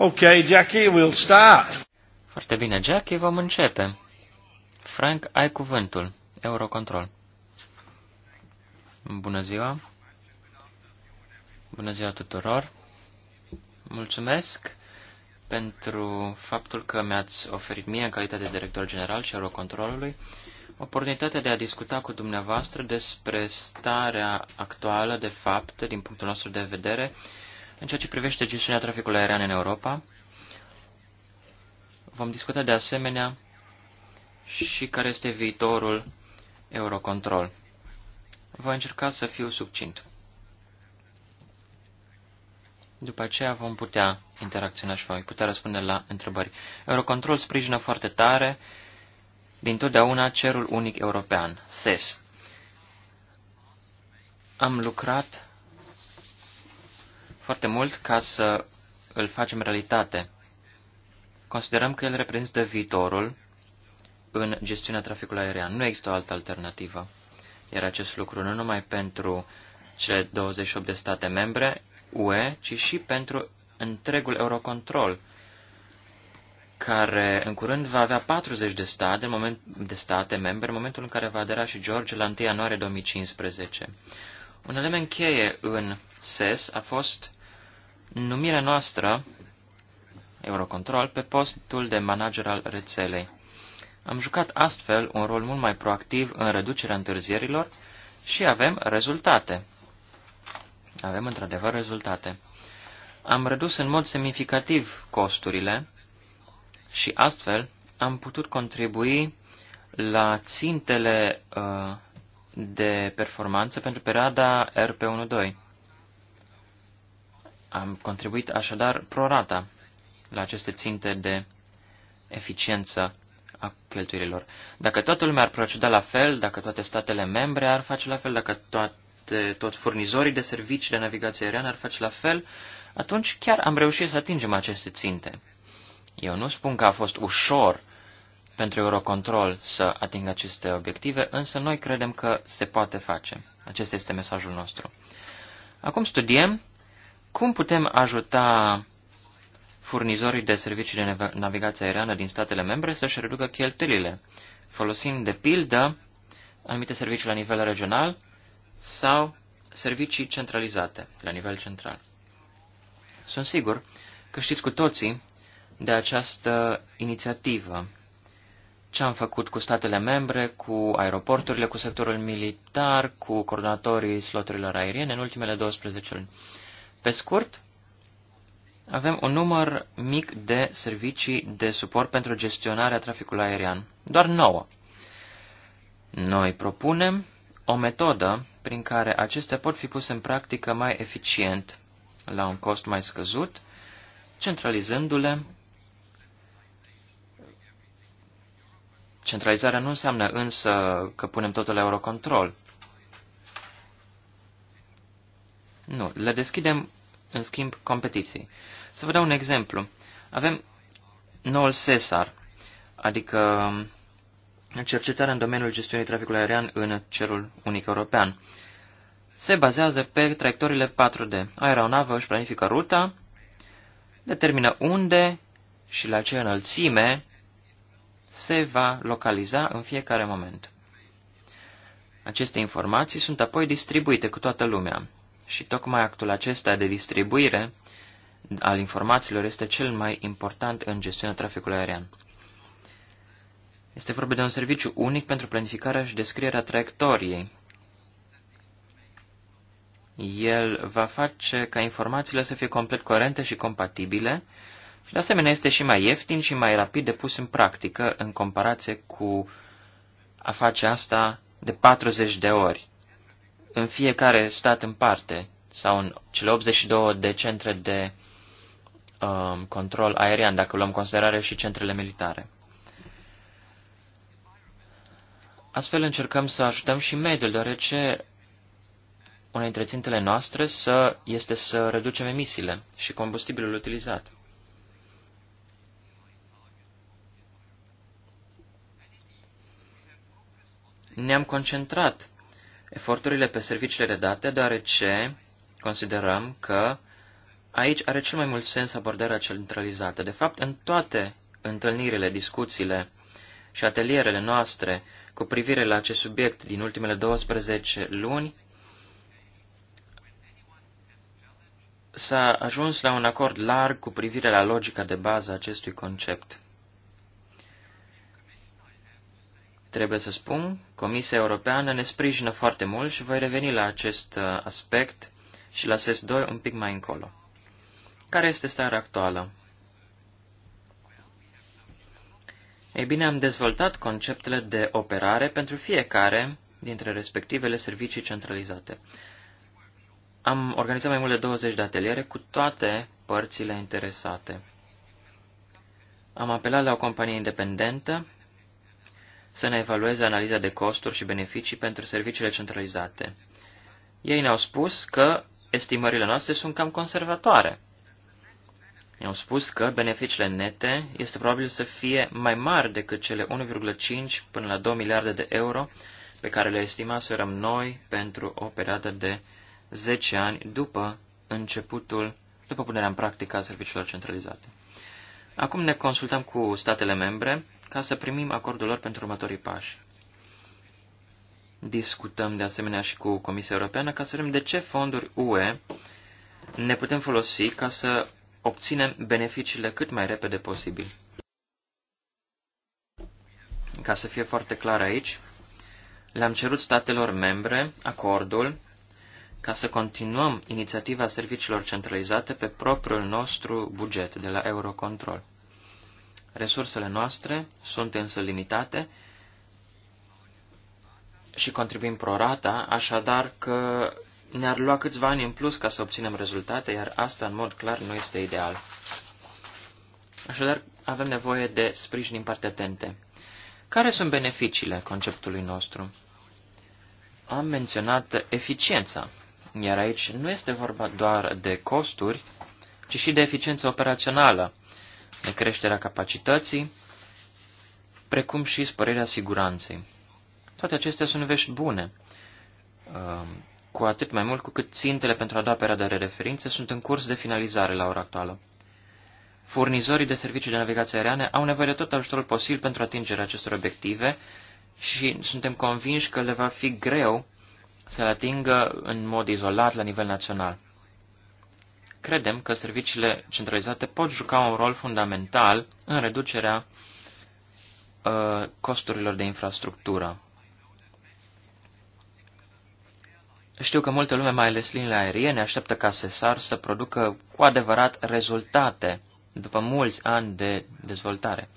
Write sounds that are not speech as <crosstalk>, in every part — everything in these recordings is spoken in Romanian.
Ok, Jackie, we'll start. Foarte bine, Jackie, vom începe. Frank, ai cuvântul. Eurocontrol. Bună ziua. Bună ziua tuturor. Mulțumesc pentru faptul că mi-ați oferit mie, în calitate de director general și Eurocontrolului, oportunitatea de a discuta cu dumneavoastră despre starea actuală de fapt, din punctul nostru de vedere, în ceea ce privește gestiunea traficului aerian în Europa, vom discuta de asemenea și care este viitorul Eurocontrol. Voi încerca să fiu succint. După aceea vom putea interacționa și voi putea răspunde la întrebări. Eurocontrol sprijină foarte tare din totdeauna cerul unic european, SES. Am lucrat foarte mult ca să îl facem realitate. Considerăm că el reprezintă viitorul în gestiunea traficului aerian. Nu există o altă alternativă. Iar acest lucru nu numai pentru cele 28 de state membre UE, ci și pentru întregul Eurocontrol, care în curând va avea 40 de state, în moment, de state membre, în momentul în care va adera și George la 1 ianuarie 2015. Un element cheie în SES a fost numirea noastră, Eurocontrol, pe postul de manager al rețelei. Am jucat astfel un rol mult mai proactiv în reducerea întârzierilor și avem rezultate. Avem într-adevăr rezultate. Am redus în mod semnificativ costurile și astfel am putut contribui la țintele uh, de performanță pentru perioada RP12. Am contribuit așadar prorata la aceste ținte de eficiență a cheltuielilor. Dacă toată lumea ar proceda la fel, dacă toate statele membre ar face la fel, dacă toate, tot furnizorii de servicii de navigație aeriană ar face la fel, atunci chiar am reușit să atingem aceste ținte. Eu nu spun că a fost ușor pentru Eurocontrol să atingă aceste obiective, însă noi credem că se poate face. Acesta este mesajul nostru. Acum studiem cum putem ajuta furnizorii de servicii de navigație aeriană din statele membre să-și reducă cheltuielile, folosind de pildă anumite servicii la nivel regional sau servicii centralizate la nivel central. Sunt sigur că știți cu toții de această inițiativă, ce am făcut cu statele membre, cu aeroporturile, cu sectorul militar, cu coordonatorii sloturilor aeriene în ultimele 12 luni. Pe scurt, avem un număr mic de servicii de suport pentru gestionarea traficului aerian, doar 9. Noi propunem o metodă prin care acestea pot fi puse în practică mai eficient, la un cost mai scăzut, centralizându-le. Centralizarea nu înseamnă însă că punem totul la Eurocontrol. Nu, le deschidem în schimb, competiții. Să vă dau un exemplu. Avem noul CESAR, adică cercetarea în domeniul gestiunii traficului aerian în cerul unic european. Se bazează pe traiectoriile 4D. Aeronavă își planifică ruta, determină unde și la ce înălțime se va localiza în fiecare moment. Aceste informații sunt apoi distribuite cu toată lumea. Și tocmai actul acesta de distribuire al informațiilor este cel mai important în gestiunea traficului aerian. Este vorba de un serviciu unic pentru planificarea și descrierea traiectoriei. El va face ca informațiile să fie complet coerente și compatibile și de asemenea este și mai ieftin și mai rapid de pus în practică în comparație cu a face asta de 40 de ori în fiecare stat în parte sau în cele 82 de centre de um, control aerian, dacă luăm în considerare și centrele militare. Astfel încercăm să ajutăm și mediul, deoarece una dintre țintele noastre să, este să reducem emisiile și combustibilul utilizat. Ne-am concentrat eforturile pe serviciile de date, deoarece considerăm că aici are cel mai mult sens abordarea centralizată. De fapt, în toate întâlnirile, discuțiile și atelierele noastre cu privire la acest subiect din ultimele 12 luni, s-a ajuns la un acord larg cu privire la logica de bază a acestui concept. Trebuie să spun, Comisia Europeană ne sprijină foarte mult și voi reveni la acest uh, aspect și la SES2 un pic mai încolo. Care este starea actuală? Ei bine, am dezvoltat conceptele de operare pentru fiecare dintre respectivele servicii centralizate. Am organizat mai mult de 20 de ateliere cu toate părțile interesate. Am apelat la o companie independentă să ne evalueze analiza de costuri și beneficii pentru serviciile centralizate. Ei ne-au spus că estimările noastre sunt cam conservatoare. Ne-au spus că beneficiile nete este probabil să fie mai mari decât cele 1,5 până la 2 miliarde de euro pe care le estimaserăm noi pentru o perioadă de 10 ani după începutul, după punerea în practică a serviciilor centralizate. Acum ne consultăm cu statele membre ca să primim acordul lor pentru următorii pași. Discutăm de asemenea și cu Comisia Europeană ca să vedem de ce fonduri UE ne putem folosi ca să obținem beneficiile cât mai repede posibil. Ca să fie foarte clar aici, le-am cerut statelor membre acordul ca să continuăm inițiativa serviciilor centralizate pe propriul nostru buget de la Eurocontrol. Resursele noastre sunt însă limitate și contribuim prorata, așadar că ne-ar lua câțiva ani în plus ca să obținem rezultate, iar asta în mod clar nu este ideal. Așadar, avem nevoie de sprijin din partea tente. Care sunt beneficiile conceptului nostru? Am menționat eficiența. Iar aici nu este vorba doar de costuri, ci și de eficiență operațională, de creșterea capacității, precum și sporirea siguranței. Toate acestea sunt vești bune, um, cu atât mai mult cu cât țintele pentru a doua perioadă de referințe sunt în curs de finalizare la ora actuală. Furnizorii de servicii de navigație aeriană au nevoie de tot ajutorul posibil pentru atingerea acestor obiective și suntem convinși că le va fi greu să le atingă în mod izolat la nivel național. Credem că serviciile centralizate pot juca un rol fundamental în reducerea uh, costurilor de infrastructură. Știu că multă lume, mai ales liniile aeriene, așteaptă ca SESAR să producă cu adevărat rezultate după mulți ani de dezvoltare.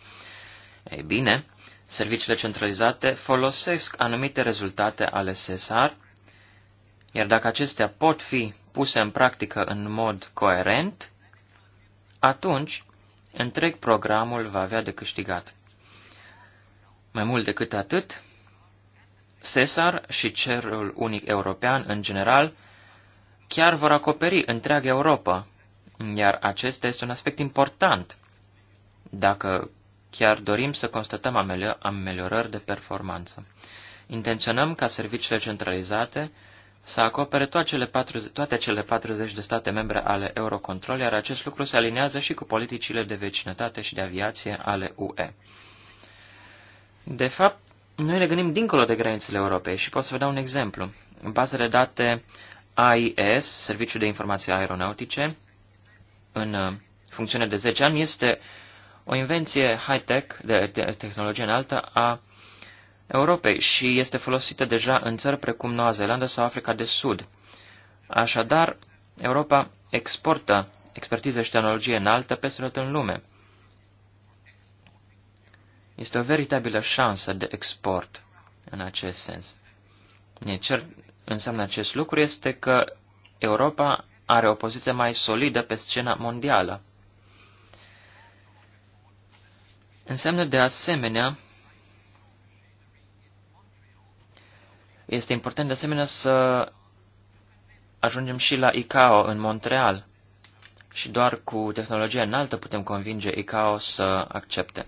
Ei bine, serviciile centralizate folosesc anumite rezultate ale SESAR iar dacă acestea pot fi puse în practică în mod coerent, atunci întreg programul va avea de câștigat. Mai mult decât atât, Cesar și cerul unic european în general chiar vor acoperi întreaga Europa, iar acesta este un aspect important dacă chiar dorim să constatăm ameliorări de performanță. Intenționăm ca serviciile centralizate să acopere toate cele, 40, toate cele 40 de state membre ale Eurocontrol, iar acest lucru se alinează și cu politicile de vecinătate și de aviație ale UE. De fapt, noi ne gândim dincolo de granițele Europei și pot să vă dau un exemplu. În bazele date AIS, Serviciul de Informații Aeronautice, în uh, funcțiune de 10 ani, este o invenție high-tech, de tehnologie înaltă, a Europei și este folosită deja în țări precum Noua Zeelandă sau Africa de Sud. Așadar, Europa exportă expertiză și tehnologie înaltă peste tot în lume. Este o veritabilă șansă de export în acest sens. Ce înseamnă acest lucru este că Europa are o poziție mai solidă pe scena mondială. Înseamnă de asemenea Este important de asemenea să ajungem și la ICAO în Montreal și doar cu tehnologia înaltă putem convinge ICAO să accepte.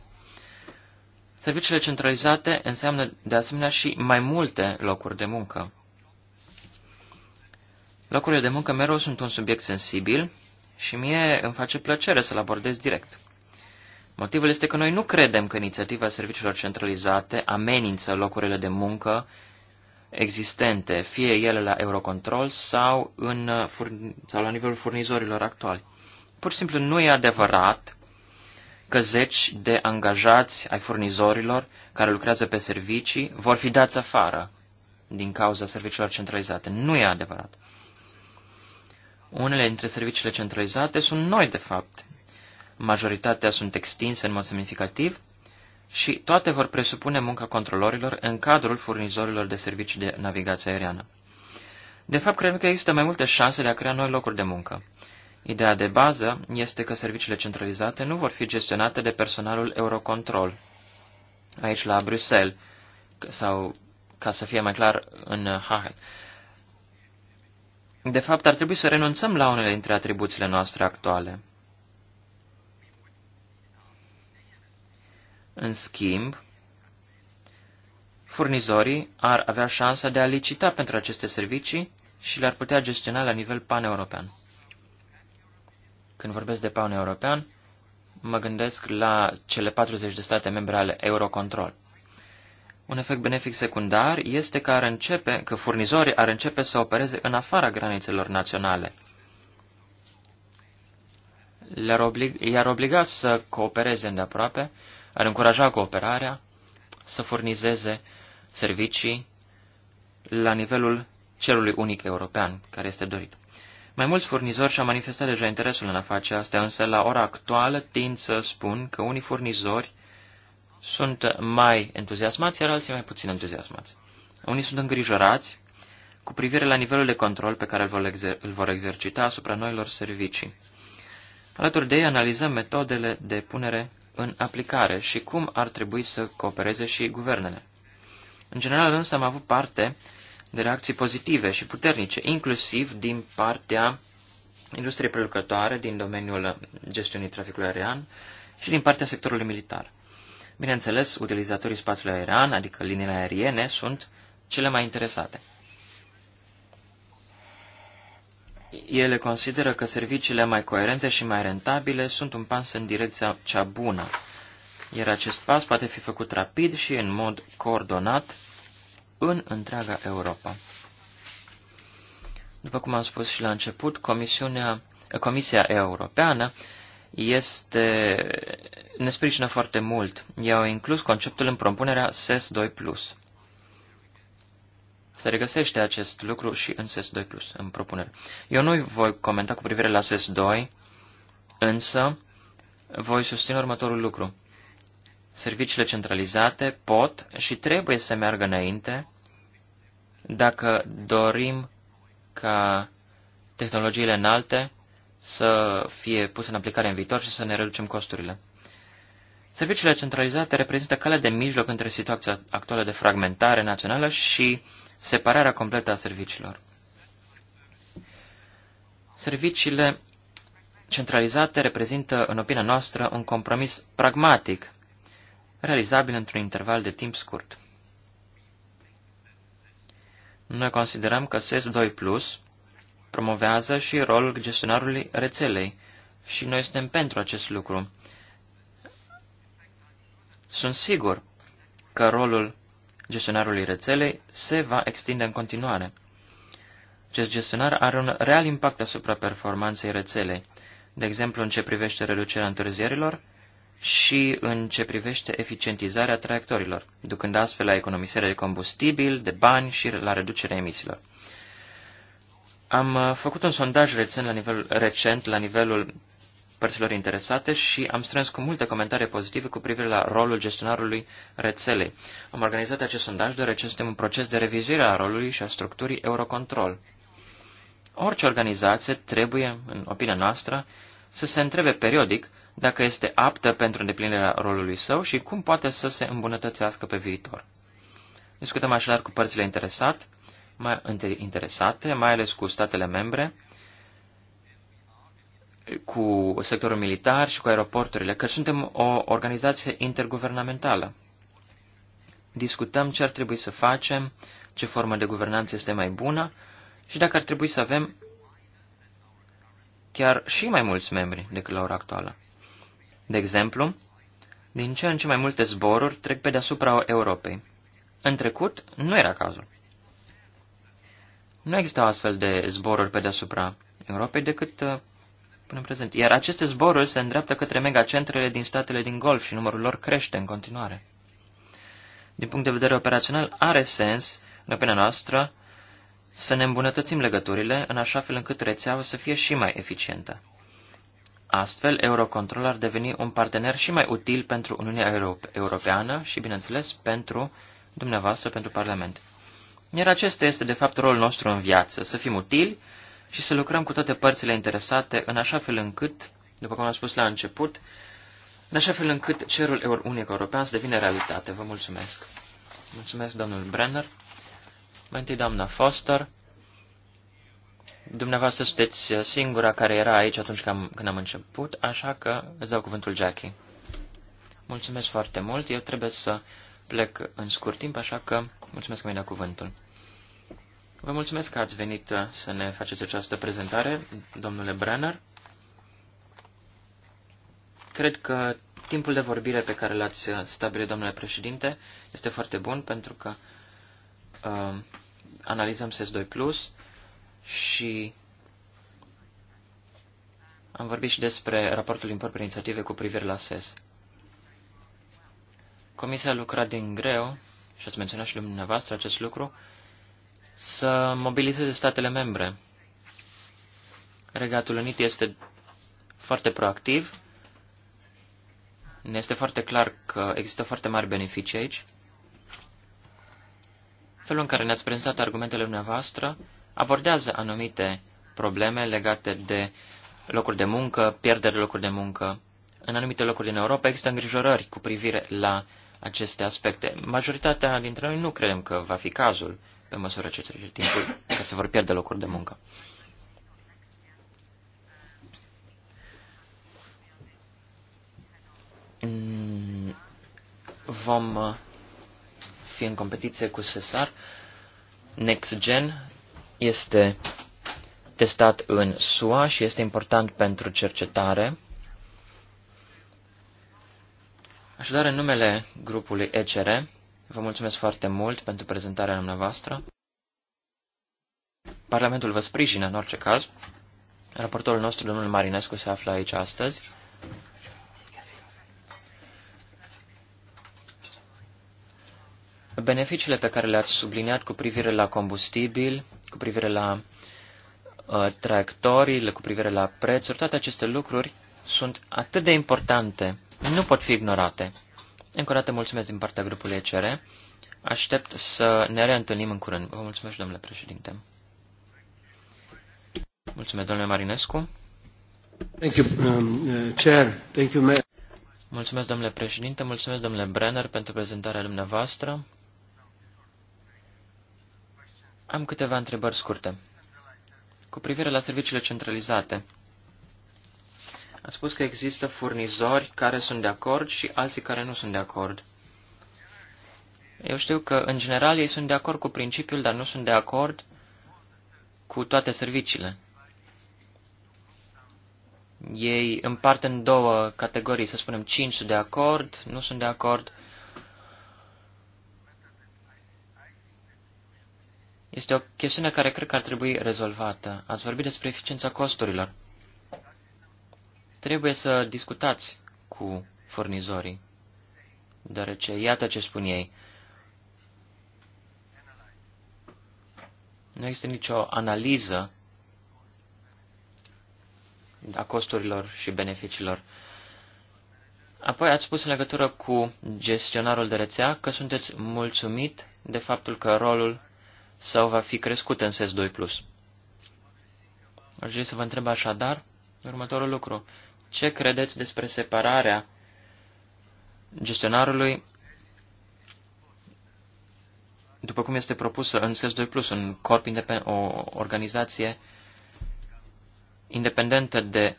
Serviciile centralizate înseamnă de asemenea și mai multe locuri de muncă. Locurile de muncă mereu sunt un subiect sensibil și mie îmi face plăcere să-l abordez direct. Motivul este că noi nu credem că inițiativa serviciilor centralizate amenință locurile de muncă existente, fie ele la Eurocontrol sau, în, uh, sau la nivelul furnizorilor actuali. Pur și simplu nu e adevărat că zeci de angajați ai furnizorilor care lucrează pe servicii vor fi dați afară din cauza serviciilor centralizate. Nu e adevărat. Unele dintre serviciile centralizate sunt noi, de fapt. Majoritatea sunt extinse în mod semnificativ și toate vor presupune munca controlorilor în cadrul furnizorilor de servicii de navigație aeriană. De fapt, cred că există mai multe șanse de a crea noi locuri de muncă. Ideea de bază este că serviciile centralizate nu vor fi gestionate de personalul Eurocontrol, aici la Bruxelles, sau, ca să fie mai clar, în Hagen. De fapt, ar trebui să renunțăm la unele dintre atribuțiile noastre actuale. În schimb, furnizorii ar avea șansa de a licita pentru aceste servicii și le-ar putea gestiona la nivel paneuropean. Când vorbesc de paneuropean, mă gândesc la cele 40 de state membre ale Eurocontrol. Un efect benefic secundar este că, ar începe, că furnizorii ar începe să opereze în afara granițelor naționale. Le-ar oblig, obliga să coopereze îndeaproape ar încuraja cooperarea să furnizeze servicii la nivelul cerului unic european, care este dorit. Mai mulți furnizori și-au manifestat deja interesul în a face asta, însă la ora actuală tind să spun că unii furnizori sunt mai entuziasmați, iar alții mai puțin entuziasmați. Unii sunt îngrijorați cu privire la nivelul de control pe care îl vor, exer- îl vor exercita asupra noilor servicii. Alături de ei analizăm metodele de punere în aplicare și cum ar trebui să coopereze și guvernele. În general însă am avut parte de reacții pozitive și puternice, inclusiv din partea industriei prelucătoare din domeniul gestiunii traficului aerian și din partea sectorului militar. Bineînțeles, utilizatorii spațiului aerian, adică liniile aeriene, sunt cele mai interesate. Ele consideră că serviciile mai coerente și mai rentabile sunt un pas în direcția cea bună, iar acest pas poate fi făcut rapid și în mod coordonat în întreaga Europa. După cum am spus și la început, Comisiunea, Comisia Europeană este, ne sprijină foarte mult. Ei au inclus conceptul în propunerea SES 2+. Se regăsește acest lucru și în SES2+, în propunere. Eu nu voi comenta cu privire la SES2, însă voi susține următorul lucru. Serviciile centralizate pot și trebuie să meargă înainte dacă dorim ca tehnologiile înalte să fie puse în aplicare în viitor și să ne reducem costurile. Serviciile centralizate reprezintă calea de mijloc între situația actuală de fragmentare națională și separarea completă a serviciilor. Serviciile centralizate reprezintă, în opinia noastră, un compromis pragmatic, realizabil într-un interval de timp scurt. Noi considerăm că SES2 Plus promovează și rolul gestionarului rețelei și noi suntem pentru acest lucru. Sunt sigur că rolul gestionarului rețelei se va extinde în continuare. Acest gestionar are un real impact asupra performanței rețelei, de exemplu în ce privește reducerea întârzierilor și în ce privește eficientizarea traiectorilor, ducând astfel la economisirea de combustibil, de bani și la reducerea emisiilor. Am uh, făcut un sondaj recent la, nivel, recent la nivelul părților interesate și am strâns cu multe comentarii pozitive cu privire la rolul gestionarului rețelei. Am organizat acest sondaj deoarece suntem în proces de revizuire a rolului și a structurii Eurocontrol. Orice organizație trebuie, în opinia noastră, să se întrebe periodic dacă este aptă pentru îndeplinirea rolului său și cum poate să se îmbunătățească pe viitor. Discutăm așadar cu părțile interesat, mai interesate, mai ales cu statele membre, cu sectorul militar și cu aeroporturile, că suntem o organizație interguvernamentală. Discutăm ce ar trebui să facem, ce formă de guvernanță este mai bună și dacă ar trebui să avem chiar și mai mulți membri decât la ora actuală. De exemplu, din ce în ce mai multe zboruri trec pe deasupra Europei. În trecut, nu era cazul. Nu existau astfel de zboruri pe deasupra Europei decât uh, până în prezent, iar aceste zboruri se îndreaptă către megacentrele din statele din Golf și numărul lor crește în continuare. Din punct de vedere operațional, are sens, în opinia noastră, să ne îmbunătățim legăturile în așa fel încât rețeaua să fie și mai eficientă. Astfel, Eurocontrol ar deveni un partener și mai util pentru Uniunea Europeană și, bineînțeles, pentru dumneavoastră, pentru Parlament. Iar acesta este, de fapt, rolul nostru în viață, să fim utili și să lucrăm cu toate părțile interesate în așa fel încât, după cum am spus la început, în așa fel încât cerul unic european să devină realitate. Vă mulțumesc. Mulțumesc, domnul Brenner. Mai întâi, doamna Foster. Dumneavoastră sunteți singura care era aici atunci când am început, așa că îți dau cuvântul Jackie. Mulțumesc foarte mult. Eu trebuie să plec în scurt timp, așa că mulțumesc că mi-ai dat cuvântul. Vă mulțumesc că ați venit uh, să ne faceți această prezentare, domnule Brenner. Cred că timpul de vorbire pe care l-ați uh, stabilit, domnule președinte, este foarte bun pentru că uh, analizăm SES2 Plus și am vorbit și despre raportul din proprie inițiative cu privire la SES. Comisia a lucrat din greu și ați menționat și dumneavoastră acest lucru să mobilizeze statele membre. Regatul Unit este foarte proactiv. Ne este foarte clar că există foarte mari beneficii aici. Felul în care ne-ați prezentat argumentele dumneavoastră abordează anumite probleme legate de locuri de muncă, pierderi de locuri de muncă. În anumite locuri din Europa există îngrijorări cu privire la aceste aspecte. Majoritatea dintre noi nu credem că va fi cazul, pe măsură ce trece timpul, că se vor pierde locuri de muncă. Mm, vom uh, fi în competiție cu Cesar. NextGen este testat în SUA și este important pentru cercetare. Așadar, în numele grupului ECR, Vă mulțumesc foarte mult pentru prezentarea dumneavoastră. Parlamentul vă sprijină în orice caz. Raportorul nostru, domnul Marinescu, se află aici astăzi. Beneficiile pe care le-ați subliniat cu privire la combustibil, cu privire la uh, traiectoriile, cu privire la prețuri, toate aceste lucruri sunt atât de importante, nu pot fi ignorate. Încă o dată mulțumesc din partea grupului ECR. Aștept să ne reîntâlnim în curând. Vă mulțumesc, domnule președinte. Mulțumesc, domnule Marinescu. Thank you, um, uh, chair. Thank you, mulțumesc, domnule președinte. Mulțumesc, domnule Brenner, pentru prezentarea dumneavoastră. Am câteva întrebări scurte. Cu privire la serviciile centralizate, a spus că există furnizori care sunt de acord și alții care nu sunt de acord. Eu știu că, în general, ei sunt de acord cu principiul, dar nu sunt de acord cu toate serviciile. Ei împart în două categorii, să spunem, cinci sunt de acord, nu sunt de acord. Este o chestiune care cred că ar trebui rezolvată. Ați vorbit despre eficiența costurilor. Trebuie să discutați cu furnizorii, deoarece iată ce spun ei. Nu există nicio analiză a costurilor și beneficiilor. Apoi ați spus în legătură cu gestionarul de rețea că sunteți mulțumit de faptul că rolul său va fi crescut în SES 2+. Aș vrea să vă întreb așadar următorul lucru. Ce credeți despre separarea gestionarului după cum este propusă în SES2+, plus, un corp independent, o organizație independentă de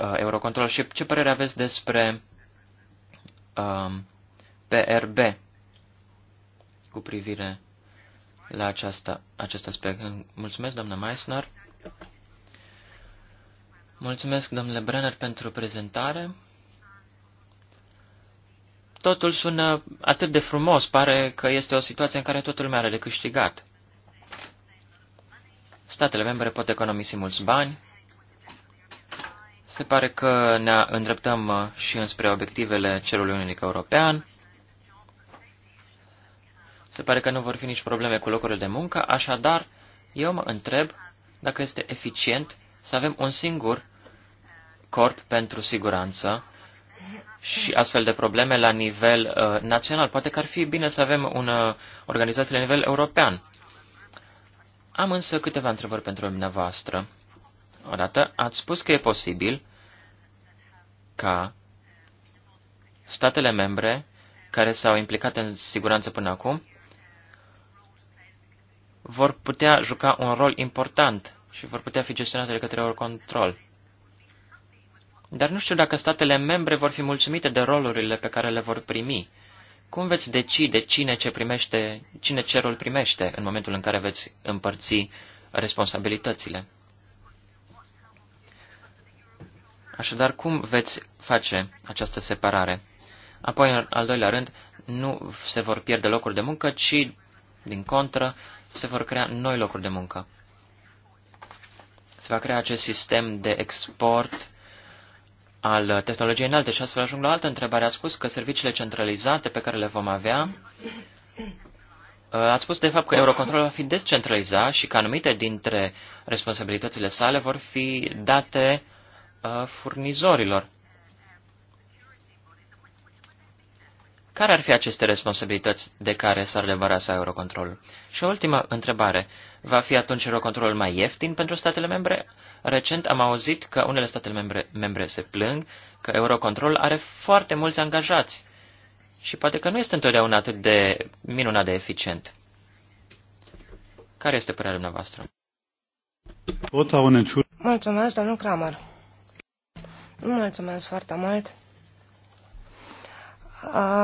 uh, Eurocontrol. Și ce părere aveți despre uh, um, PRB cu privire la aceasta, acest aspect? Mulțumesc, doamna Meissner. Mulțumesc, domnule Brenner, pentru prezentare. Totul sună atât de frumos, pare că este o situație în care totul mai are de câștigat. Statele membre pot economisi mulți bani. Se pare că ne îndreptăm uh, și înspre obiectivele cerului unic european. Se pare că nu vor fi nici probleme cu locurile de muncă, așadar, eu mă întreb dacă este eficient să avem un singur corp pentru siguranță și astfel de probleme la nivel uh, național. Poate că ar fi bine să avem o uh, organizație la nivel european. Am însă câteva întrebări pentru dumneavoastră. Odată, ați spus că e posibil ca statele membre care s-au implicat în siguranță până acum vor putea juca un rol important și vor putea fi gestionate de către control. Dar nu știu dacă statele membre vor fi mulțumite de rolurile pe care le vor primi. Cum veți decide cine ce primește, cine ce rol primește în momentul în care veți împărți responsabilitățile? Așadar, cum veți face această separare? Apoi, în al doilea rând, nu se vor pierde locuri de muncă, ci, din contră, se vor crea noi locuri de muncă. Se va crea acest sistem de export al tehnologiei înalte și astfel ajung la altă întrebare. Ați spus că serviciile centralizate pe care le vom avea, uh, ați spus de fapt că Eurocontrol va fi descentralizat și că anumite dintre responsabilitățile sale vor fi date uh, furnizorilor. Care ar fi aceste responsabilități de care s-ar să Eurocontrol? Și o ultimă întrebare. Va fi atunci Eurocontrol mai ieftin pentru statele membre? Recent am auzit că unele statele membre, membre se plâng că Eurocontrol are foarte mulți angajați și poate că nu este întotdeauna atât de minunat de eficient. Care este părerea dumneavoastră? Mulțumesc, domnul Kramer. Mulțumesc foarte mult.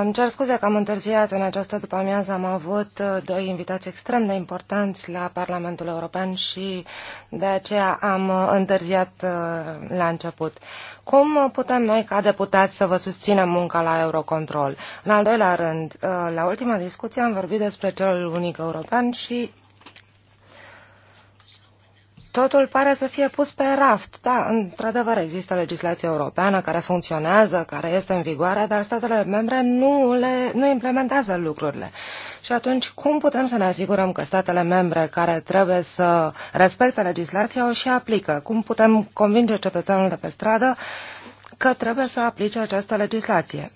Îmi cer scuze că am întârziat în această după-amiază. Am avut uh, doi invitați extrem de importanți la Parlamentul European și de aceea am uh, întârziat uh, la început. Cum putem noi, ca deputați, să vă susținem munca la Eurocontrol? În al doilea rând, la ultima discuție am vorbit despre cel unic european și totul pare să fie pus pe raft. Da, într-adevăr există legislație europeană care funcționează, care este în vigoare, dar statele membre nu, le, nu implementează lucrurile. Și atunci, cum putem să ne asigurăm că statele membre care trebuie să respecte legislația o și aplică? Cum putem convinge cetățeanul de pe stradă că trebuie să aplice această legislație?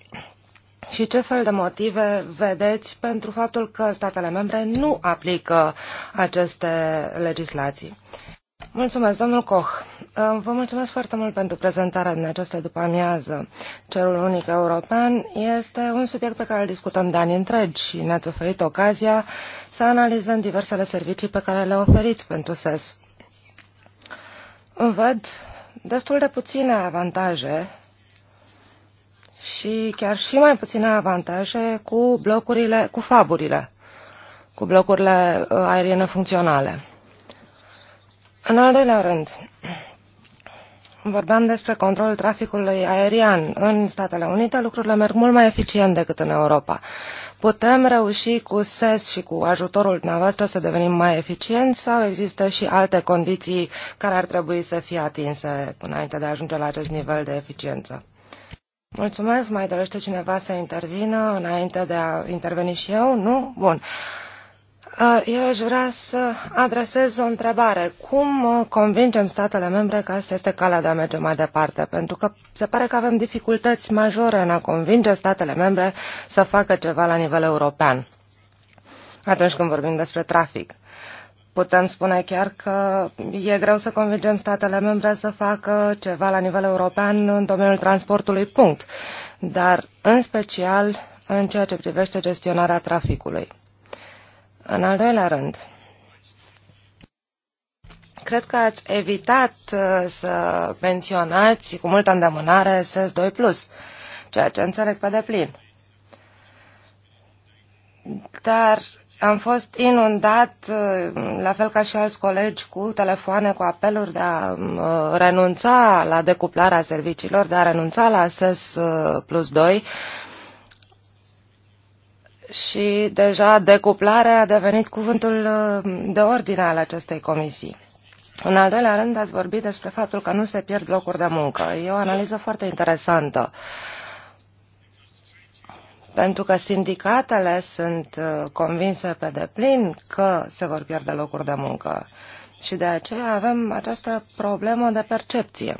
Și ce fel de motive vedeți pentru faptul că statele membre nu aplică aceste legislații? Uh, Mulțumesc, domnul Koch. Vă mulțumesc foarte mult pentru prezentarea din această după-amiază. Cerul unic european este un subiect pe care îl discutăm de ani întregi și ne-ați oferit ocazia să analizăm diversele servicii pe care le oferiți pentru SES. Văd destul de puține avantaje și chiar și mai puține avantaje cu blocurile, cu faburile, cu blocurile uh, aeriene funcționale. În al doilea rând, vorbeam despre controlul traficului aerian. În Statele Unite lucrurile merg mult mai eficient decât în Europa. Putem reuși cu SES și cu ajutorul dumneavoastră să devenim mai eficienți sau există și alte condiții care ar trebui să fie atinse înainte de a ajunge la acest nivel de eficiență? Mulțumesc. Mai dorește cineva să intervină înainte de a interveni și eu? Nu? Bun. Uh, eu aș vrea să adresez o întrebare. Cum uh, convingem statele membre că asta este calea de a merge mai departe? Pentru că se pare că avem dificultăți majore în a convinge statele membre să facă ceva la nivel european atunci când vorbim despre trafic. Putem spune chiar că e greu să convingem statele membre să facă ceva la nivel european în domeniul transportului, punct. Dar în special în ceea ce privește gestionarea traficului. În al doilea rând, cred că ați evitat uh, să menționați cu multă îndemânare SES2+, ceea ce înțeleg pe deplin. Dar am fost inundat, uh, la fel ca și alți colegi, cu telefoane, cu apeluri de a uh, renunța la decuplarea serviciilor, de a renunța la SES plus 2 și deja decuplarea a devenit cuvântul uh, de ordine al acestei comisii. În al doilea rând, ați vorbit despre faptul că nu se pierd locuri de muncă. E o analiză foarte interesantă. Pentru că sindicatele sunt uh, convinse pe deplin că se vor pierde locuri de muncă. Și de aceea avem această problemă de percepție.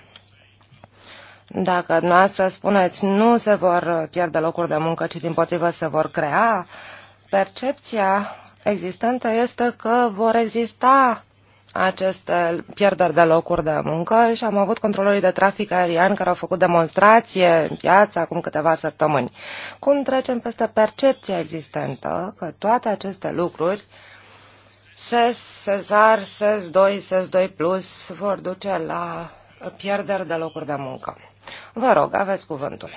Dacă dumneavoastră spuneți nu se vor pierde locuri de muncă, ci din potrivă se vor crea, percepția existentă este că vor exista aceste pierderi de locuri de muncă și am avut controlorii de trafic aerian care au făcut demonstrație în piață acum câteva săptămâni. Cum trecem peste percepția existentă că toate aceste lucruri, SES, SESAR, SES 2, SES 2 Plus, vor duce la pierderi de locuri de muncă? Vă rog, aveți cuvântul.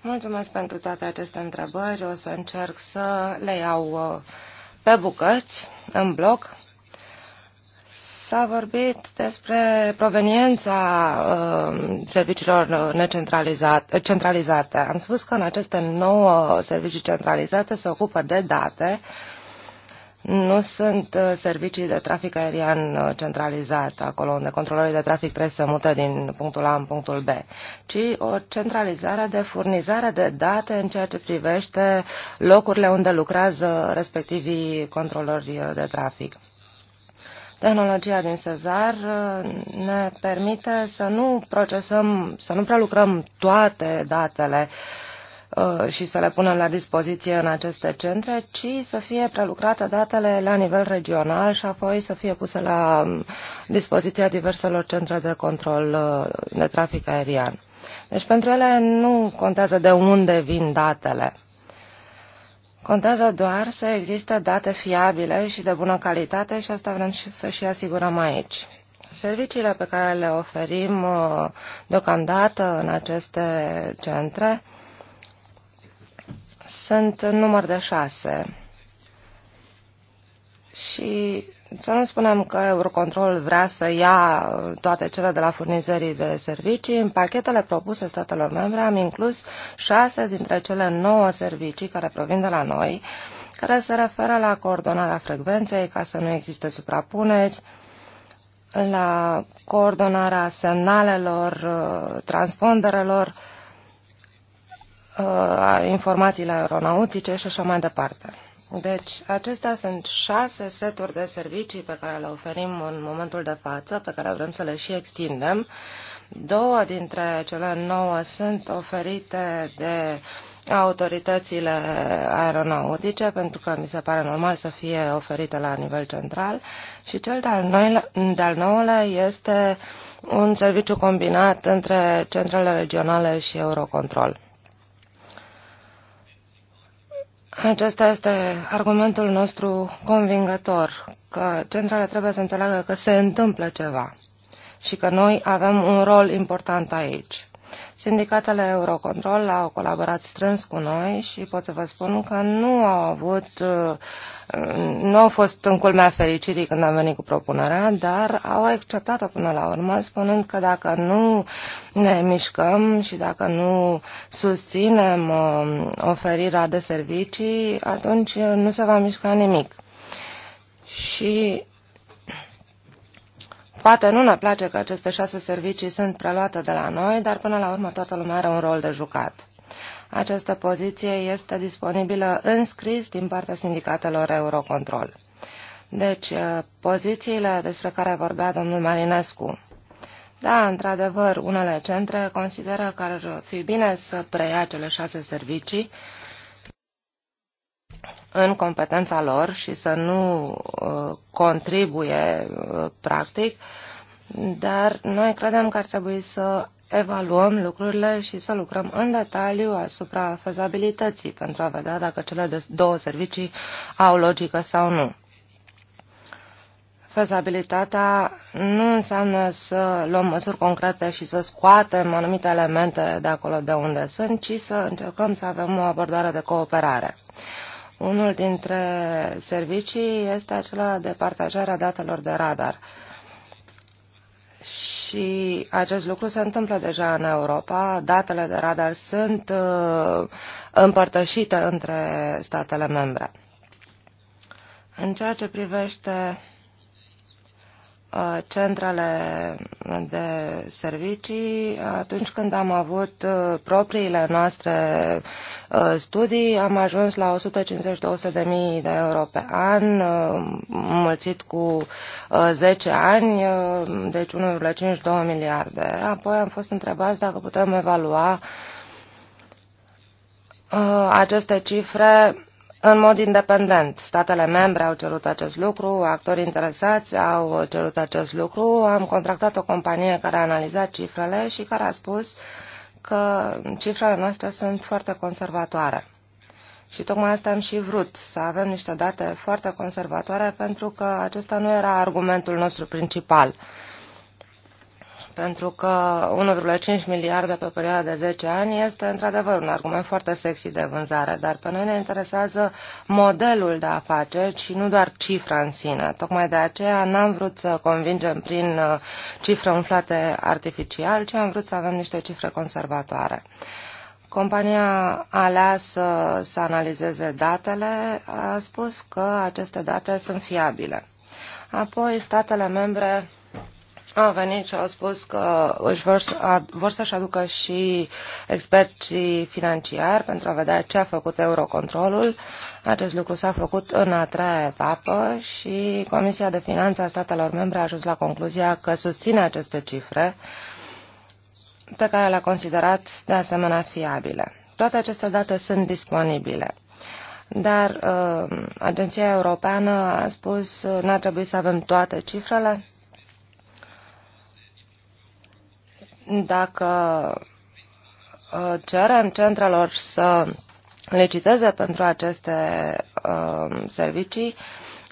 Mulțumesc pentru toate aceste întrebări. O să încerc să le iau uh, pe bucăți, în bloc. S-a vorbit despre proveniența uh, serviciilor uh, necentralizate. Am spus că în aceste nouă servicii centralizate se ocupă de date, nu sunt uh, servicii de trafic aerian uh, centralizat, acolo unde controlorii de trafic trebuie să mută din punctul A în punctul B, ci o centralizare de furnizare de date în ceea ce privește locurile unde lucrează respectivii controlori uh, de trafic. Tehnologia din Sezar ne permite să nu procesăm, să nu prelucrăm toate datele uh, Uh, și să le punem la dispoziție în aceste centre, ci să fie prelucrate datele la nivel regional și apoi să fie puse la um, dispoziția diverselor centre de control uh, de trafic aerian. Deci pentru ele nu contează de unde vin datele. Contează doar să existe date fiabile și de bună calitate și asta vrem și să și asigurăm aici. Serviciile pe care le oferim uh, deocamdată în aceste centre sunt în număr de șase. Și să nu spunem că Eurocontrol vrea să ia toate cele de la furnizării de servicii. În pachetele propuse statelor membre am inclus șase dintre cele nouă servicii care provin de la noi, care se referă la coordonarea frecvenței ca să nu existe suprapuneri, la coordonarea semnalelor, uh, transponderelor, Uh, informațiile aeronautice și așa mai departe. Deci, acestea sunt șase seturi de servicii pe care le oferim în momentul de față, pe care vrem să le și extindem. Două dintre cele nouă sunt oferite de autoritățile aeronautice, pentru că mi se pare normal să fie oferite la nivel central. Și cel de-al nouălea este un serviciu combinat între centrele regionale și Eurocontrol. Acesta este argumentul nostru convingător, că centrele trebuie să înțeleagă că se întâmplă ceva și că noi avem un rol important aici. Sindicatele Eurocontrol au colaborat strâns cu noi și pot să vă spun că nu au avut, uh, nu au fost în culmea fericirii când am venit cu propunerea, dar au acceptat-o până la urmă, spunând că dacă nu ne mișcăm și dacă nu susținem uh, oferirea de servicii, atunci nu se va mișca nimic. Și Poate nu ne place că aceste șase servicii sunt preluate de la noi, dar până la urmă toată lumea are un rol de jucat. Această poziție este disponibilă în scris din partea sindicatelor Eurocontrol. Deci, eh, pozițiile despre care vorbea domnul Marinescu. Da, într-adevăr, unele centre consideră că ar fi bine să preia cele șase servicii, în competența lor și să nu uh, contribuie uh, practic, dar noi credem că ar trebui să evaluăm lucrurile și să lucrăm în detaliu asupra fezabilității pentru a vedea dacă cele două servicii au logică sau nu. Fezabilitatea nu înseamnă să luăm măsuri concrete și să scoatem anumite elemente de acolo de unde sunt, ci să încercăm să avem o abordare de cooperare. Unul dintre servicii este acela de partajare datelor de radar. Și acest lucru se întâmplă deja în Europa. Datele de radar sunt uh, împărtășite între statele membre. În ceea ce privește Uh, centrele de servicii. Atunci când am avut uh, propriile noastre uh, studii, am ajuns la 150-200 de mii de euro pe an, mulțit cu 10 ani, deci 1,5-2 miliarde. Apoi am fost întrebați dacă putem evalua aceste cifre în mod independent. Statele membre au cerut acest lucru, actorii interesați au cerut acest lucru. Am contractat o companie care a analizat cifrele și care a spus că cifrele noastre sunt foarte conservatoare. Și tocmai asta am și vrut, să avem niște date foarte conservatoare, pentru că acesta nu era argumentul nostru principal pentru că 1,5 miliarde pe perioada de 10 ani este într-adevăr un argument foarte sexy de vânzare, dar pe noi ne interesează modelul de afaceri și nu doar cifra în sine. Tocmai de aceea n-am vrut să convingem prin uh, cifre umflate artificial, ci am vrut să avem niște cifre conservatoare. Compania a ales să, să analizeze datele, a spus că aceste date sunt fiabile. Apoi statele membre a venit și au spus că își vor, vor să-și aducă și experții financiari pentru a vedea ce a făcut Eurocontrolul. Acest lucru s-a făcut în a treia etapă și Comisia de Finanțe a statelor membre a ajuns la concluzia că susține aceste cifre pe care le-a considerat de asemenea fiabile. Toate aceste date sunt disponibile dar uh, Agenția Europeană a spus uh, n-ar trebui să avem toate cifrele Dacă uh, cerem centrelor să liciteze pentru aceste uh, servicii,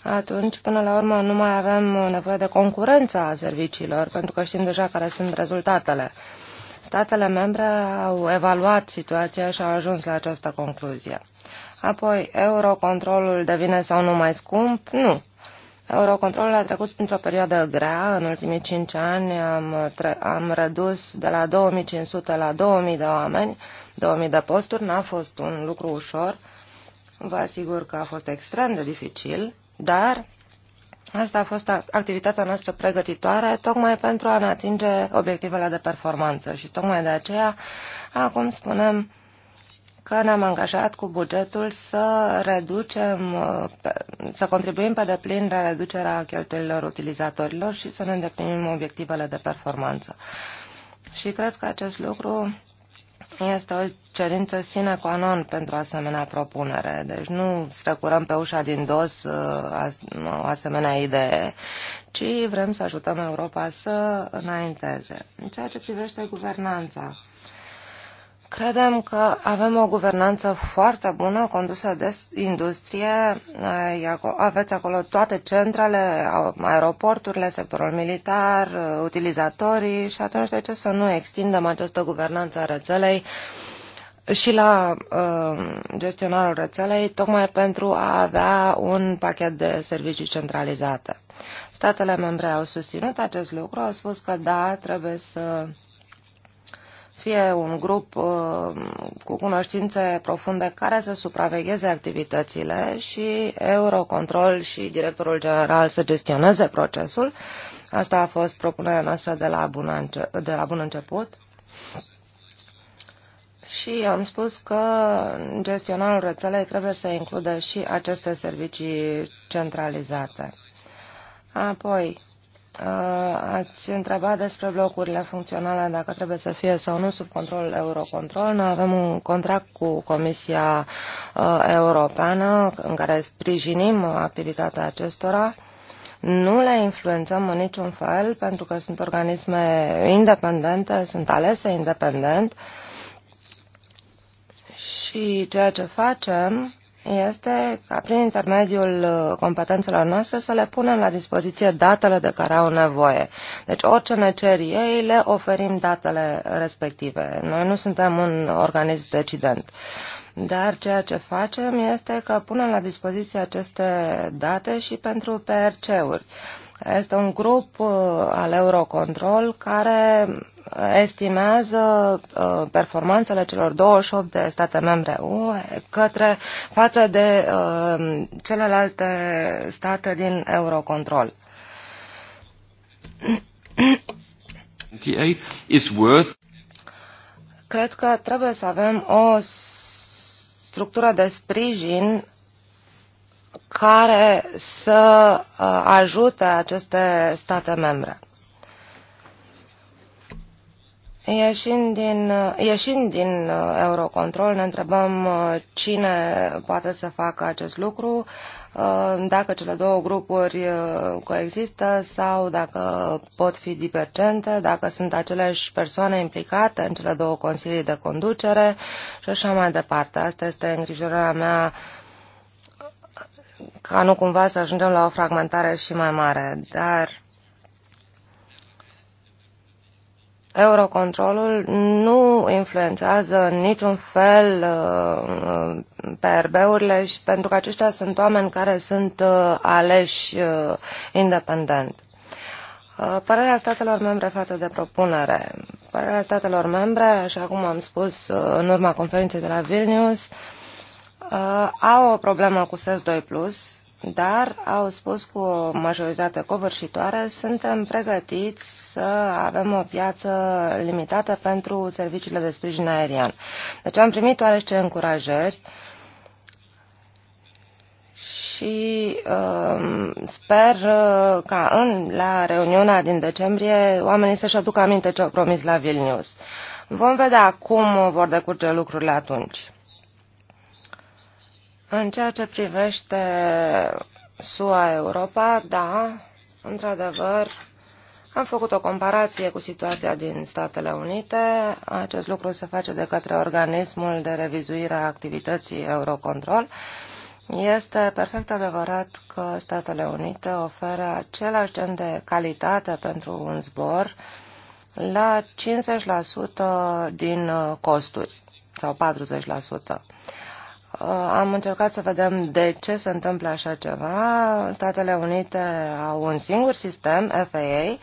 atunci, până la urmă, nu mai avem nevoie de concurența serviciilor, pentru că știm deja care sunt rezultatele. Statele membre au evaluat situația și au ajuns la această concluzie. Apoi, eurocontrolul devine sau nu mai scump? Nu. Eurocontrolul a trecut într-o perioadă grea. În ultimii cinci ani am, am redus de la 2500 la 2000 de oameni, 2000 de posturi. N-a fost un lucru ușor. Vă asigur că a fost extrem de dificil, dar asta a fost activitatea noastră pregătitoare tocmai pentru a ne atinge obiectivele de performanță și tocmai de aceea acum spunem că ne-am angajat cu bugetul să reducem, să contribuim pe deplin la reducerea cheltuielilor utilizatorilor și să ne îndeplinim obiectivele de performanță. Și cred că acest lucru este o cerință sine qua non pentru asemenea propunere. Deci nu strecurăm pe ușa din dos uh, o asemenea idee, ci vrem să ajutăm Europa să înainteze. În ceea ce privește guvernanța, Credem că avem o guvernanță foarte bună condusă de industrie. Aveți acolo toate centrele, aeroporturile, sectorul militar, utilizatorii și atunci de ce să nu extindem această guvernanță a rețelei și la uh, gestionarul rețelei, tocmai pentru a avea un pachet de servicii centralizate. Statele membre au susținut acest lucru, au spus că da, trebuie să fie un grup uh, cu cunoștințe profunde care să supravegheze activitățile și Eurocontrol și directorul general să gestioneze procesul. Asta a fost propunerea noastră de la bun, înce- de la bun început. Și am spus că gestionarul rețelei trebuie să includă și aceste servicii centralizate. Apoi, Uh, ați întrebat despre blocurile funcționale, dacă trebuie să fie sau nu sub control Eurocontrol. Noi avem un contract cu Comisia uh, Europeană în care sprijinim activitatea acestora. Nu le influențăm în niciun fel pentru că sunt organisme independente, sunt alese independent și ceea ce facem este ca prin intermediul uh, competențelor noastre să le punem la dispoziție datele de care au nevoie. Deci orice ne cer ei, le oferim datele respective. Noi nu suntem un organism decident. Dar ceea ce facem este că punem la dispoziție aceste date și pentru PRC-uri. Este un grup uh, al Eurocontrol care estimează uh, performanțele celor 28 de state membre UE către față de uh, celelalte state din Eurocontrol. Is worth Cred că trebuie să avem o structură de sprijin care să uh, ajute aceste state membre. Ieșind din, uh, ieșind din uh, Eurocontrol, ne întrebăm cine poate să facă acest lucru, dacă cele două grupuri coexistă sau dacă pot fi divergente, dacă sunt aceleași persoane implicate în cele două consilii de conducere și așa mai departe. Asta este îngrijorarea mea uh, ca nu cumva să ajungem la o fragmentare și mai mare, dar Eurocontrolul nu influențează în niciun fel uh, rb urile pentru că aceștia sunt oameni care sunt uh, aleși uh, independent. Părerea statelor membre față de propunere. Părerea statelor membre, așa cum am spus în urma conferinței de la Vilnius, uh, au o problemă cu SES 2+, dar au spus cu o majoritate covârșitoare, suntem pregătiți să avem o piață limitată pentru serviciile de sprijin aerian. Deci am primit oarește încurajări și uh, sper uh, ca în, la reuniunea din decembrie oamenii să-și aducă aminte ce au promis la Vilnius. Vom vedea cum vor decurge lucrurile atunci. În ceea ce privește SUA-Europa, da, într-adevăr, am făcut o comparație cu situația din Statele Unite. Acest lucru se face de către organismul de revizuire a activității Eurocontrol. Este perfect adevărat că Statele Unite oferă același gen de calitate pentru un zbor la 50% din costuri sau 40%. Uh, am încercat să vedem de ce se întâmplă așa ceva. Statele Unite au un singur sistem, FAA,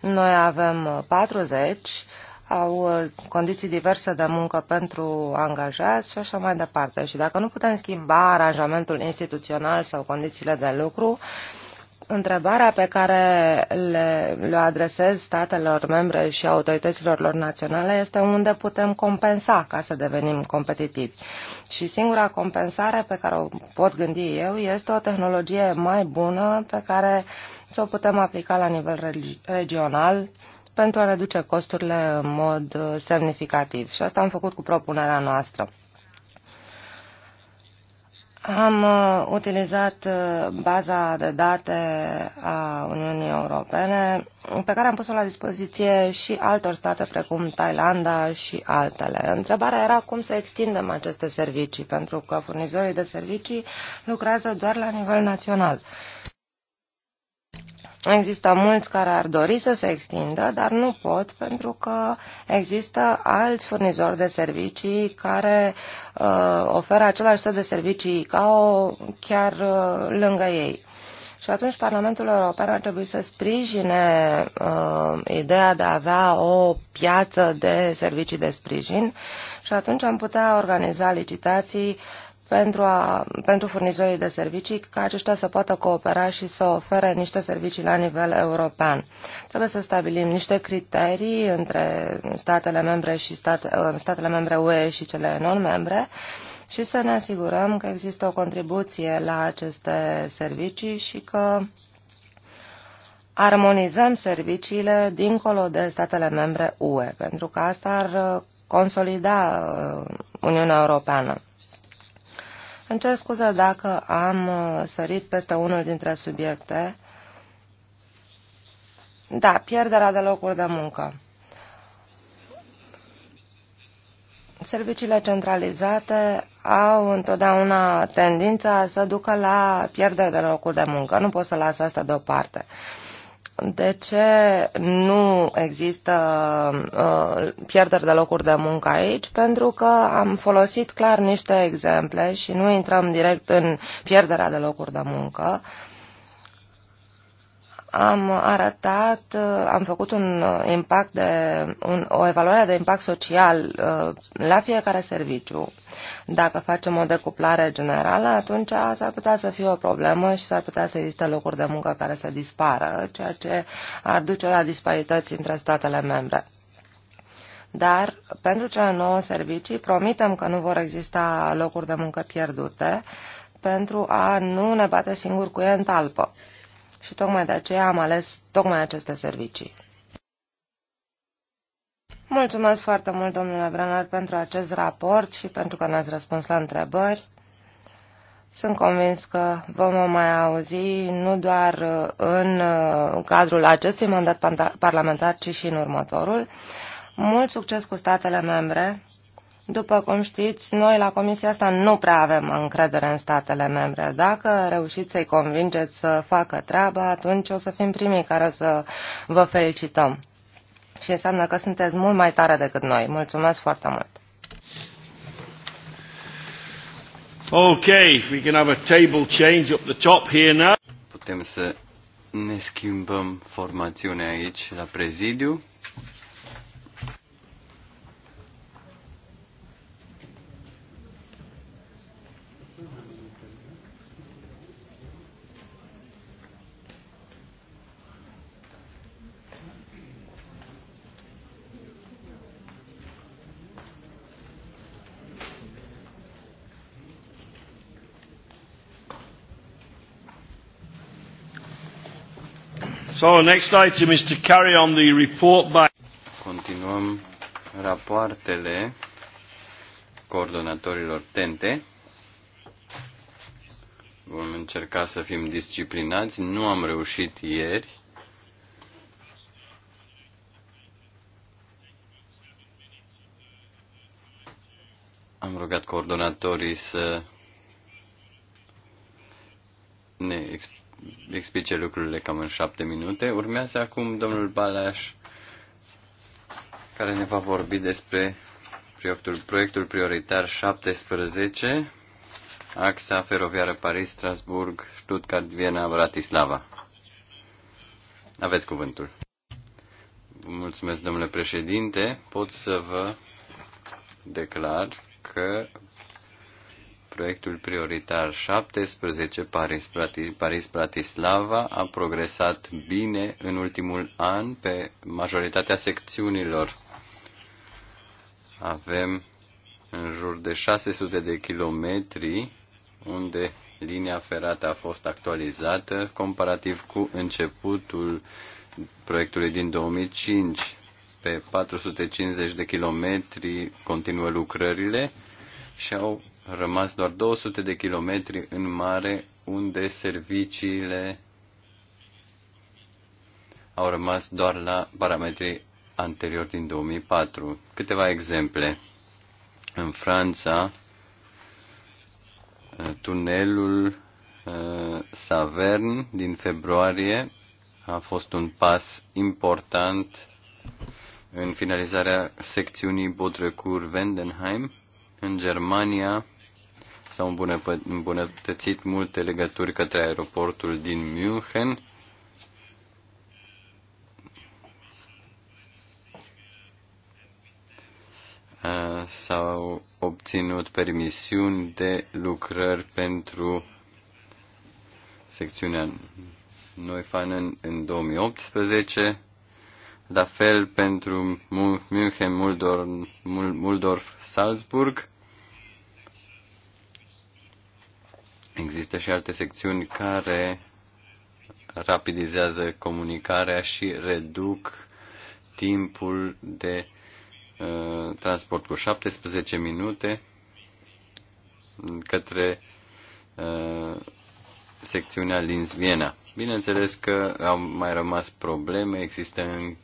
noi avem 40, au uh, condiții diverse de muncă pentru angajați și așa mai departe. Și dacă nu putem schimba aranjamentul instituțional sau condițiile de lucru, uh, Întrebarea pe care le, le adresez statelor membre și autorităților lor naționale este unde putem compensa ca să devenim competitivi. Și singura compensare pe care o pot gândi eu este o tehnologie mai bună pe care să o putem aplica la nivel regional pentru a reduce costurile în mod uh, semnificativ. Și asta am făcut cu propunerea noastră. Am uh, utilizat uh, baza de date a Uniunii Europene, pe care am pus-o la dispoziție și altor state precum Thailanda și altele. Întrebarea era cum să extindem aceste servicii, pentru că furnizorii de servicii lucrează doar la nivel național. Există mulți care ar dori să se extindă, dar nu pot pentru că există alți furnizori de servicii care uh, oferă același set de servicii ca o chiar uh, lângă ei. Și atunci Parlamentul European ar trebui să sprijine uh, ideea de a avea o piață de servicii de sprijin și atunci am putea organiza licitații uh, pentru, a, pentru furnizorii de servicii, ca aceștia să poată coopera și să ofere niște servicii la nivel european. Trebuie să stabilim niște criterii între statele membre, și state, ă, statele membre UE și cele non-membre și să ne asigurăm că există o contribuție la aceste servicii și că armonizăm serviciile dincolo de statele membre UE, pentru că asta ar consolida ă, Uniunea Europeană. Îmi cer scuze dacă am uh, sărit peste unul dintre subiecte. Da, pierderea de locuri de muncă. Serviciile centralizate au întotdeauna tendința să ducă la pierdere de locuri de muncă. Nu pot să las asta deoparte. Uh, de ce nu există uh, pierderi de locuri de muncă aici? Pentru că am folosit clar niște exemple și nu intrăm direct în pierderea de locuri de muncă. Uh, am arătat, uh, am făcut un uh, impact de, un, o evaluare de impact social uh, la fiecare serviciu. Dacă facem o decuplare generală, atunci s-ar putea să fie o problemă și s-ar putea să existe locuri de muncă care să dispară, ceea ce ar duce la disparități între statele membre dar pentru cele nouă servicii promitem că nu vor exista locuri de muncă pierdute pentru a nu ne bate singur cu e în talpă. Și tocmai de aceea am ales tocmai aceste servicii. Mulțumesc foarte mult, domnule Brenner, pentru acest raport și pentru că ne-ați răspuns la întrebări. Sunt convins că vom mai auzi nu doar uh, în uh, cadrul acestui mandat parlamentar, ci și în următorul. Mult succes cu statele membre după cum știți, noi la comisia asta nu prea avem încredere în statele membre. Dacă reușiți să-i convingeți să facă treaba, atunci o să fim primii care să vă felicităm. Și înseamnă că sunteți mult mai tare decât noi. Mulțumesc foarte mult! Okay, we can have a table change up the top here now. Putem să ne schimbăm formațiunea aici la prezidiu. So, next item is to carry on the report by... Continuăm rapoartele coordonatorilor tente. Vom încerca să fim disciplinați. Nu am reușit ieri. Am rugat coordonatorii să ne explice explice lucrurile cam în șapte minute. Urmează acum domnul Balaș, care ne va vorbi despre proiectul, proiectul prioritar 17, axa feroviară Paris, Strasburg, Stuttgart, Viena, Bratislava. Aveți cuvântul. Mulțumesc, domnule președinte. Pot să vă declar că proiectul prioritar 17 Paris-Bratislava a progresat bine în ultimul an pe majoritatea secțiunilor. Avem în jur de 600 de kilometri unde linia ferată a fost actualizată comparativ cu începutul proiectului din 2005. Pe 450 de kilometri continuă lucrările și au rămas doar 200 de kilometri în mare unde serviciile au rămas doar la parametrii anteriori din 2004. Câteva exemple. În Franța, eh, tunelul eh, Savern din februarie a fost un pas important în finalizarea secțiunii Bodrecur-Wendenheim. În Germania, S-au îmbunătățit multe legături către aeroportul din München. S-au obținut permisiuni de lucrări pentru secțiunea Neufanen în 2018, la fel pentru München, Muldorf, Muldorf Salzburg. Există și alte secțiuni care rapidizează comunicarea și reduc timpul de uh, transport cu 17 minute către uh, secțiunea Linz-Viena. Bineînțeles că au mai rămas probleme, există în,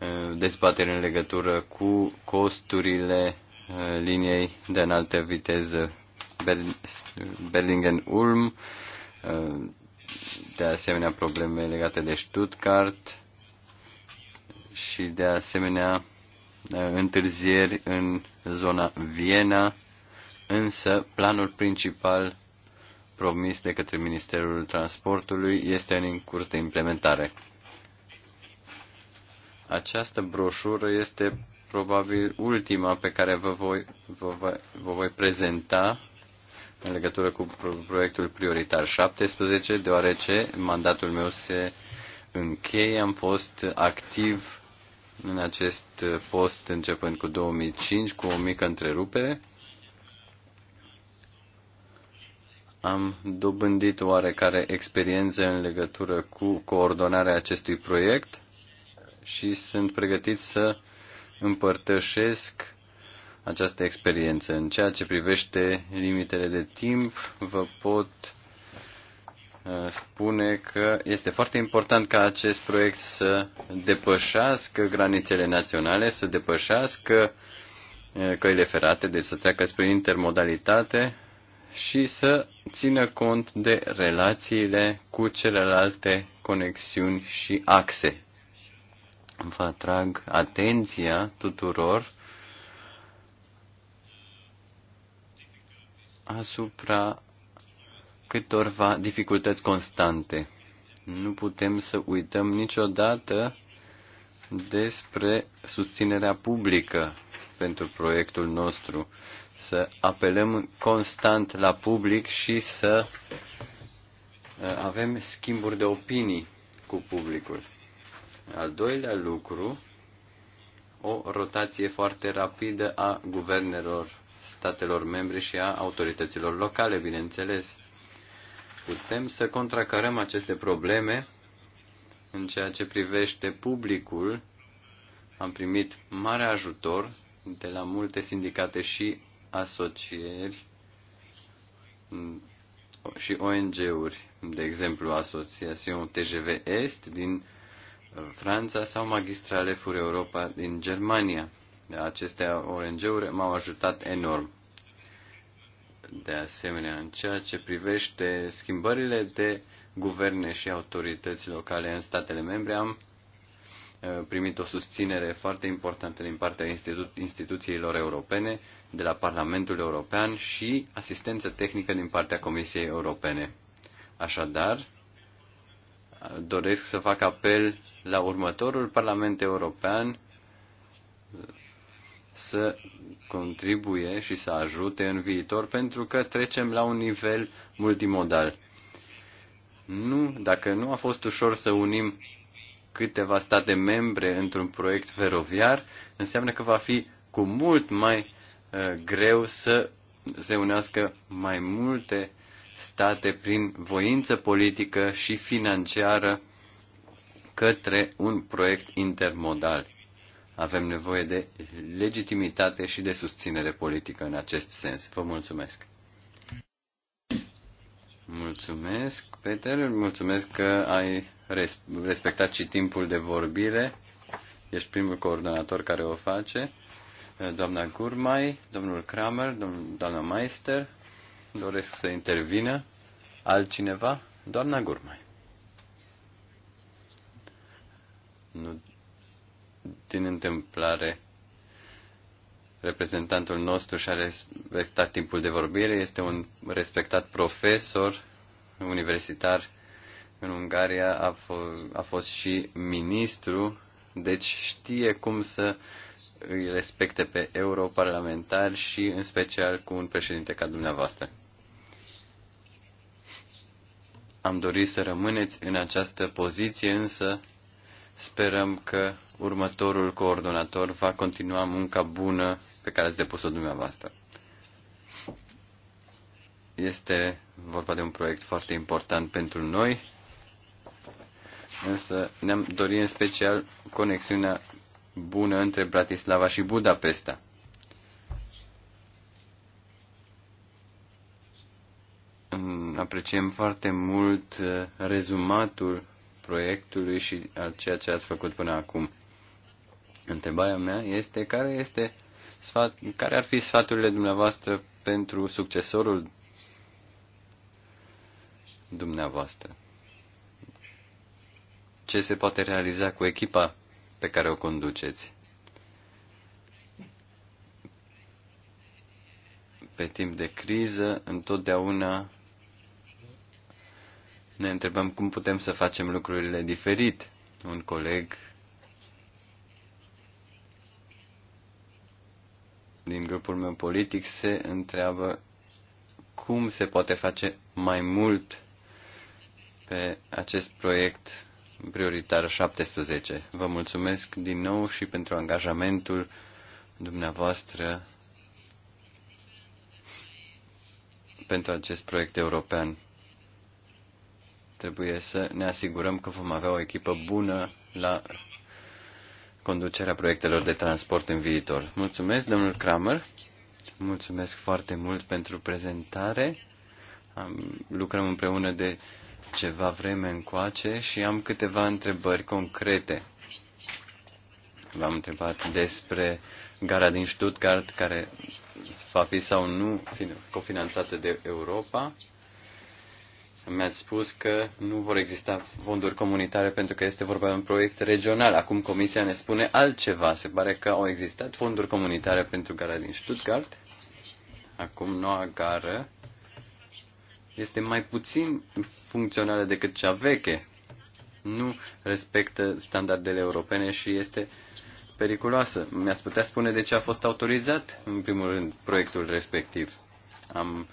uh, dezbateri în legătură cu costurile uh, liniei de înaltă viteză Berlingen-Ulm, de asemenea probleme legate de Stuttgart și de asemenea întârzieri în zona Viena, însă planul principal promis de către Ministerul Transportului este în curs de implementare. Această broșură este probabil ultima pe care vă voi, vă, vă voi prezenta în legătură cu proiectul prioritar 17, deoarece mandatul meu se încheie. Am fost activ în acest post începând cu 2005, cu o mică întrerupere. Am dobândit oarecare experiență în legătură cu coordonarea acestui proiect și sunt pregătit să împărtășesc această experiență. În ceea ce privește limitele de timp, vă pot uh, spune că este foarte important ca acest proiect să depășească granițele naționale, să depășească uh, căile ferate, deci să treacă spre intermodalitate și să țină cont de relațiile cu celelalte conexiuni și axe. Vă atrag atenția tuturor asupra câtorva dificultăți constante. Nu putem să uităm niciodată despre susținerea publică pentru proiectul nostru, să apelăm constant la public și să uh, avem schimburi de opinii cu publicul. Al doilea lucru, o rotație foarte rapidă a guvernelor statelor membre și a autorităților locale, bineînțeles. Putem să contracarăm aceste probleme în ceea ce privește publicul. Am primit mare ajutor de la multe sindicate și asocieri și ONG-uri, de exemplu Asociațion TGV Est din uh, Franța sau Magistrale Fur Europa din Germania. Aceste ONG-uri m-au ajutat enorm. De asemenea, în ceea ce privește schimbările de guverne și autorități locale în statele membre, am uh, primit o susținere foarte importantă din partea institu- instituțiilor europene, de la Parlamentul European și asistență tehnică din partea Comisiei Europene. Așadar, doresc să fac apel la următorul Parlament European să contribuie și să ajute în viitor pentru că trecem la un nivel multimodal. Nu, dacă nu a fost ușor să unim câteva state membre într-un proiect feroviar, înseamnă că va fi cu mult mai uh, greu să se unească mai multe state prin voință politică și financiară către un proiect intermodal. Avem nevoie de legitimitate și de susținere politică în acest sens. Vă mulțumesc! Mulțumesc, Peter, mulțumesc că ai respectat și timpul de vorbire. Ești primul coordonator care o face. Doamna Gurmai, domnul Kramer, doamna Meister, doresc să intervină. Altcineva? Doamna Gurmai. Nu din întâmplare, reprezentantul nostru și-a respectat timpul de vorbire. Este un respectat profesor universitar în Ungaria, a, f- a fost și ministru, deci știe cum să îi respecte pe europarlamentari și în special cu un președinte ca dumneavoastră. Am dorit să rămâneți în această poziție, însă Sperăm că următorul coordonator va continua munca bună pe care ați depus-o dumneavoastră. Este vorba de un proiect foarte important pentru noi, însă ne-am dorit în special conexiunea bună între Bratislava și Budapesta. Apreciem foarte mult uh, rezumatul proiectului și a ceea ce ați făcut până acum. Întrebarea mea este care, este sfat, care ar fi sfaturile dumneavoastră pentru succesorul dumneavoastră? Ce se poate realiza cu echipa pe care o conduceți? Pe timp de criză, întotdeauna ne întrebăm cum putem să facem lucrurile diferit. Un coleg din grupul meu politic se întreabă cum se poate face mai mult pe acest proiect prioritar 17. Vă mulțumesc din nou și pentru angajamentul dumneavoastră pentru acest proiect european. Trebuie să ne asigurăm că vom avea o echipă bună la conducerea proiectelor de transport în viitor. Mulțumesc, domnul Kramer. Mulțumesc foarte mult pentru prezentare. Am, lucrăm împreună de ceva vreme încoace și am câteva întrebări concrete. V-am întrebat despre gara din Stuttgart, care va fi sau nu cofinanțată de Europa mi-ați spus că nu vor exista fonduri comunitare pentru că este vorba de un proiect regional. Acum Comisia ne spune altceva. Se pare că au existat fonduri comunitare pentru gara din Stuttgart. Acum noua gară este mai puțin funcțională decât cea veche. Nu respectă standardele europene și este periculoasă. Mi-ați putea spune de ce a fost autorizat, în primul rând, proiectul respectiv. Am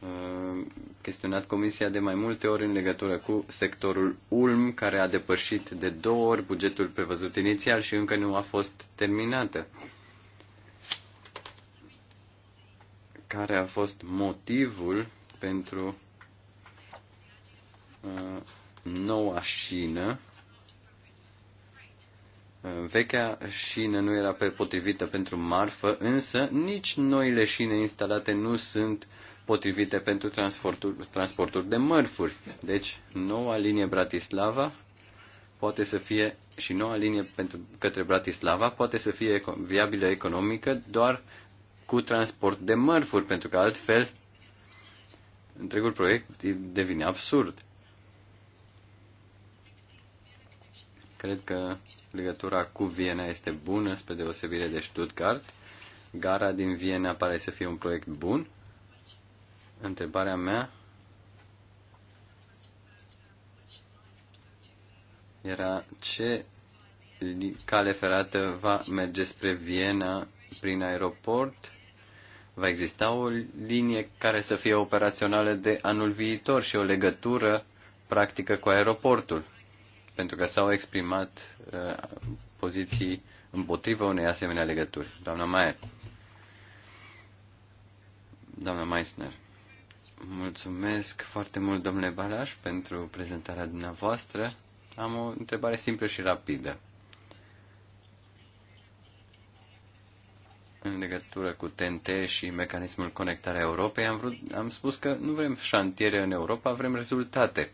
Uh, chestionat Comisia de mai multe ori în legătură cu sectorul ULM, care a depășit de două ori bugetul prevăzut inițial și încă nu a fost terminată. Care a fost motivul pentru uh, noua șină? Uh, vechea șină nu era potrivită pentru marfă, însă nici noile șine instalate nu sunt uh, potrivite pentru transportul, transportul de mărfuri. Deci, noua linie Bratislava poate să fie și noua linie pentru către Bratislava poate să fie viabilă economică doar cu transport de mărfuri, pentru că altfel întregul proiect devine absurd. Cred că legătura cu Viena este bună, spre deosebire de Stuttgart. Gara din Viena pare să fie un proiect bun Întrebarea mea era ce cale ferată va merge spre Viena prin aeroport? Va exista o linie care să fie operațională de anul viitor și o legătură practică cu aeroportul? Pentru că s-au exprimat uh, poziții împotriva unei asemenea legături. Doamna Maier. Doamna Meissner. Mulțumesc foarte mult, domnule Balaș, pentru prezentarea dumneavoastră. Am o întrebare simplă și rapidă. În legătură cu TNT și mecanismul conectarea Europei, am, vrut, am spus că nu vrem șantiere în Europa, vrem rezultate.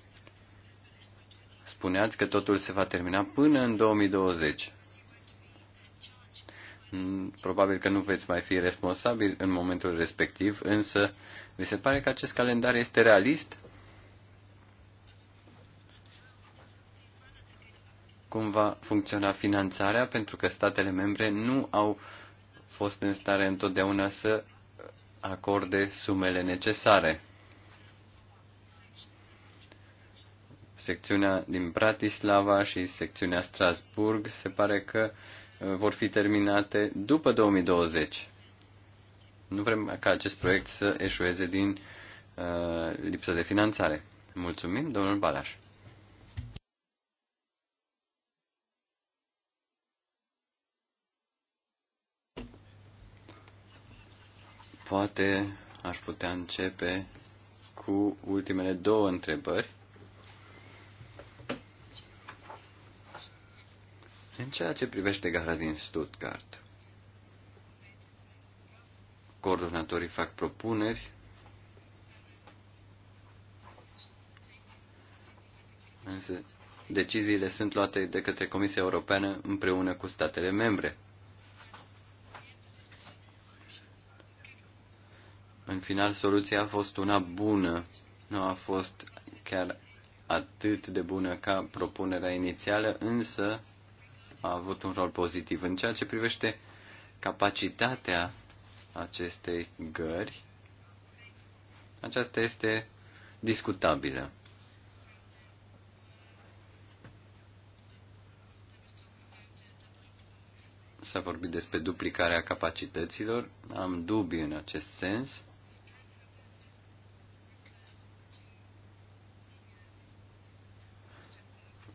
Spuneați că totul se va termina până în 2020. Mm, probabil că nu veți mai fi responsabil în momentul respectiv, însă vi se pare că acest calendar este realist? Cum va funcționa finanțarea? Pentru că statele membre nu au fost în stare întotdeauna să acorde sumele necesare. secțiunea din Bratislava și secțiunea Strasburg se pare că Uh, vor fi terminate după 2020. Nu vrem ca acest proiect să eșueze din uh, lipsă de finanțare. Mulțumim, domnul Balaș. Poate aș putea începe cu ultimele două întrebări În ceea ce privește gara din Stuttgart, coordonatorii fac propuneri Însă deciziile sunt luate de către Comisia Europeană împreună cu statele membre. În final, soluția a fost una bună, nu a fost chiar atât de bună ca propunerea inițială, însă a avut un rol pozitiv. În ceea ce privește capacitatea acestei gări, aceasta este discutabilă. S-a vorbit despre duplicarea capacităților. Am dubii în acest sens.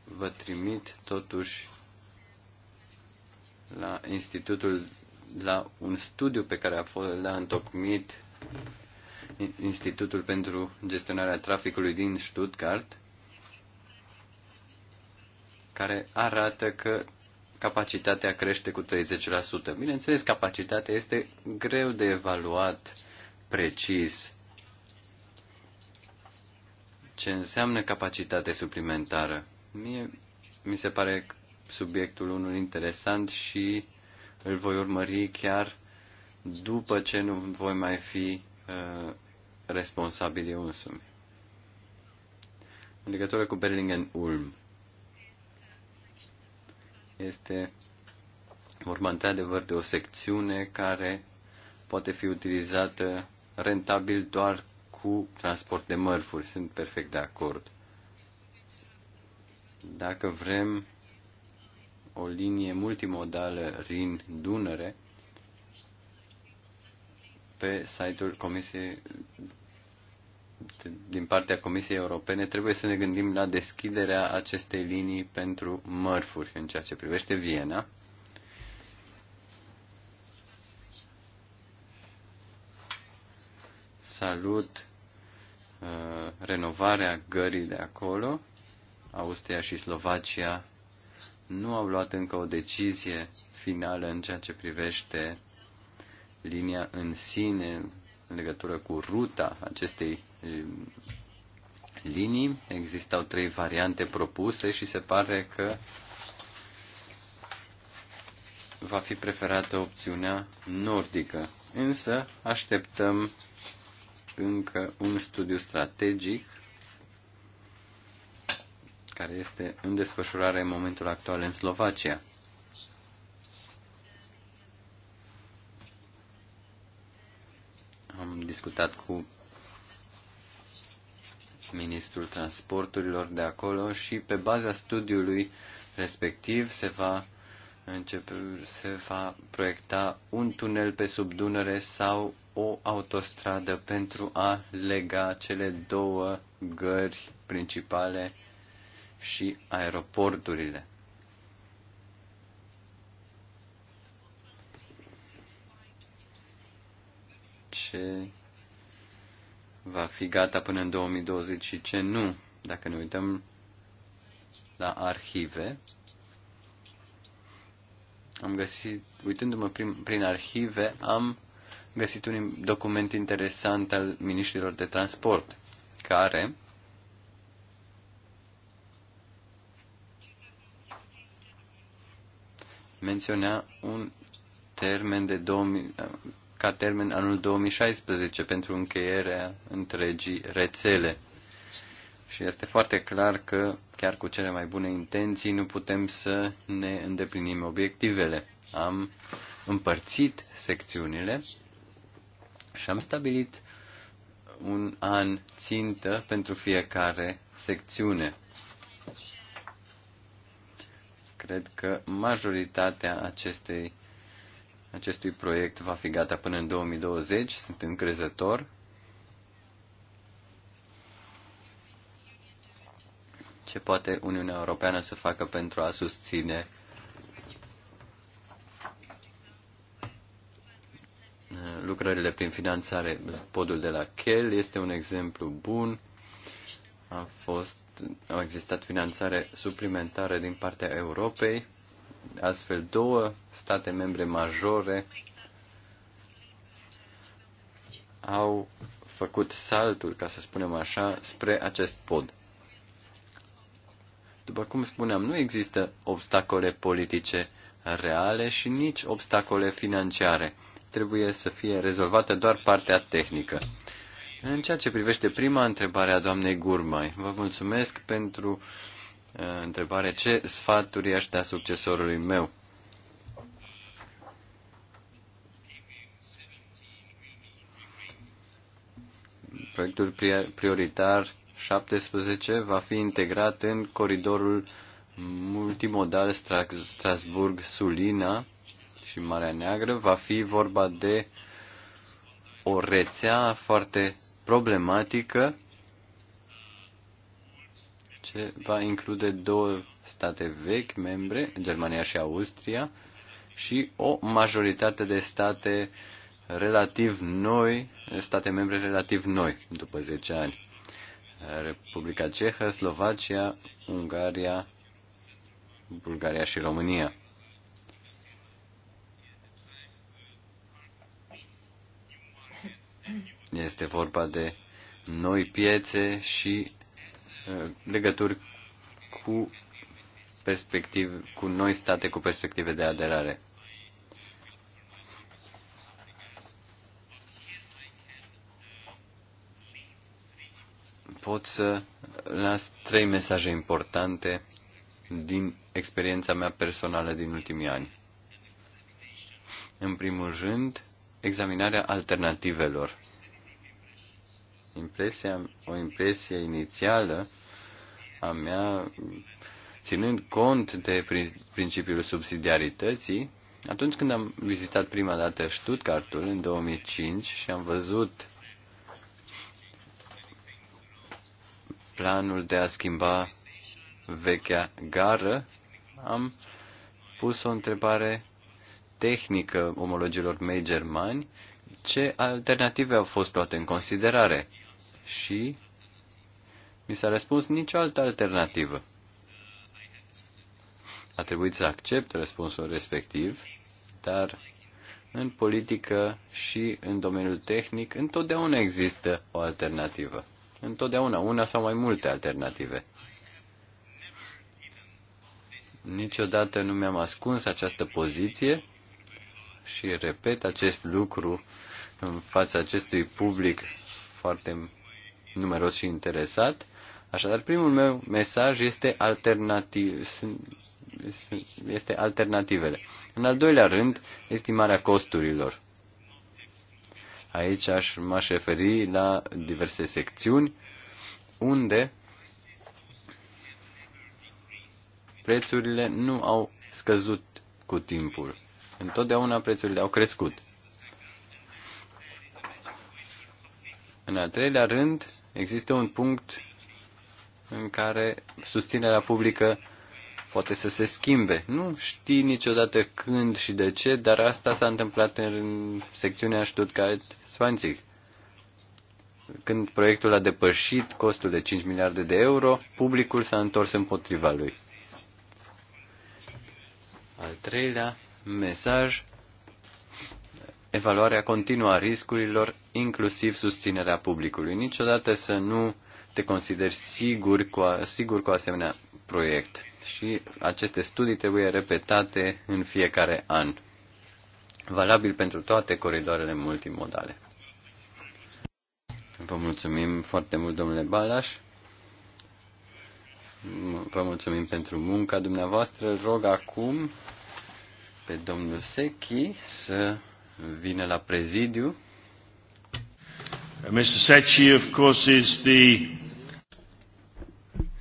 Vă trimit totuși la institutul, la un studiu pe care a fost l-a întocmit Institutul pentru gestionarea traficului din Stuttgart, care arată că capacitatea crește cu 30%. Bineînțeles, capacitatea este greu de evaluat precis. Ce înseamnă capacitate suplimentară? Mie mi se pare subiectul unul interesant și îl voi urmări chiar după ce nu voi mai fi uh, responsabil eu însumi. În legătură cu Berlingen-Ulm, este vorba într-adevăr de o secțiune care poate fi utilizată rentabil doar cu transport de mărfuri. Sunt perfect de acord. Dacă vrem o linie multimodală Rin-Dunăre pe site-ul Comisiei din partea Comisiei Europene, trebuie să ne gândim la deschiderea acestei linii pentru mărfuri în ceea ce privește Viena. Salut uh, renovarea gării de acolo. Austria și Slovacia nu au luat încă o decizie finală în ceea ce privește linia în sine, în legătură cu ruta acestei um, linii. Existau trei variante propuse și se pare că va fi preferată opțiunea nordică. Însă așteptăm încă un studiu strategic care este în desfășurare în momentul actual în Slovacia. Am discutat cu ministrul transporturilor de acolo și pe baza studiului respectiv se va începe, se va proiecta un tunel pe sub Dunăre sau o autostradă pentru a lega cele două gări principale și aeroporturile. Ce va fi gata până în 2020 și ce nu. Dacă ne uităm la arhive, am găsit, uitându-mă prin, prin arhive, am găsit un document interesant al ministrilor de transport, care menționa un termen de 2000, ca termen anul 2016 pentru încheierea întregii rețele. Și este foarte clar că, chiar cu cele mai bune intenții, nu putem să ne îndeplinim obiectivele. Am împărțit secțiunile și am stabilit un an țintă pentru fiecare secțiune cred că majoritatea acestei, acestui proiect va fi gata până în 2020. Sunt încrezător. Ce poate Uniunea Europeană să facă pentru a susține lucrările prin finanțare. Podul de la Kel este un exemplu bun. A fost au existat finanțare suplimentară din partea Europei, astfel două state membre majore au făcut saltul, ca să spunem așa, spre acest pod. După cum spuneam, nu există obstacole politice reale și nici obstacole financiare. Trebuie să fie rezolvată doar partea tehnică. În ceea ce privește prima întrebare a doamnei Gurmai, vă mulțumesc pentru uh, întrebare. Ce sfaturi aș da succesorului meu? Proiectul prioritar 17 va fi integrat în coridorul multimodal Strasburg-Sulina și Marea Neagră. Va fi vorba de o rețea foarte problematică ce va include două state vechi membre, Germania și Austria, și o majoritate de state relativ noi, state membre relativ noi, după 10 ani. Republica Cehă, Slovacia, Ungaria, Bulgaria și România. Thank you. Este vorba de noi piețe și legături cu, perspectiv, cu noi state cu perspective de aderare. Pot să las trei mesaje importante din experiența mea personală din ultimii ani. În primul rând, examinarea alternativelor impresia, o impresie inițială a mea, ținând cont de principiul subsidiarității, atunci când am vizitat prima dată Stuttgartul în 2005 și am văzut planul de a schimba vechea gară, am pus o întrebare tehnică omologilor mei germani, ce alternative au fost luate în considerare și mi s-a răspuns nicio altă alternativă. A trebuit să accept răspunsul respectiv, dar în politică și în domeniul tehnic întotdeauna există o alternativă. Întotdeauna, una sau mai multe alternative. Niciodată nu mi-am ascuns această poziție și repet acest lucru în fața acestui public foarte numeros și interesat. Așadar, primul meu mesaj este, alternativ, este alternativele. În al doilea rând, estimarea costurilor. Aici aș, m-aș referi la diverse secțiuni unde prețurile nu au scăzut cu timpul. Întotdeauna prețurile au crescut. În al treilea rând, Există un punct în care susținerea publică poate să se schimbe. Nu știi niciodată când și de ce, dar asta s-a întâmplat în secțiunea Stuttgart-Svanzig. Când proiectul a depășit costul de 5 miliarde de euro, publicul s-a întors împotriva lui. Al treilea mesaj evaluarea continuă a riscurilor, inclusiv susținerea publicului. Niciodată să nu te consideri sigur cu, a, sigur cu asemenea proiect. Și aceste studii trebuie repetate în fiecare an. Valabil pentru toate coridoarele multimodale. Vă mulțumim foarte mult, domnule Balaș. Vă mulțumim pentru munca dumneavoastră. Rog acum pe domnul Sechi să vine la prezidiu. Uh, Mr. Secchi, of course, is the...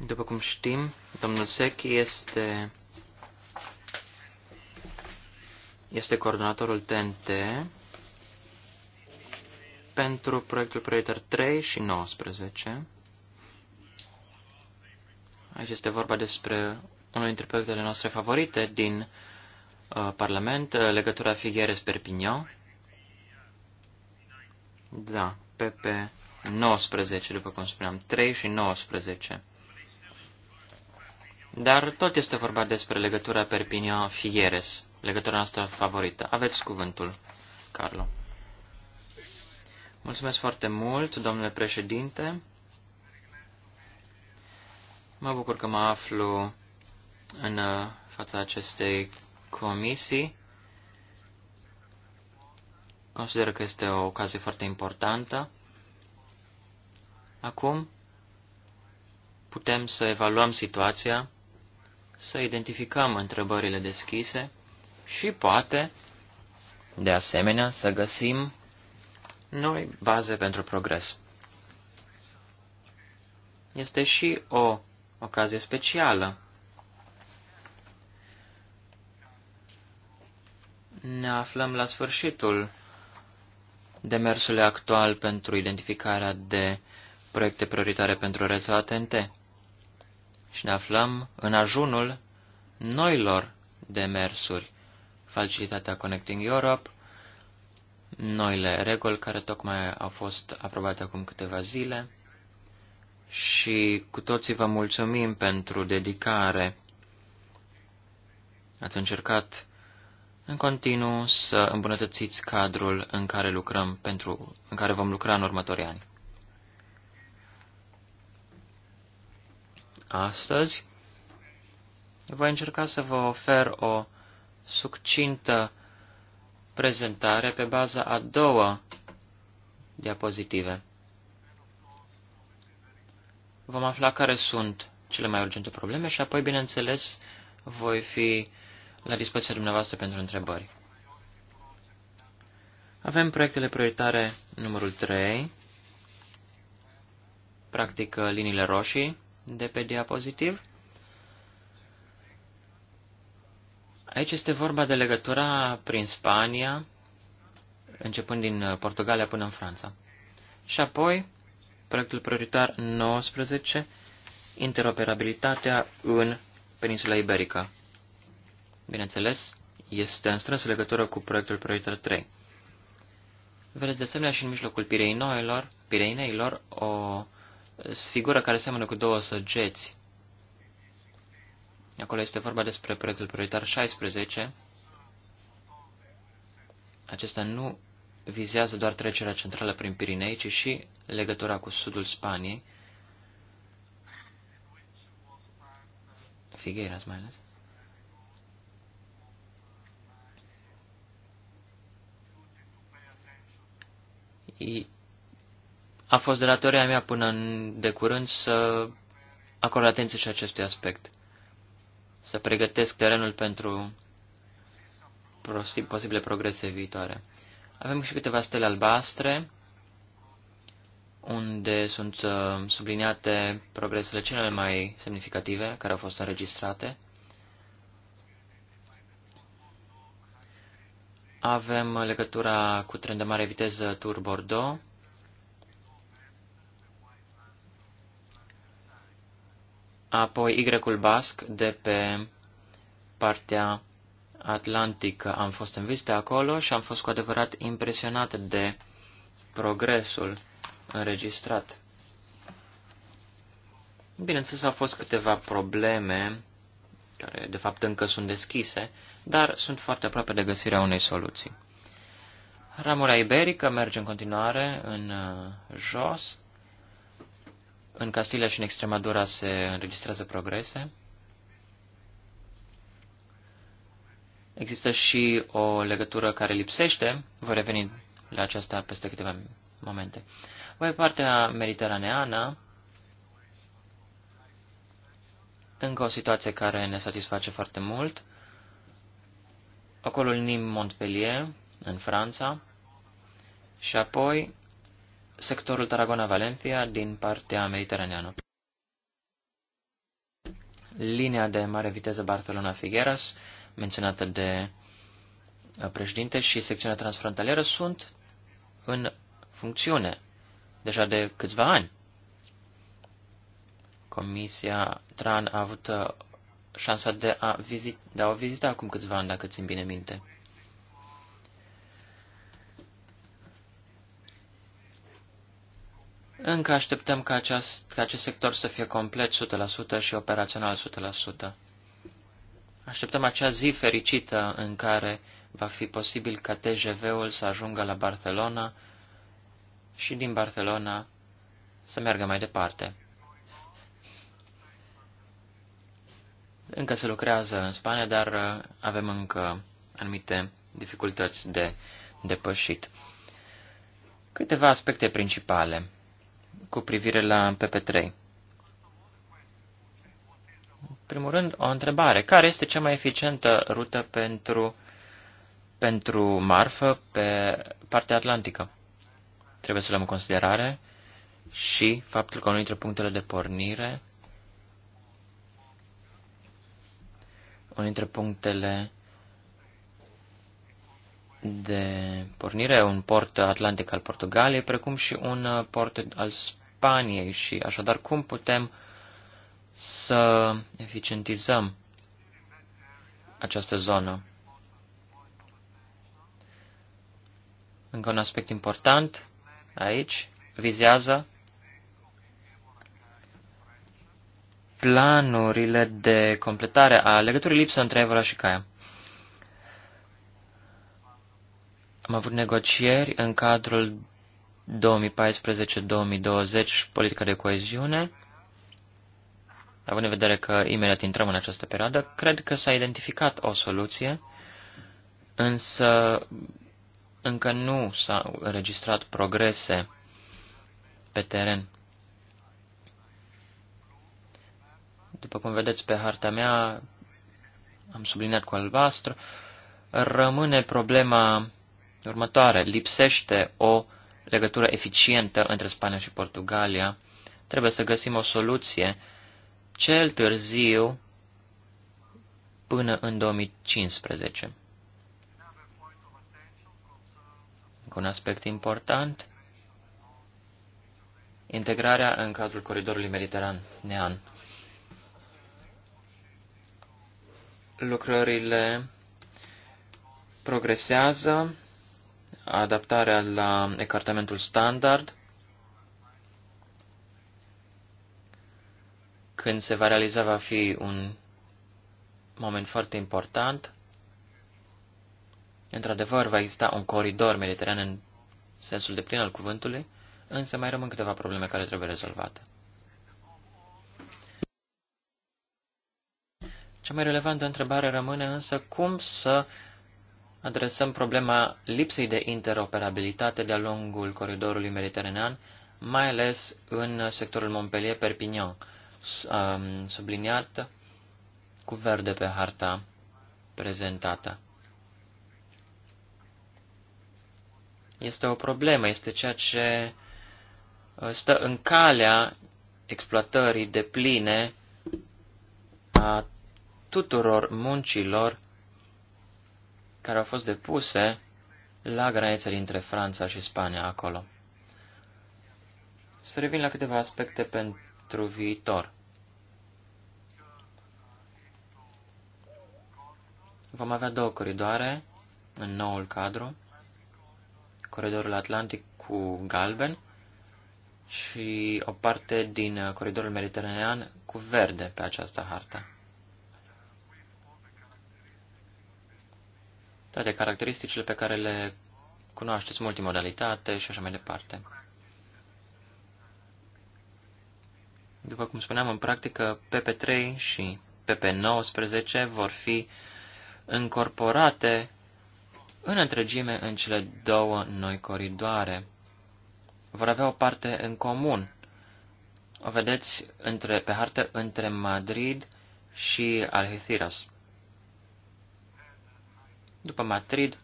După cum știm, domnul Secchi este, este coordonatorul TNT pentru proiectul Predator 3 și 19. Aici este vorba despre unul dintre proiectele noastre favorite din Uh, Parlament, uh, legătura Figueres-Perpignan. Da, PP 19, după cum spuneam, 3 și 19. Dar tot este vorba despre legătura Perpignan-Figueres, legătura noastră favorită. Aveți cuvântul, Carlo. Mulțumesc foarte mult, domnule președinte. Mă bucur că mă aflu în uh, fața acestei comisii consider că este o ocazie foarte importantă. Acum putem să evaluăm situația, să identificăm întrebările deschise și poate, de asemenea, să găsim noi baze pentru progres. Este și o ocazie specială ne aflăm la sfârșitul demersului actual pentru identificarea de proiecte prioritare pentru rețeaua TNT și ne aflăm în ajunul noilor demersuri, facilitatea Connecting Europe, noile reguli care tocmai au fost aprobate acum câteva zile și cu toții vă mulțumim pentru dedicare. Ați încercat în continuu să îmbunătățiți cadrul în care lucrăm pentru, în care vom lucra în următorii ani. Astăzi voi încerca să vă ofer o succintă prezentare pe baza a două diapozitive. Vom afla care sunt cele mai urgente probleme și apoi, bineînțeles, voi fi la dispoziția dumneavoastră pentru întrebări. Avem proiectele prioritare numărul 3, practic liniile roșii de pe diapozitiv. Aici este vorba de legătura prin Spania, începând din uh, Portugalia până în Franța. Și apoi, proiectul prioritar 19, interoperabilitatea în peninsula iberică bineînțeles, este în strânsă legătură cu proiectul Proiector 3. Vedeți de asemenea și în mijlocul Pireineilor, Pireineilor o figură care seamănă cu două săgeți. Acolo este vorba despre proiectul prioritar 16. Acesta nu vizează doar trecerea centrală prin Pirinei, ci și legătura cu sudul Spaniei. Figueras mai ales. a fost de datoria mea până în, de curând să acord atenție și acestui aspect. Să pregătesc terenul pentru posibile progrese viitoare. Avem și câteva stele albastre, unde sunt uh, subliniate progresele cele mai semnificative care au fost înregistrate. Avem legătura cu tren de mare viteză Tour Bordeaux. Apoi Y-ul basc de pe partea atlantică. Am fost în vizită acolo și am fost cu adevărat impresionat de progresul înregistrat. Bineînțeles, au fost câteva probleme care de fapt încă sunt deschise, dar sunt foarte aproape de găsirea unei soluții. Ramura iberică merge în continuare în uh, jos. În Castilia și în Extremadura se înregistrează progrese. Există și o legătură care lipsește. Voi reveni la aceasta peste câteva momente. Voi partea mediteraneană Încă o situație care ne satisface foarte mult. Acolo nim Montpellier, în Franța, și apoi sectorul Tarragona-Valencia din partea mediteraneană. Linia de mare viteză Barcelona-Figueras, menționată de uh, președinte, și secțiunea transfrontalieră sunt în funcțiune deja de câțiva ani. Comisia Tran a avut uh, șansa de a, vizit, de a o vizita acum câțiva ani, dacă țin bine minte. Încă așteptăm ca, aceast, ca acest sector să fie complet 100% și operațional 100%. Așteptăm acea zi fericită în care va fi posibil ca TGV-ul să ajungă la Barcelona și din Barcelona să meargă mai departe. Încă se lucrează în Spania, dar uh, avem încă anumite dificultăți de depășit. Câteva aspecte principale cu privire la PP3. În primul rând, o întrebare. Care este cea mai eficientă rută pentru, pentru marfă pe partea atlantică? Trebuie să luăm în considerare și faptul că unul dintre punctele de pornire Unul dintre punctele de pornire, un port atlantic al Portugaliei, precum și un port al Spaniei și așadar cum putem să eficientizăm această zonă. Încă un aspect important aici vizează planurile de completare a legăturii lipsă între Evora și Caia. Am avut negocieri în cadrul 2014-2020 politică de coeziune. Având în vedere că imediat intrăm în această perioadă, cred că s-a identificat o soluție, însă încă nu s-au înregistrat progrese pe teren. După cum vedeți pe harta mea, am subliniat cu albastru, rămâne problema următoare. Lipsește o legătură eficientă între Spania și Portugalia. Trebuie să găsim o soluție cel târziu până în 2015. un aspect important, integrarea în cadrul coridorului mediteranean. lucrările progresează, adaptarea la ecartamentul standard, când se va realiza va fi un moment foarte important. Într-adevăr, va exista un coridor mediteranean în sensul de plin al cuvântului, însă mai rămân câteva probleme care trebuie rezolvate. Cea mai relevantă întrebare rămâne însă cum să adresăm problema lipsei de interoperabilitate de-a lungul coridorului mediteranean, mai ales în sectorul Montpellier-Perpignan, um, subliniat cu verde pe harta prezentată. Este o problemă, este ceea ce uh, stă în calea exploatării de pline a tuturor muncilor care au fost depuse la granița dintre Franța și Spania acolo. Să revin la câteva aspecte pentru viitor. Vom avea două coridoare în noul cadru, coridorul Atlantic cu galben și o parte din coridorul mediteranean cu verde pe această hartă. toate caracteristicile pe care le cunoașteți, multimodalitate și așa mai departe. După cum spuneam, în practică, PP3 și PP19 vor fi încorporate în întregime în cele două noi coridoare. Vor avea o parte în comun. O vedeți între, pe hartă între Madrid și Algeciras. După Madrid,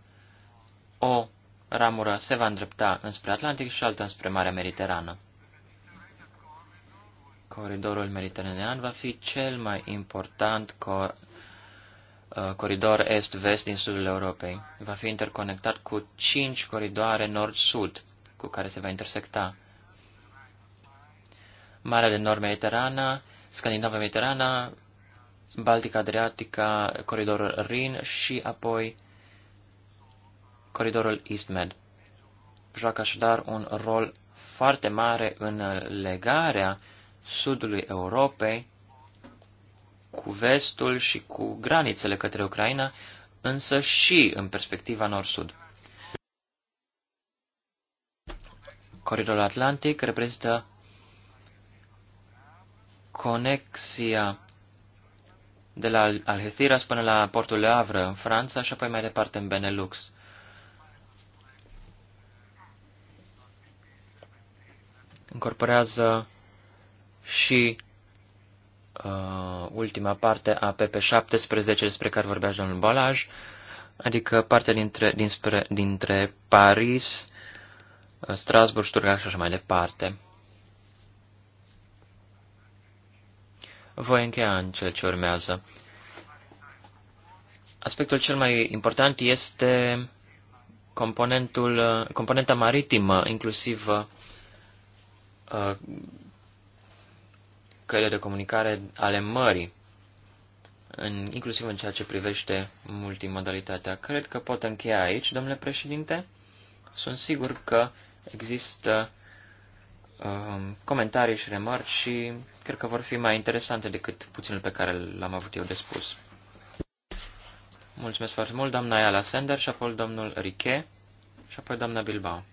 o ramură se va îndrepta înspre Atlantic și alta înspre Marea Mediterană. Coridorul mediteranean va fi cel mai important cor uh, coridor est-vest din sudul Europei. Va fi interconectat cu cinci coridoare nord-sud, cu care se va intersecta. Marea de Nord-Mediterana, Scandinava Mediterana, Baltica Adriatica, coridorul Rin și apoi Coridorul EastMed joacă așadar un rol foarte mare în legarea sudului Europei cu vestul și cu granițele către Ucraina, însă și în perspectiva nord-sud. Coridorul Atlantic reprezintă conexia de la Algeciras până la portul Le Havre în Franța și apoi mai departe în Benelux. incorporează și uh, ultima parte a PP17 despre care vorbea domnul Balaj, adică partea dintre, dinspre, dintre Paris, uh, Strasburg, Stuttgart și așa mai departe. Voi încheia în cele ce urmează. Aspectul cel mai important este componentul, componenta maritimă, inclusiv uh, Uh, căile de comunicare ale mării, în, inclusiv în ceea ce privește multimodalitatea. Cred că pot încheia aici, domnule președinte. Sunt sigur că există um, comentarii și remarci și cred că vor fi mai interesante decât puținul pe care l-am avut eu de spus. Mulțumesc foarte mult, doamna Ayala Sender și apoi domnul Riche și apoi doamna Bilbao.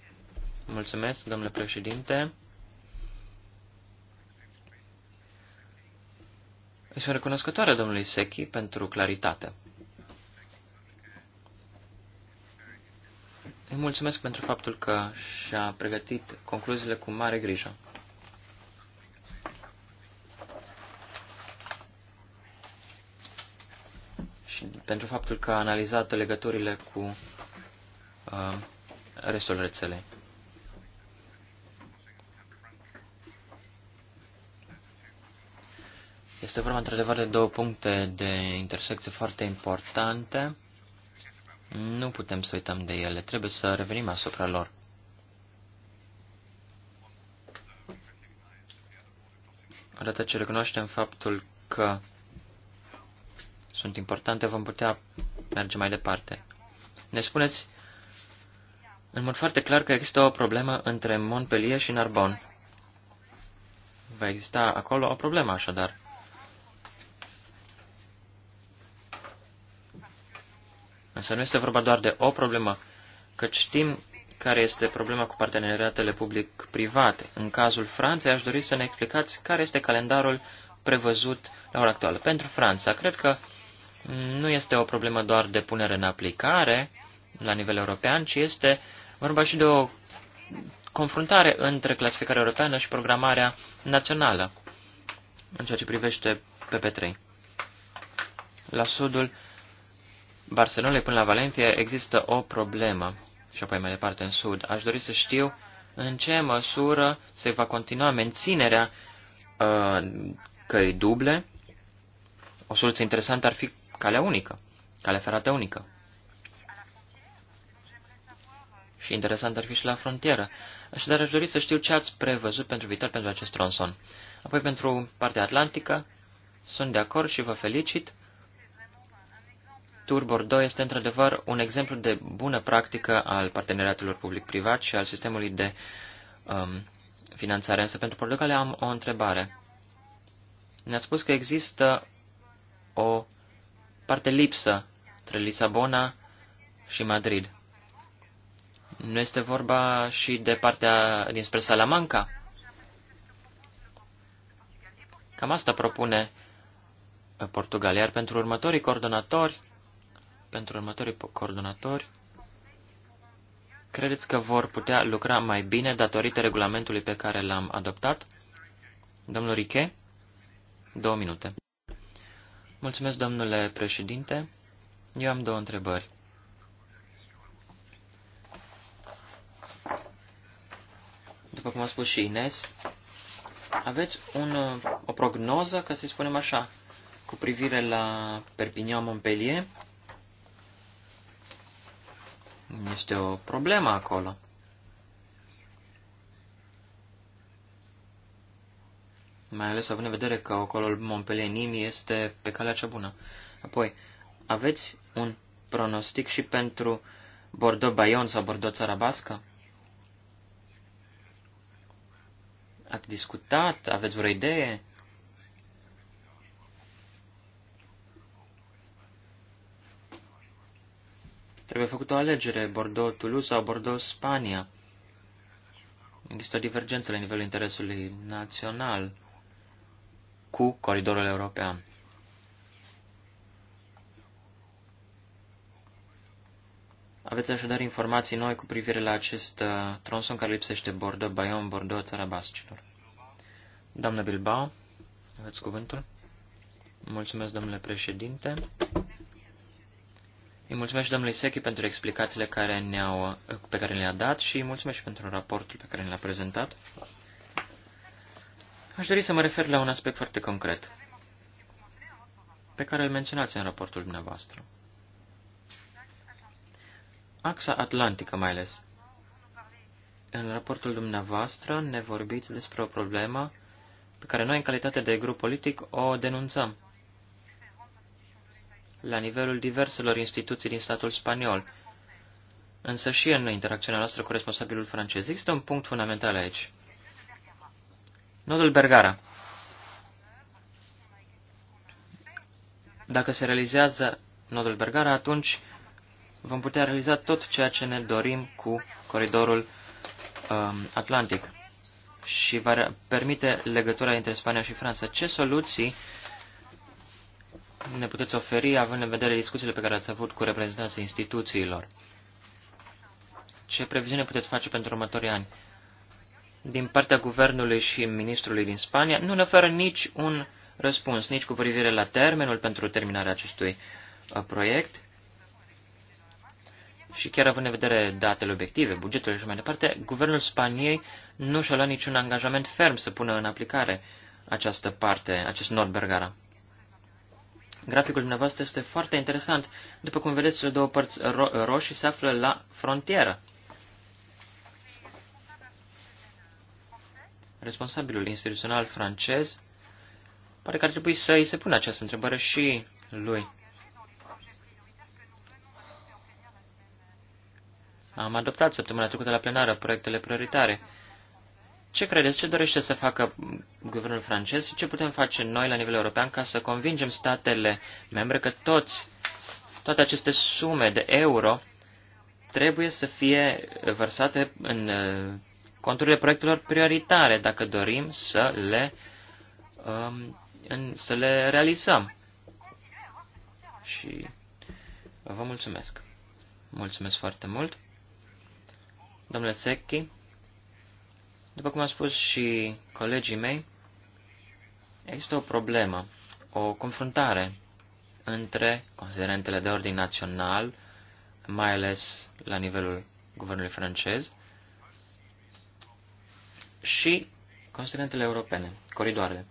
Mulțumesc, domnule președinte. Îi sunt recunoscătoare domnului Sechi pentru claritate. Îi mulțumesc pentru faptul că și-a pregătit concluziile cu mare grijă. Și pentru faptul că a analizat legăturile cu uh, restul rețelei. Este vorba într-adevăr de două puncte de intersecție foarte importante. Nu putem să uităm de ele, trebuie să revenim asupra lor. Odată ce recunoaștem faptul că sunt importante, vom putea merge mai departe. Ne spuneți în mod foarte clar că există o problemă între Montpellier și Narbonne. Va exista acolo o problemă, așadar. Însă nu este vorba doar de o problemă, că știm care este problema cu parteneriatele public-private. În cazul Franței aș dori să ne explicați care este calendarul prevăzut la ora actuală. Pentru Franța, cred că nu este o problemă doar de punere în aplicare la nivel european, ci este vorba și de o confruntare între clasificarea europeană și programarea națională în ceea ce privește PP3. La sudul Barcelonei până la Valencia există o problemă și apoi mai departe în sud. Aș dori să știu în ce măsură se va continua menținerea uh, căi duble. O soluție interesantă ar fi calea unică, calea ferată unică. Și interesant ar fi și la frontieră. Așadar, aș dori să știu ce ați prevăzut pentru viitor pentru acest tronson. Apoi, pentru partea atlantică, sunt de acord și vă felicit Turbor 2 este într-adevăr un exemplu de bună practică al parteneriatelor public-privat și al sistemului de um, finanțare. Însă pentru Portugalia am o întrebare. Ne-ați spus că există o parte lipsă între Lisabona și Madrid. Nu este vorba și de partea dinspre Salamanca? Cam asta propune Portugalia, iar pentru următorii coordonatori pentru următorii coordonatori. Credeți că vor putea lucra mai bine datorită regulamentului pe care l-am adoptat? Domnul Riche, două minute. Mulțumesc, domnule președinte. Eu am două întrebări. După cum a spus și Ines, aveți un, o prognoză, ca să-i spunem așa, cu privire la Perpignan-Montpellier este o problemă acolo. Mai ales având în vedere că acolo Montpellier Nimi este pe calea cea bună. Apoi, aveți un pronostic și pentru Bordeaux-Bayon sau Bordeaux-Țara Bască? Ați discutat? Aveți vreo idee? Trebuie făcută o alegere, Bordeaux-Toulouse sau Bordeaux-Spania. Există o divergență la nivelul interesului național cu coridorul european. Aveți așadar informații noi cu privire la acest uh, tronson care lipsește Bordeaux, Bayon, Bordeaux, Țara Bascilor. Doamnă Bilbao, aveți cuvântul. Mulțumesc, domnule președinte. Îi mulțumesc și domnului Sechi pentru explicațiile care ne-au, pe care le-a dat și îi mulțumesc și pentru raportul pe care l-a prezentat. Aș dori să mă refer la un aspect foarte concret, pe care îl menționați în raportul dumneavoastră. Axa Atlantică, mai ales. În raportul dumneavoastră ne vorbiți despre o problemă pe care noi, în calitate de grup politic, o denunțăm la nivelul diverselor instituții din statul spaniol, însă și în interacțiunea noastră cu responsabilul francez. Există un punct fundamental aici. Nodul Bergara. Dacă se realizează nodul Bergara, atunci vom putea realiza tot ceea ce ne dorim cu coridorul um, atlantic și va permite legătura între Spania și Franța. Ce soluții ne puteți oferi, având în vedere discuțiile pe care ați avut cu reprezentanții instituțiilor? Ce previziune puteți face pentru următorii ani? Din partea guvernului și ministrului din Spania nu ne oferă nici un răspuns, nici cu privire la termenul pentru terminarea acestui uh, proiect, și chiar având în vedere datele obiective, bugetul și mai departe, guvernul Spaniei nu și-a luat niciun angajament ferm să pună în aplicare această parte, acest nord Bergara. Graficul dumneavoastră este foarte interesant. După cum vedeți, cele două părți ro- roșii se află la frontieră. Responsabilul instituțional francez pare că ar trebui să îi se pună această întrebare și lui. Am adoptat săptămâna trecută la plenară proiectele prioritare. Ce credeți? Ce dorește să facă guvernul francez și ce putem face noi la nivel european ca să convingem statele membre că toți, toate aceste sume de euro trebuie să fie vărsate în uh, conturile proiectelor prioritare dacă dorim să le, um, în, să le realizăm. Și vă mulțumesc. Mulțumesc foarte mult. Domnule Secchi. După cum a spus și colegii mei, există o problemă, o confruntare între considerentele de ordin național, mai ales la nivelul guvernului francez, și considerentele europene, coridoarele.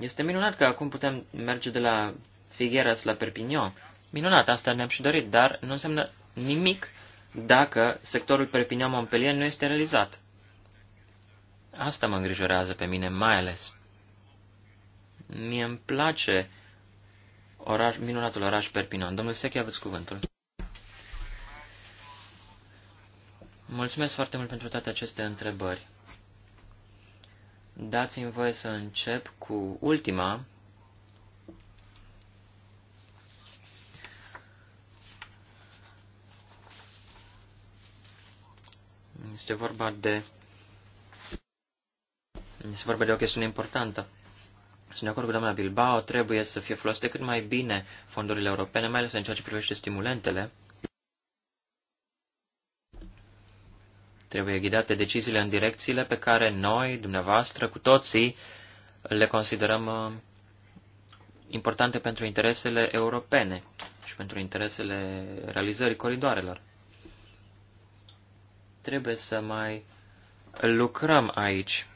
Este minunat că acum putem merge de la Figueras la Perpignan. Minunat, asta ne-am și dorit, dar nu înseamnă nimic dacă sectorul Perpignan-Montpellier nu este realizat. Asta mă îngrijorează pe mine mai ales. Mie îmi place oraș, minunatul oraș Perpignan. Domnul Sechi, aveți cuvântul. Mulțumesc foarte mult pentru toate aceste întrebări. Dați-mi voie să încep cu ultima, Este vorba de... Este vorba de o chestiune importantă. Sunt de acord cu doamna Bilbao, trebuie să fie folosite cât mai bine fondurile europene, mai ales în ceea ce privește stimulentele. Trebuie ghidate deciziile în direcțiile pe care noi, dumneavoastră, cu toții, le considerăm uh, importante pentru interesele europene și pentru interesele realizării coridoarelor. Trebuie să mai lucrăm aici.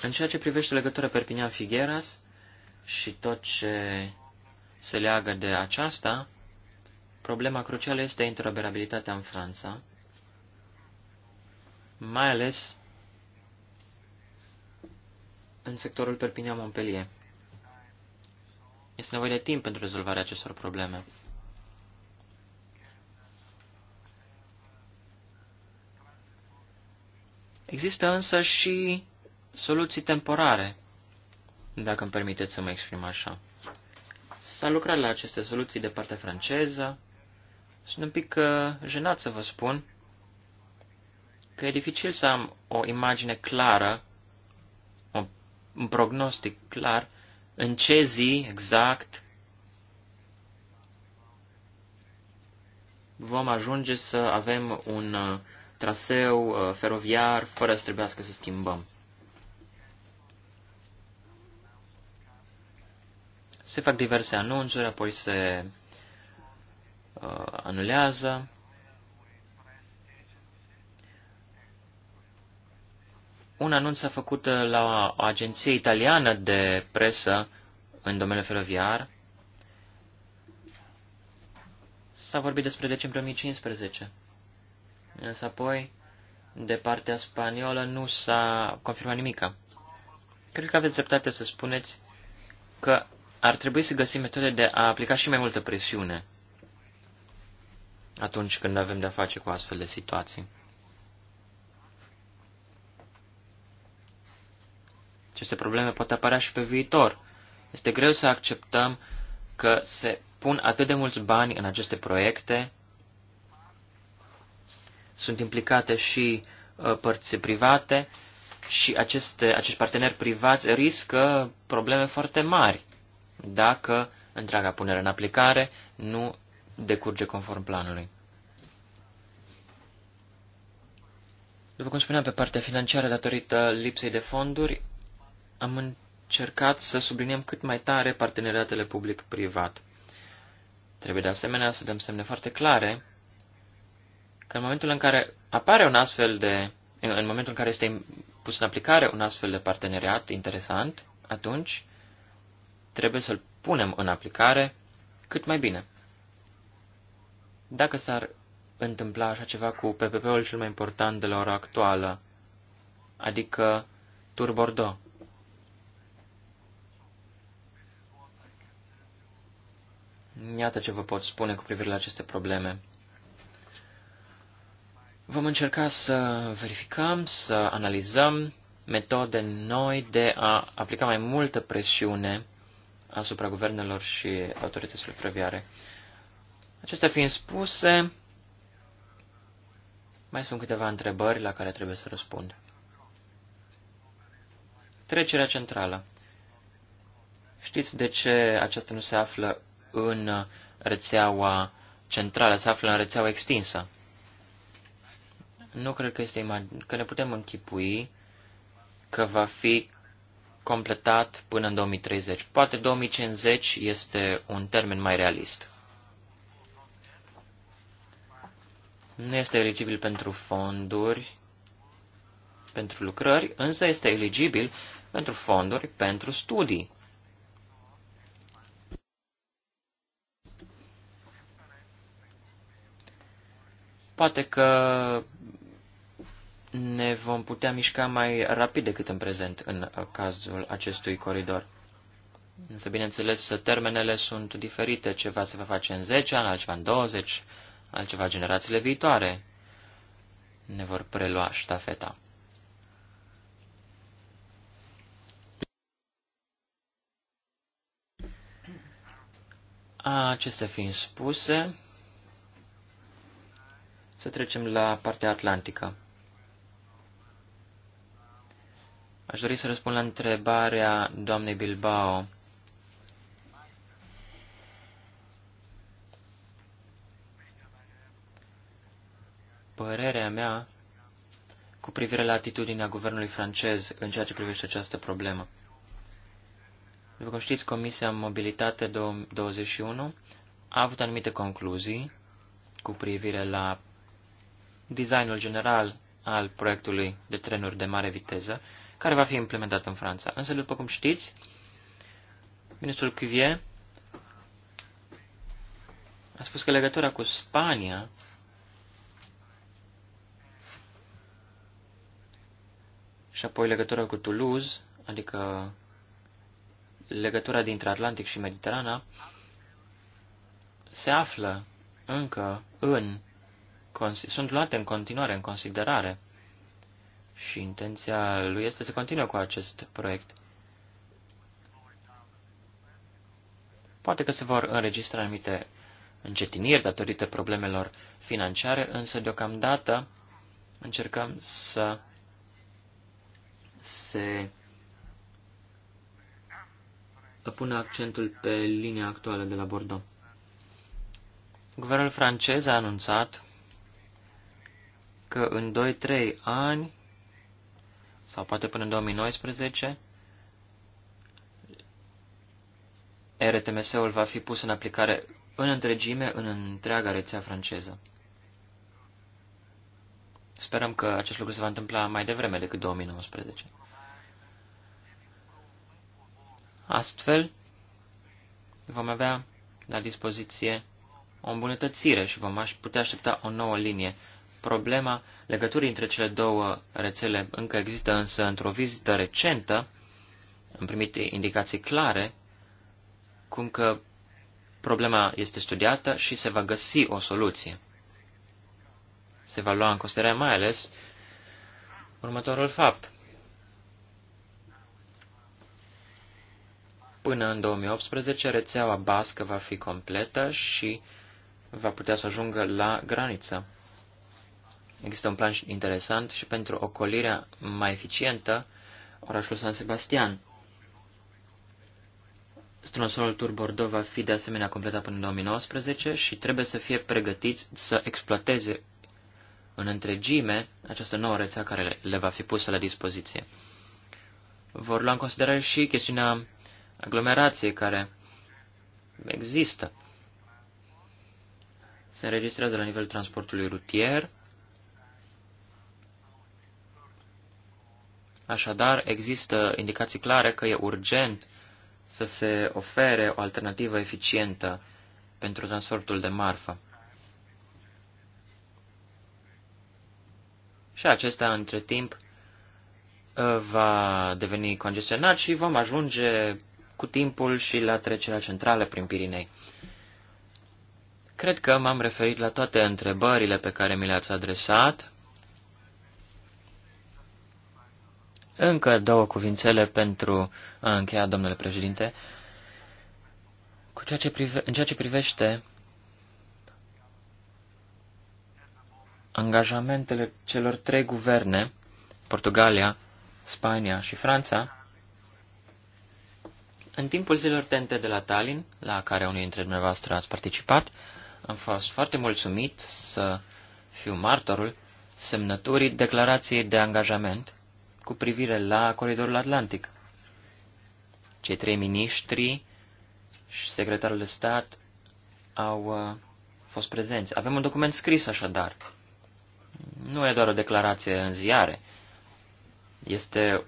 În ceea ce privește legătura Perpignan-Figueras și tot ce se leagă de aceasta, problema crucială este interoperabilitatea în Franța, mai ales în sectorul Perpignan-Montpellier. Este nevoie de timp pentru rezolvarea acestor probleme. Există însă și soluții temporare, dacă îmi permiteți să mă exprim așa. S-a lucrat la aceste soluții de partea franceză. Sunt un pic uh, jenat să vă spun că e dificil să am o imagine clară, o, un prognostic clar, în ce zi exact vom ajunge să avem un uh, traseu uh, feroviar fără să trebuiască să schimbăm. Se fac diverse anunțuri, apoi se uh, anulează. Un anunț a făcut uh, la o agenție italiană de presă în domeniul feroviar. S-a vorbit despre decembrie 2015. Însă apoi, de partea spaniolă, nu s-a confirmat nimica. Cred că aveți dreptate să spuneți că ar trebui să găsim metode de a aplica și mai multă presiune atunci când avem de-a face cu astfel de situații. Aceste probleme pot apărea și pe viitor. Este greu să acceptăm că se pun atât de mulți bani în aceste proiecte sunt implicate și uh, părți private și aceste, acești parteneri privați riscă probleme foarte mari dacă întreaga punere în aplicare nu decurge conform planului. După cum spuneam, pe partea financiară, datorită lipsei de fonduri, am încercat să subliniem cât mai tare parteneriatele public-privat. Trebuie de asemenea să dăm semne foarte clare că în momentul în care apare un astfel de, în momentul în care este pus în aplicare un astfel de parteneriat interesant, atunci trebuie să-l punem în aplicare cât mai bine. Dacă s-ar întâmpla așa ceva cu PPP-ul cel mai important de la ora actuală, adică Tour Bordeaux, Iată ce vă pot spune cu privire la aceste probleme. Vom încerca să verificăm, să analizăm metode noi de a aplica mai multă presiune asupra guvernelor și autorităților feroviare. Acestea fiind spuse, mai sunt câteva întrebări la care trebuie să răspund. Trecerea centrală. Știți de ce aceasta nu se află în rețeaua centrală, se află în rețeaua extinsă? nu cred că, este că ne putem închipui că va fi completat până în 2030. Poate 2050 este un termen mai realist. Nu este eligibil pentru fonduri, pentru lucrări, însă este eligibil pentru fonduri, pentru studii. Poate că ne vom putea mișca mai rapid decât în prezent în cazul acestui coridor. Însă, bineînțeles, termenele sunt diferite. Ceva se va face în 10 ani, altceva în 20, altceva generațiile viitoare ne vor prelua ștafeta. Acestea fiind spuse, să trecem la partea atlantică. Aș dori să răspund la întrebarea doamnei Bilbao. Părerea mea cu privire la atitudinea guvernului francez în ceea ce privește această problemă. După cum știți, Comisia Mobilitate 21 a avut anumite concluzii cu privire la designul general al proiectului de trenuri de mare viteză care va fi implementat în Franța. Însă, după cum știți, ministrul Cuvier a spus că legătura cu Spania și apoi legătura cu Toulouse, adică legătura dintre Atlantic și Mediterana, se află încă în, sunt luate în continuare în considerare și intenția lui este să continue cu acest proiect. Poate că se vor înregistra anumite încetiniri datorită problemelor financiare, însă deocamdată încercăm să se pună accentul pe linia actuală de la Bordeaux. Guvernul francez a anunțat că în 2-3 ani sau poate până în 2019, RTMS-ul va fi pus în aplicare în întregime în întreaga rețea franceză. Sperăm că acest lucru se va întâmpla mai devreme decât 2019. Astfel, vom avea la dispoziție o îmbunătățire și vom putea aștepta o nouă linie problema legăturii între cele două rețele încă există, însă într-o vizită recentă am primit indicații clare cum că problema este studiată și se va găsi o soluție. Se va lua în considerare mai ales următorul fapt. Până în 2018, rețeaua bască va fi completă și va putea să ajungă la graniță. Există un plan interesant și pentru ocolirea mai eficientă orașul San Sebastian. Stronsonul Tur Bordeaux va fi de asemenea completat până în 2019 și trebuie să fie pregătiți să exploateze în întregime această nouă rețea care le va fi pusă la dispoziție. Vor lua în considerare și chestiunea aglomerației care există. Se înregistrează la nivelul transportului rutier, Așadar, există indicații clare că e urgent să se ofere o alternativă eficientă pentru transportul de marfă. Și acesta, între timp, va deveni congestionat și vom ajunge cu timpul și la trecerea centrală prin Pirinei. Cred că m-am referit la toate întrebările pe care mi le-ați adresat. Încă două cuvințele pentru a încheia, domnule președinte. Cu ceea ce prive, în ceea ce privește angajamentele celor trei guverne, Portugalia, Spania și Franța, în timpul zilor tente de la Tallinn, la care unii dintre dumneavoastră ați participat, am fost foarte mulțumit să fiu martorul semnăturii declarației de angajament cu privire la coridorul atlantic. Cei trei miniștri și secretarul de stat au uh, fost prezenți. Avem un document scris așadar. Nu e doar o declarație în ziare. Este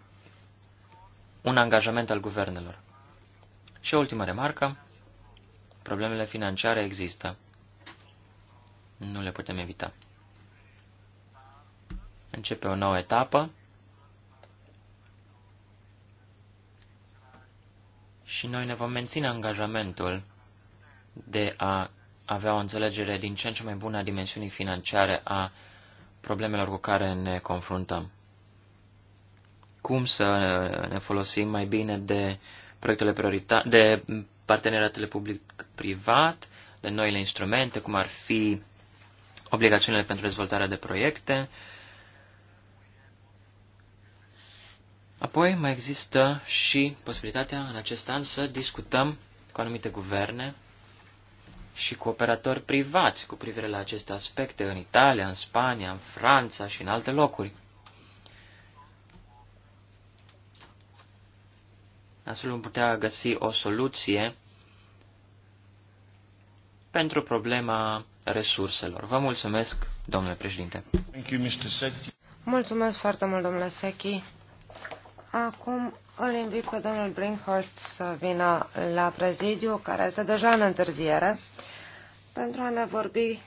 un angajament al guvernelor. Și o ultimă remarcă. Problemele financiare există. Nu le putem evita. Începe o nouă etapă. și noi ne vom menține angajamentul de a avea o înțelegere din ce în ce mai bună a dimensiunii financiare a problemelor cu care ne confruntăm. Cum să ne folosim mai bine de proiectele prioritare, de parteneriatele public-privat, de noile instrumente, cum ar fi obligațiunile pentru dezvoltarea de proiecte, Apoi mai există și posibilitatea în acest an să discutăm cu anumite guverne și cu operatori privați cu privire la aceste aspecte în Italia, în Spania, în Franța și în alte locuri. Astfel vom putea găsi o soluție pentru problema resurselor. Vă mulțumesc, domnule președinte. Mulțumesc foarte mult, domnule Secchi. Acum îl invit pe domnul Brinkhorst să vină la prezidiu, care este deja în întârziere, pentru a ne vorbi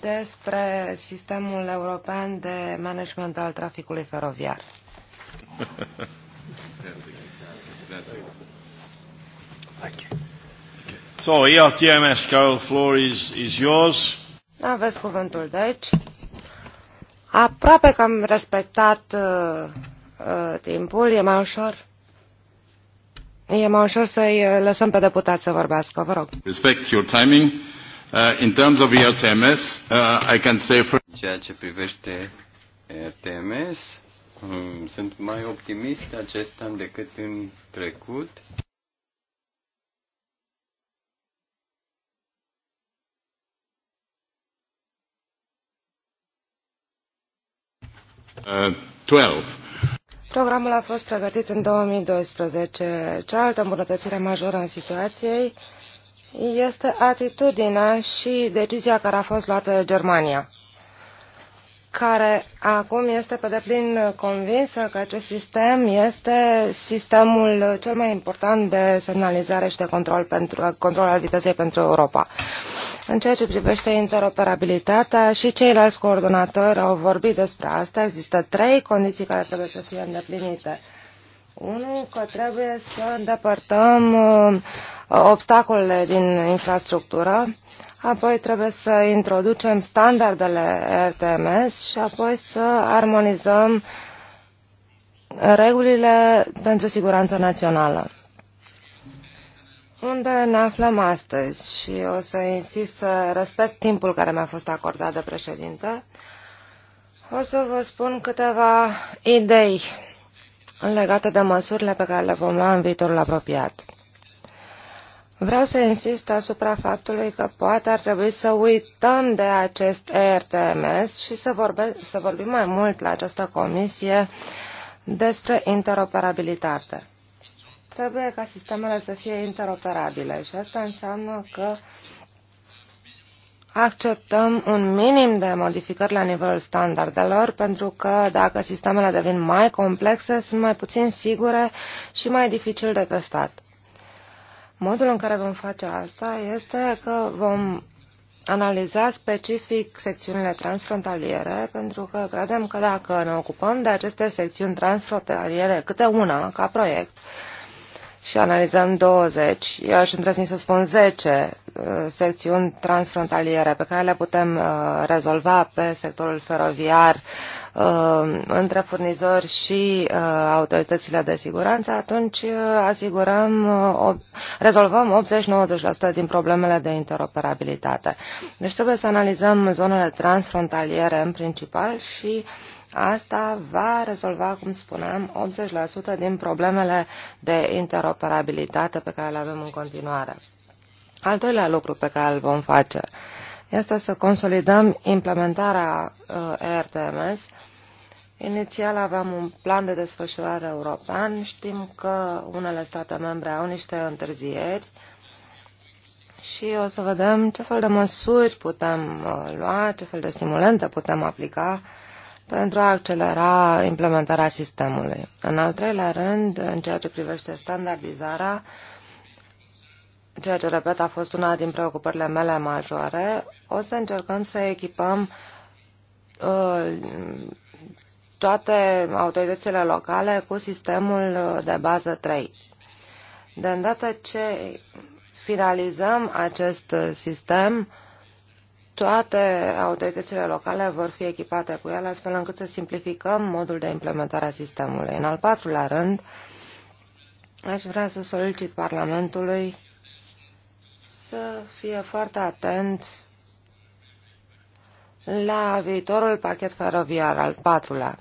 despre sistemul european de management al traficului feroviar. So, ERTMS, Carol, floor is, is yours. Aveți cuvântul, deci. Aproape că am respectat uh, Uh, timpul, e mai ușor. E mai ușor să-i uh, lăsăm pe deputat să vorbească, vă rog. Respect your timing. Uh, in terms of ERTMS, uh, I can say for... Ceea ce privește ERTMS, um, mm, sunt mai optimist acest an decât în trecut. Uh, 12 Programul a fost pregătit în 2012. Cealaltă îmbunătățire majoră în situației este atitudinea și decizia care a fost luată de Germania, care acum este pe deplin convinsă că acest sistem este sistemul cel mai important de semnalizare și de control, pentru, control al vitezei pentru Europa. În ceea ce privește interoperabilitatea și ceilalți coordonatori au vorbit despre asta, există trei condiții care trebuie să fie îndeplinite. Unul, că trebuie să îndepărtăm uh, obstacolele din infrastructură, apoi trebuie să introducem standardele RTMS și apoi să armonizăm regulile pentru siguranța națională unde ne aflăm astăzi și o să insist să respect timpul care mi-a fost acordat de președinte, o să vă spun câteva idei legate de măsurile pe care le vom lua în viitorul apropiat. Vreau să insist asupra faptului că poate ar trebui să uităm de acest ERTMS și să, vorbe, să vorbim mai mult la această comisie despre interoperabilitate. Trebuie ca sistemele să fie interoperabile și asta înseamnă că acceptăm un minim de modificări la nivelul standardelor, pentru că dacă sistemele devin mai complexe, sunt mai puțin sigure și mai dificil de testat. Modul în care vom face asta este că vom analiza specific secțiunile transfrontaliere, pentru că credem că dacă ne ocupăm de aceste secțiuni transfrontaliere câte una ca proiect, și analizăm 20, eu aș îndrăzni să spun 10 uh, secțiuni transfrontaliere pe care le putem uh, rezolva pe sectorul feroviar uh, între furnizori și autoritățile de siguranță, atunci asigurăm, rezolvăm 80-90% din problemele de interoperabilitate. Deci trebuie să analizăm zonele transfrontaliere în principal și uh, Asta va rezolva, cum spuneam, 80% din problemele de interoperabilitate pe care le avem în continuare. Al doilea lucru pe care îl vom face este să consolidăm implementarea uh, ERTMS. Inițial aveam un plan de desfășurare european. Știm că unele state membre au niște întârzieri și o să vedem ce fel de măsuri putem uh, lua, ce fel de simulente putem aplica pentru a accelera implementarea sistemului. În al treilea rând, în ceea ce privește standardizarea, ceea ce, repet, a fost una din preocupările mele majore, o să încercăm să echipăm uh, toate autoritățile locale cu sistemul de bază 3. De îndată ce finalizăm acest sistem, uh, toate autoritățile locale vor fi echipate cu ele, astfel încât să simplificăm modul de implementare a sistemului. În al patrulea rând, aș vrea să solicit Parlamentului să fie foarte atent la viitorul pachet feroviar al patrulea,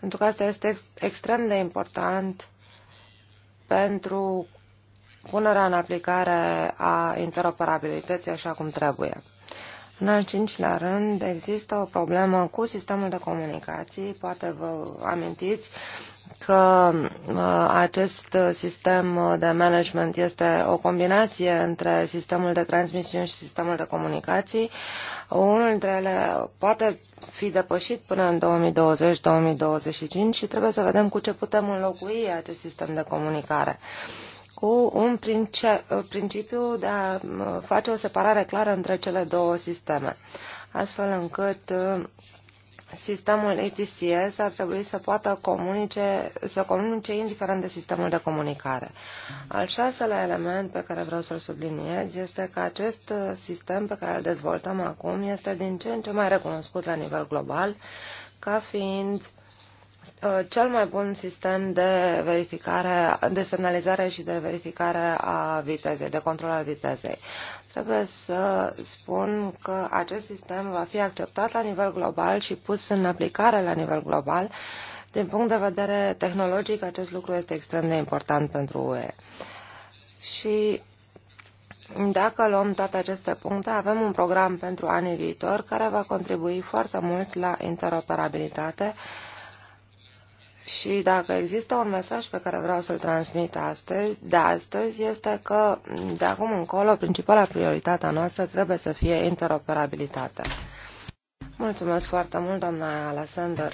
pentru că asta este extrem de important pentru punerea în aplicare a interoperabilității așa cum trebuie. În al cincilea rând, există o problemă cu sistemul de comunicații. Poate vă amintiți că uh, acest sistem de management este o combinație între sistemul de transmisiuni și sistemul de comunicații. Unul dintre ele poate fi depășit până în 2020-2025 și trebuie să vedem cu ce putem înlocui acest sistem de comunicare cu un principiu de a uh, face o separare clară între cele două sisteme, astfel încât uh, sistemul ATCS ar trebui să poată comunice, să comunice indiferent de sistemul de comunicare. Al șaselea element pe care vreau să-l subliniez este că acest uh, sistem pe care îl dezvoltăm acum este din ce în ce mai recunoscut la nivel global ca fiind Uh, cel mai bun sistem de verificare, de semnalizare și de verificare a vitezei, de control al vitezei. Trebuie să spun că acest sistem va fi acceptat la nivel global și pus în aplicare la nivel global. Din punct de vedere tehnologic, acest lucru este extrem de important pentru UE. Și dacă luăm toate aceste puncte, avem un program pentru anii viitor care va contribui foarte mult la interoperabilitate uh, și dacă există un mesaj pe care vreau să-l transmit astăzi, de astăzi, este că de acum încolo principala prioritate a noastră trebuie să fie interoperabilitatea. Mulțumesc foarte mult, doamna Alessander.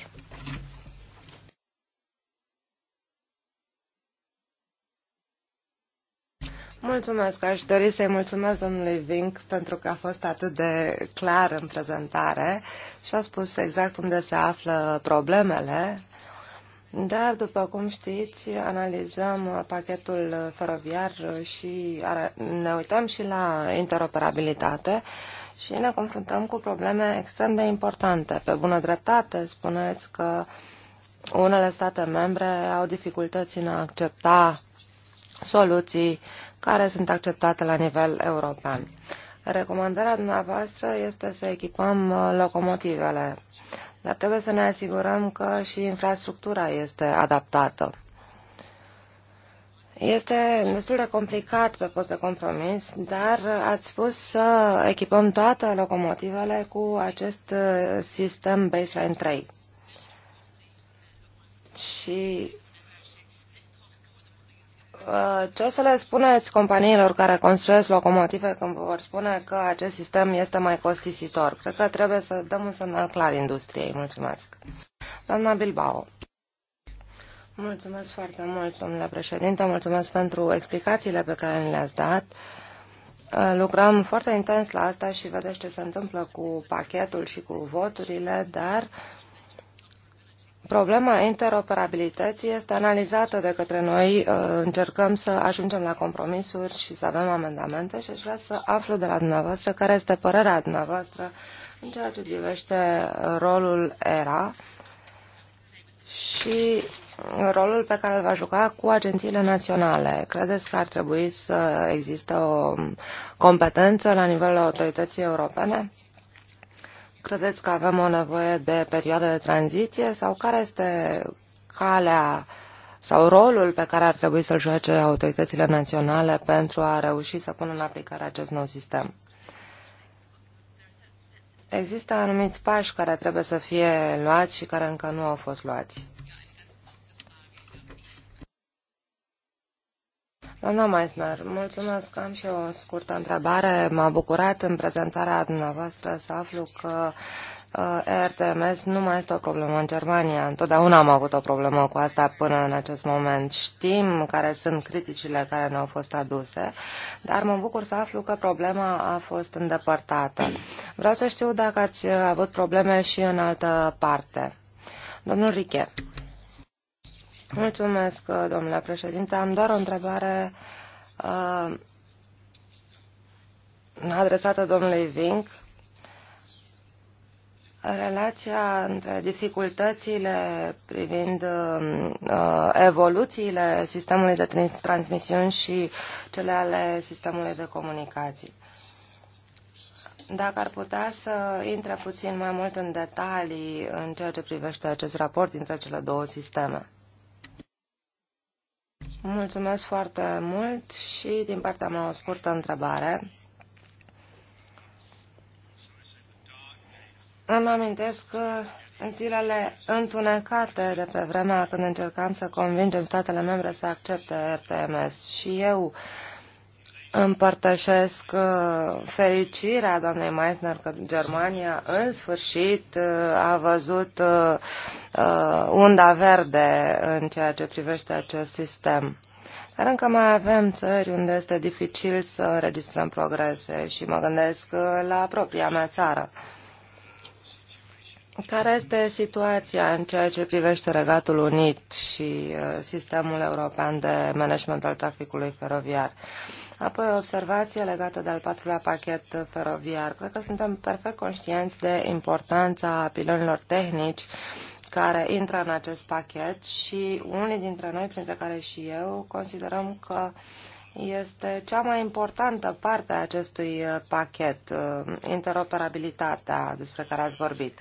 Mulțumesc. Aș dori să-i mulțumesc domnului Vink pentru că a fost atât de clar în prezentare și a spus exact unde se află problemele dar, după cum știți, analizăm pachetul feroviar și ne uităm și la interoperabilitate și ne confruntăm cu probleme extrem de importante. Pe bună dreptate spuneți că unele state membre au dificultăți în a accepta soluții care sunt acceptate la nivel european. Recomandarea dumneavoastră este să echipăm locomotivele dar trebuie să ne asigurăm că și infrastructura este adaptată. Este destul de complicat pe post de compromis, dar ați spus să echipăm toate locomotivele cu acest uh, sistem baseline 3. Și Uh, ce o să le spuneți companiilor care construiesc locomotive când vă vor spune că acest sistem este mai costisitor? Cred că trebuie să dăm un semnal clar industriei. Mulțumesc. Doamna Bilbao. Mulțumesc foarte mult, domnule președinte. Mulțumesc pentru explicațiile pe care ni le-ați dat. Uh, lucrăm foarte intens la asta și vedeți ce se întâmplă cu pachetul și cu voturile, dar Problema interoperabilității este analizată de către noi. Uh, încercăm să ajungem la compromisuri și să avem amendamente și aș vrea să aflu de la dumneavoastră care este părerea dumneavoastră în ceea ce privește rolul ERA și rolul pe care îl va juca cu agențiile naționale. Credeți că ar trebui să existe o competență la nivelul autorității europene? Credeți că avem o nevoie de perioadă de tranziție sau care este calea sau rolul pe care ar trebui să-l joace autoritățile naționale pentru a reuși să pună în aplicare acest nou sistem? Există anumiți pași care trebuie să fie luați și care încă nu au fost luați. Doamna Meissner, mulțumesc. Am și o scurtă întrebare. M-a bucurat în prezentarea dumneavoastră să aflu că ERTMS uh, nu mai este o problemă în Germania. Întotdeauna am avut o problemă cu asta până în acest moment. Știm care sunt criticile care ne-au fost aduse, dar mă bucur să aflu că problema a fost îndepărtată. Vreau să știu dacă ați avut probleme și în altă parte. Domnul Riche. Mulțumesc, domnule președinte. Am doar o întrebare uh, adresată domnului Vink. Relația între dificultățile privind uh, evoluțiile sistemului de transmisiuni și cele ale sistemului de comunicații. Dacă ar putea să intre puțin mai mult în detalii în ceea ce privește acest raport dintre cele două sisteme. Mulțumesc foarte mult și din partea mea o scurtă întrebare. Îmi amintesc că în zilele întunecate de pe vremea când încercam să convingem statele membre să accepte RTMS și eu uh, Împărtășesc uh, fericirea doamnei Meissner că Germania în sfârșit uh, a văzut uh, unda verde în ceea ce privește acest sistem. Dar încă mai avem țări unde este dificil să înregistrăm progrese și mă gândesc la propria mea țară. Care este situația în ceea ce privește Regatul Unit și sistemul european de management al traficului feroviar? Apoi o observație legată de al patrulea pachet feroviar. Cred că suntem perfect conștienți de importanța pilonilor tehnici care intră în acest pachet și unii dintre noi, printre care și eu, considerăm că este cea mai importantă parte a acestui pachet, interoperabilitatea despre care ați vorbit.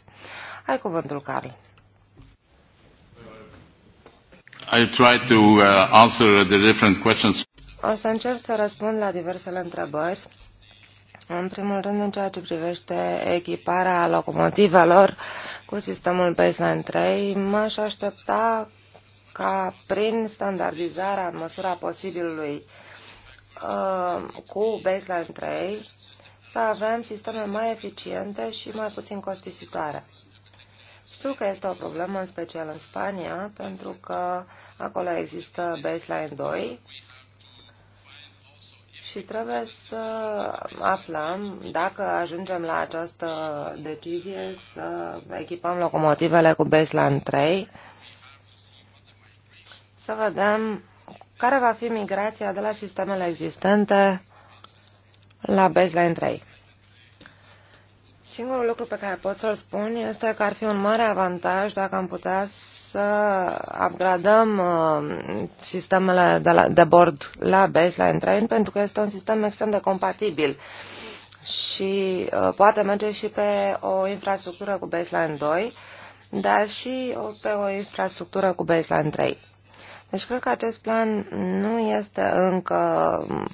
Ai cuvântul, Carl. I try to uh, answer the different questions. O să încerc să răspund la diversele întrebări. În primul rând, în ceea ce privește echiparea locomotivelor cu sistemul Baseline 3, m-aș aștepta ca prin standardizarea în măsura posibilului uh, cu Baseline 3 să avem sisteme mai eficiente și mai puțin costisitoare. Știu că este o problemă, în special în Spania, pentru că acolo există Baseline 2 și trebuie să aflăm dacă ajungem la această decizie să echipăm locomotivele cu baseline 3, să vedem care va fi migrația de la sistemele existente la baseline 3. Singurul lucru pe care pot să-l spun este că ar fi un mare avantaj dacă am putea să upgradăm uh, sistemele de, la, de bord la baseline train, pentru că este un sistem extrem de compatibil și uh, poate merge și pe o infrastructură cu baseline 2, dar și pe o infrastructură cu baseline 3. Deci cred că acest plan nu este încă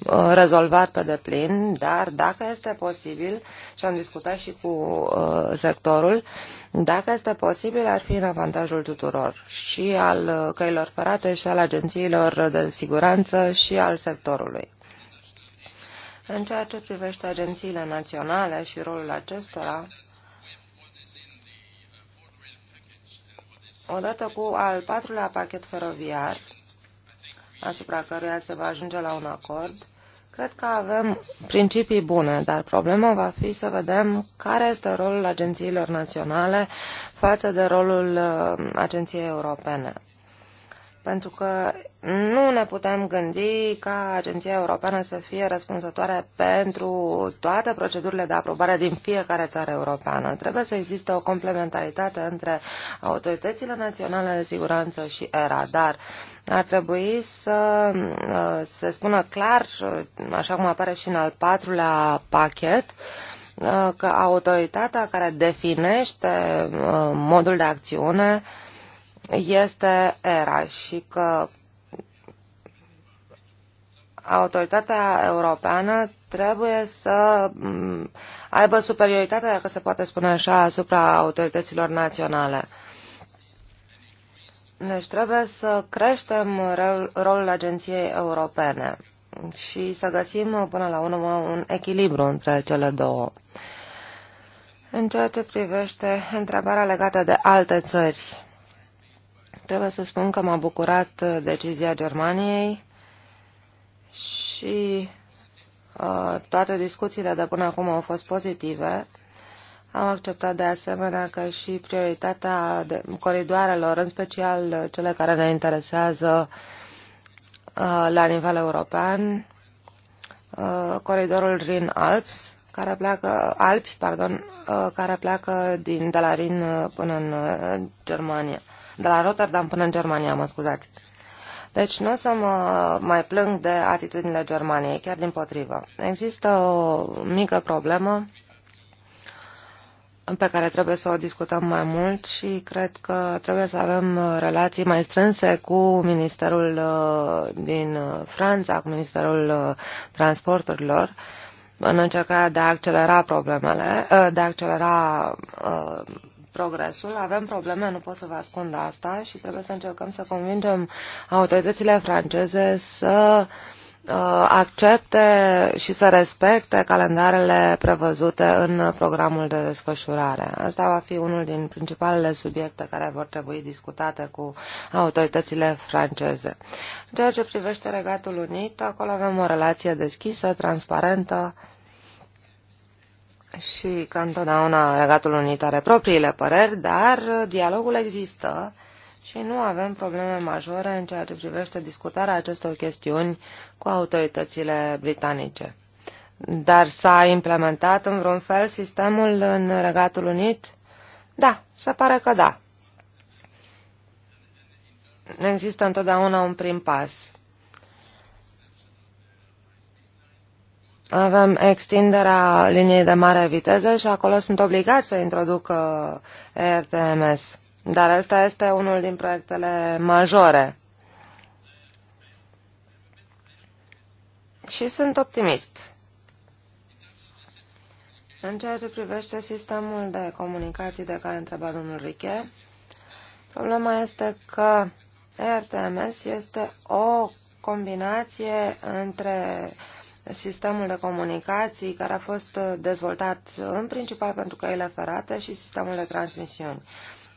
uh, rezolvat pe deplin, dar dacă este posibil, și am discutat și cu uh, sectorul, dacă este posibil, ar fi în avantajul tuturor, și al uh, căilor ferate, și al agențiilor de siguranță, și al sectorului. În ceea ce privește agențiile naționale și rolul acestora, odată cu al patrulea pachet feroviar, asupra căruia se va ajunge la un acord. Cred că avem principii bune, dar problema va fi să vedem care este rolul agențiilor naționale față de rolul uh, agenției europene pentru că nu ne putem gândi ca Agenția Europeană să fie răspunzătoare pentru toate procedurile de aprobare din fiecare țară europeană. Trebuie să existe o complementaritate între autoritățile naționale de siguranță și ERA, dar ar trebui să uh, se spună clar, uh, așa cum apare și în al patrulea pachet, uh, că autoritatea care definește modul de acțiune este ERA și că autoritatea europeană trebuie să mm, aibă superioritatea, dacă se poate spune așa, asupra autorităților naționale. Deci trebuie să creștem rolul agenției europene și să găsim până la urmă un echilibru între cele două. În ceea ce privește întrebarea legată de alte țări, Trebuie să spun că m-a bucurat uh, decizia Germaniei și uh, toate discuțiile de până acum au fost pozitive. Am acceptat de asemenea că și prioritatea de coridoarelor, în special uh, cele care ne interesează la nivel european, coridorul Rin-Alps, care pleacă, Alpi, pardon, care pleacă din, de la Rin până în Germania de la Rotterdam până în Germania, mă scuzați. Deci nu o să mă mai plâng de atitudinile Germaniei, chiar din potrivă. Există o mică problemă pe care trebuie să o discutăm mai mult și cred că trebuie să avem relații mai strânse cu Ministerul uh, din uh, Franța, cu Ministerul uh, Transporturilor, în încercarea de a accelera problemele, de a accelera progresul, avem probleme, nu pot să vă ascund asta și trebuie să încercăm să convingem autoritățile franceze să uh, accepte și să respecte calendarele prevăzute în programul de desfășurare. Asta va fi unul din principalele subiecte care vor trebui discutate cu autoritățile franceze. În ceea ce privește Regatul Unit, acolo avem o relație deschisă, transparentă, și că întotdeauna Regatul Unit are propriile păreri, dar dialogul există și nu avem probleme majore în ceea ce privește discutarea acestor chestiuni cu autoritățile britanice. Dar s-a implementat în vreun fel sistemul în Regatul Unit? Da, se pare că da. Există întotdeauna un prim pas. Avem extinderea liniei de mare viteză și acolo sunt obligați să introducă ERTMS. Dar ăsta este unul din proiectele majore. Și sunt optimist. În ceea ce privește sistemul de comunicații de care întreba domnul Riche, problema este că ERTMS este o combinație între uh, sistemul de comunicații care a fost uh, dezvoltat uh, în principal pentru căile ferate și sistemul de transmisiuni.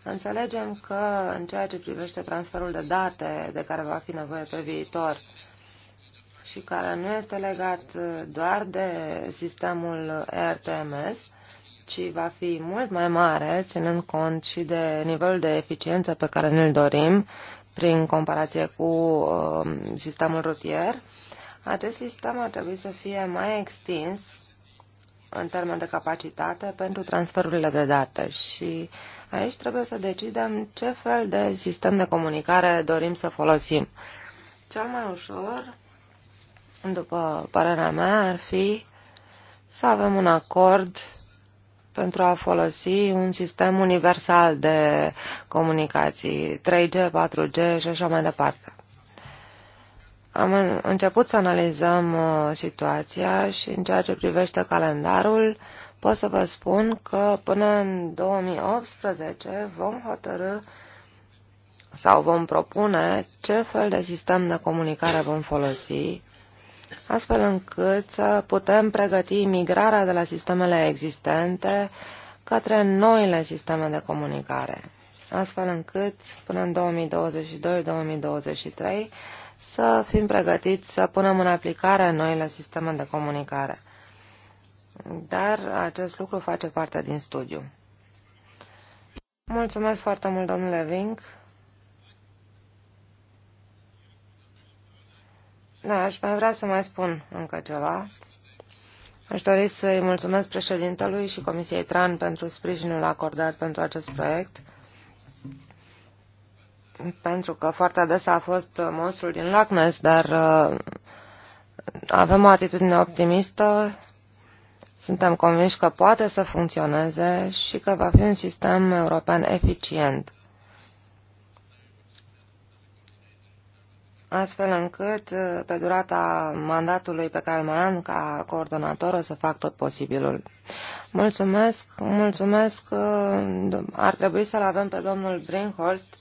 Înțelegem că în ceea ce privește transferul de date de care va fi nevoie pe viitor și care nu este legat uh, doar de sistemul ERTMS, ci va fi mult mai mare, ținând cont și de nivelul de eficiență pe care ne-l dorim prin comparație cu sistemul rutier, acest sistem ar trebui să fie mai extins în termen de capacitate pentru transferurile de date și aici trebuie să decidem ce fel de sistem de comunicare dorim să folosim. Cel mai ușor, după părerea mea, ar fi să avem un acord pentru a folosi un sistem universal de comunicații, 3G, 4G și așa mai departe. Am început să analizăm uh, situația și în ceea ce privește calendarul, pot să vă spun că până în 2018 vom hotărâ sau vom propune ce fel de sistem de comunicare vom folosi, astfel încât să putem pregăti migrarea de la sistemele existente către noile sisteme de comunicare, astfel încât până în 2022-2023 să fim pregătiți să punem în aplicare noile sisteme de comunicare. Dar acest lucru face parte din studiu. Mulțumesc foarte mult, domnule Vink. Da, aș mai vrea să mai spun încă ceva. Aș dori să-i mulțumesc președintelui și Comisiei TRAN pentru sprijinul acordat pentru acest proiect pentru că foarte adesea a fost monstrul din Loch Ness, dar uh, avem o atitudine optimistă, suntem convinși că poate să funcționeze și că va fi un sistem european eficient. astfel încât uh, pe durata mandatului pe care îl mai am ca coordonator o să fac tot posibilul. Mulțumesc, mulțumesc, uh, ar trebui să-l avem pe domnul Brinhorst,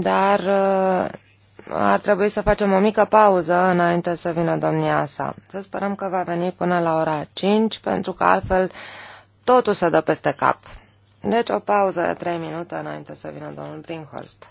dar uh, ar trebui să facem o mică pauză înainte să vină domnia sa. Să sperăm că va veni până la ora 5, pentru că altfel totul se dă peste cap. Deci o pauză de 3 minute înainte să vină domnul Brinkhorst.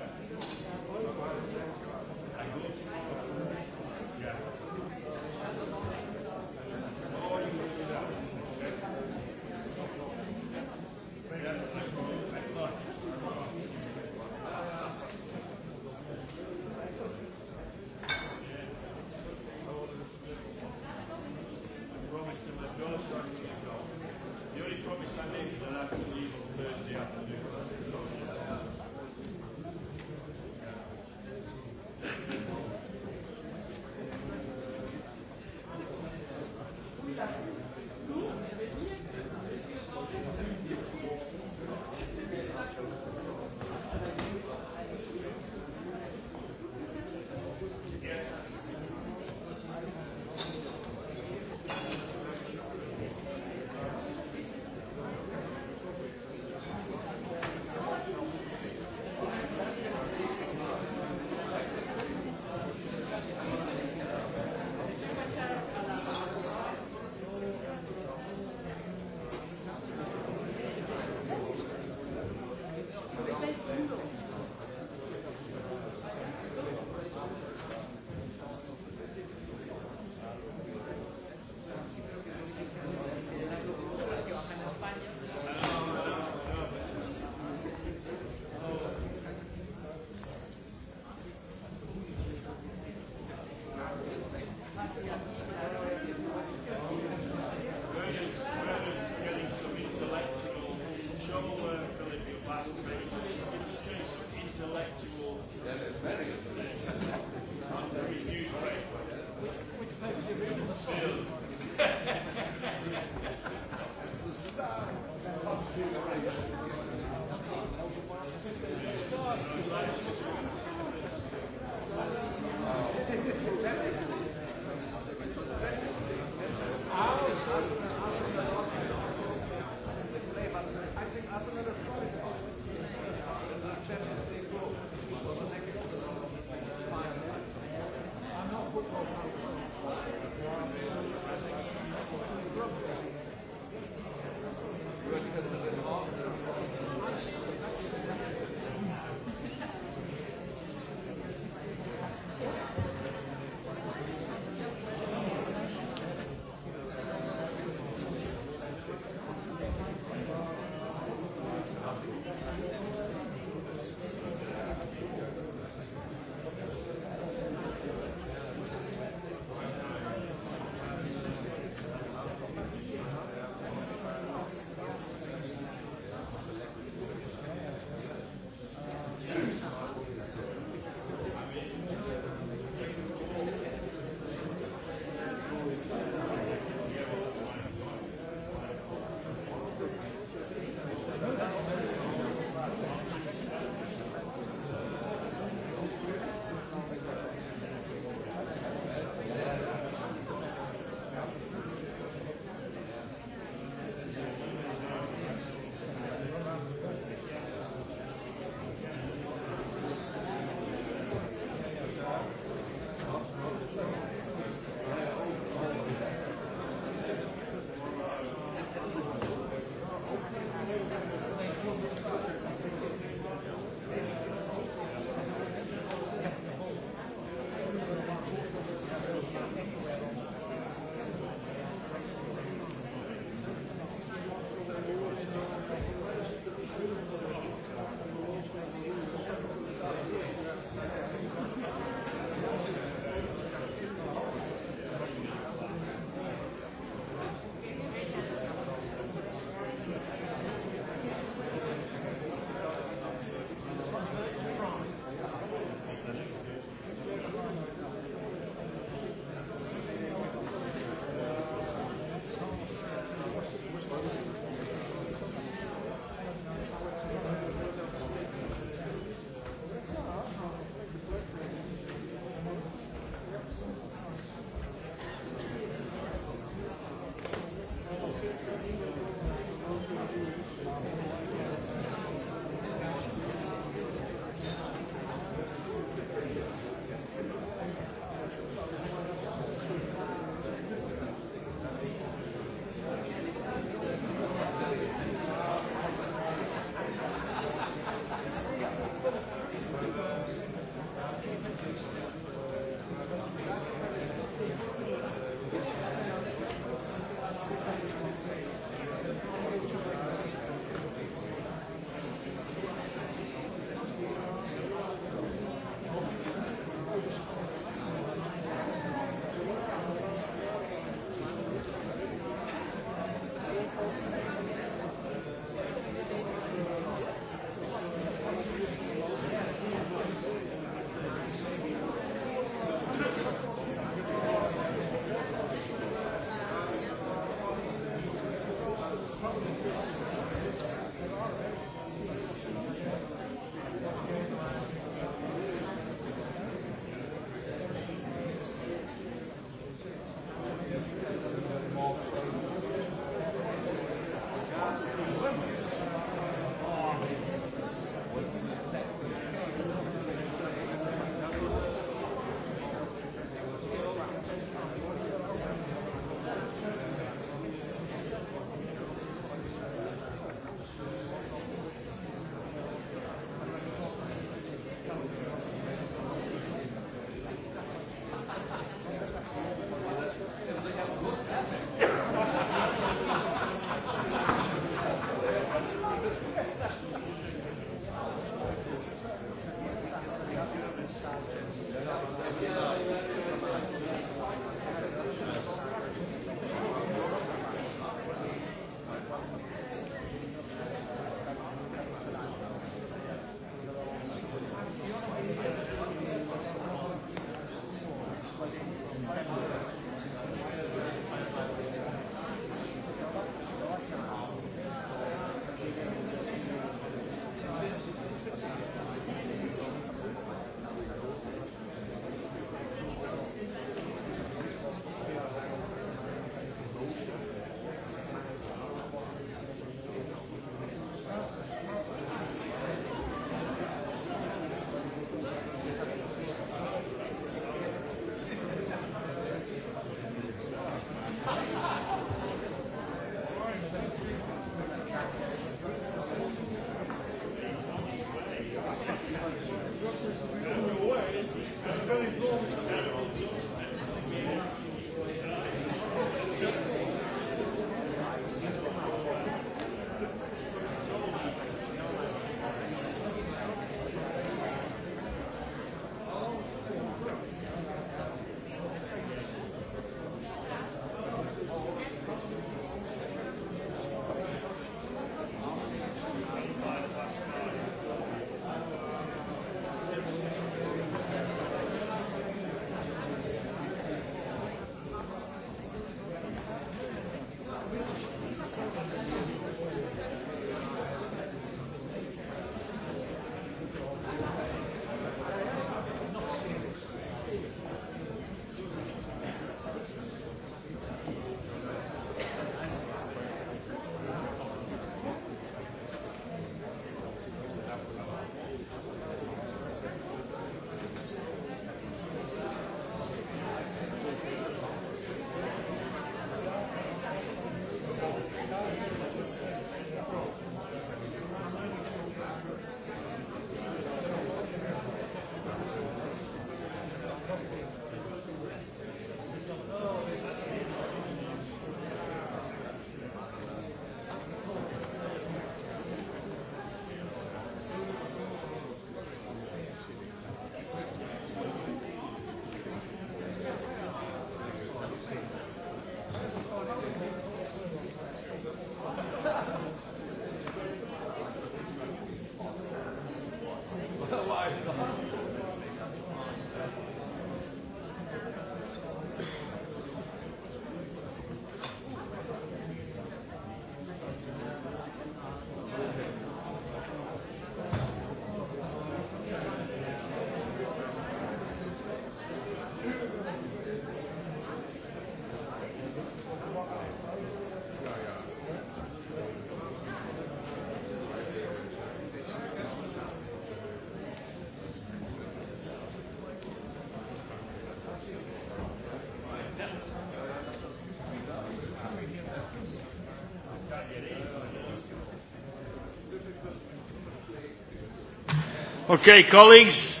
Ok, colleagues.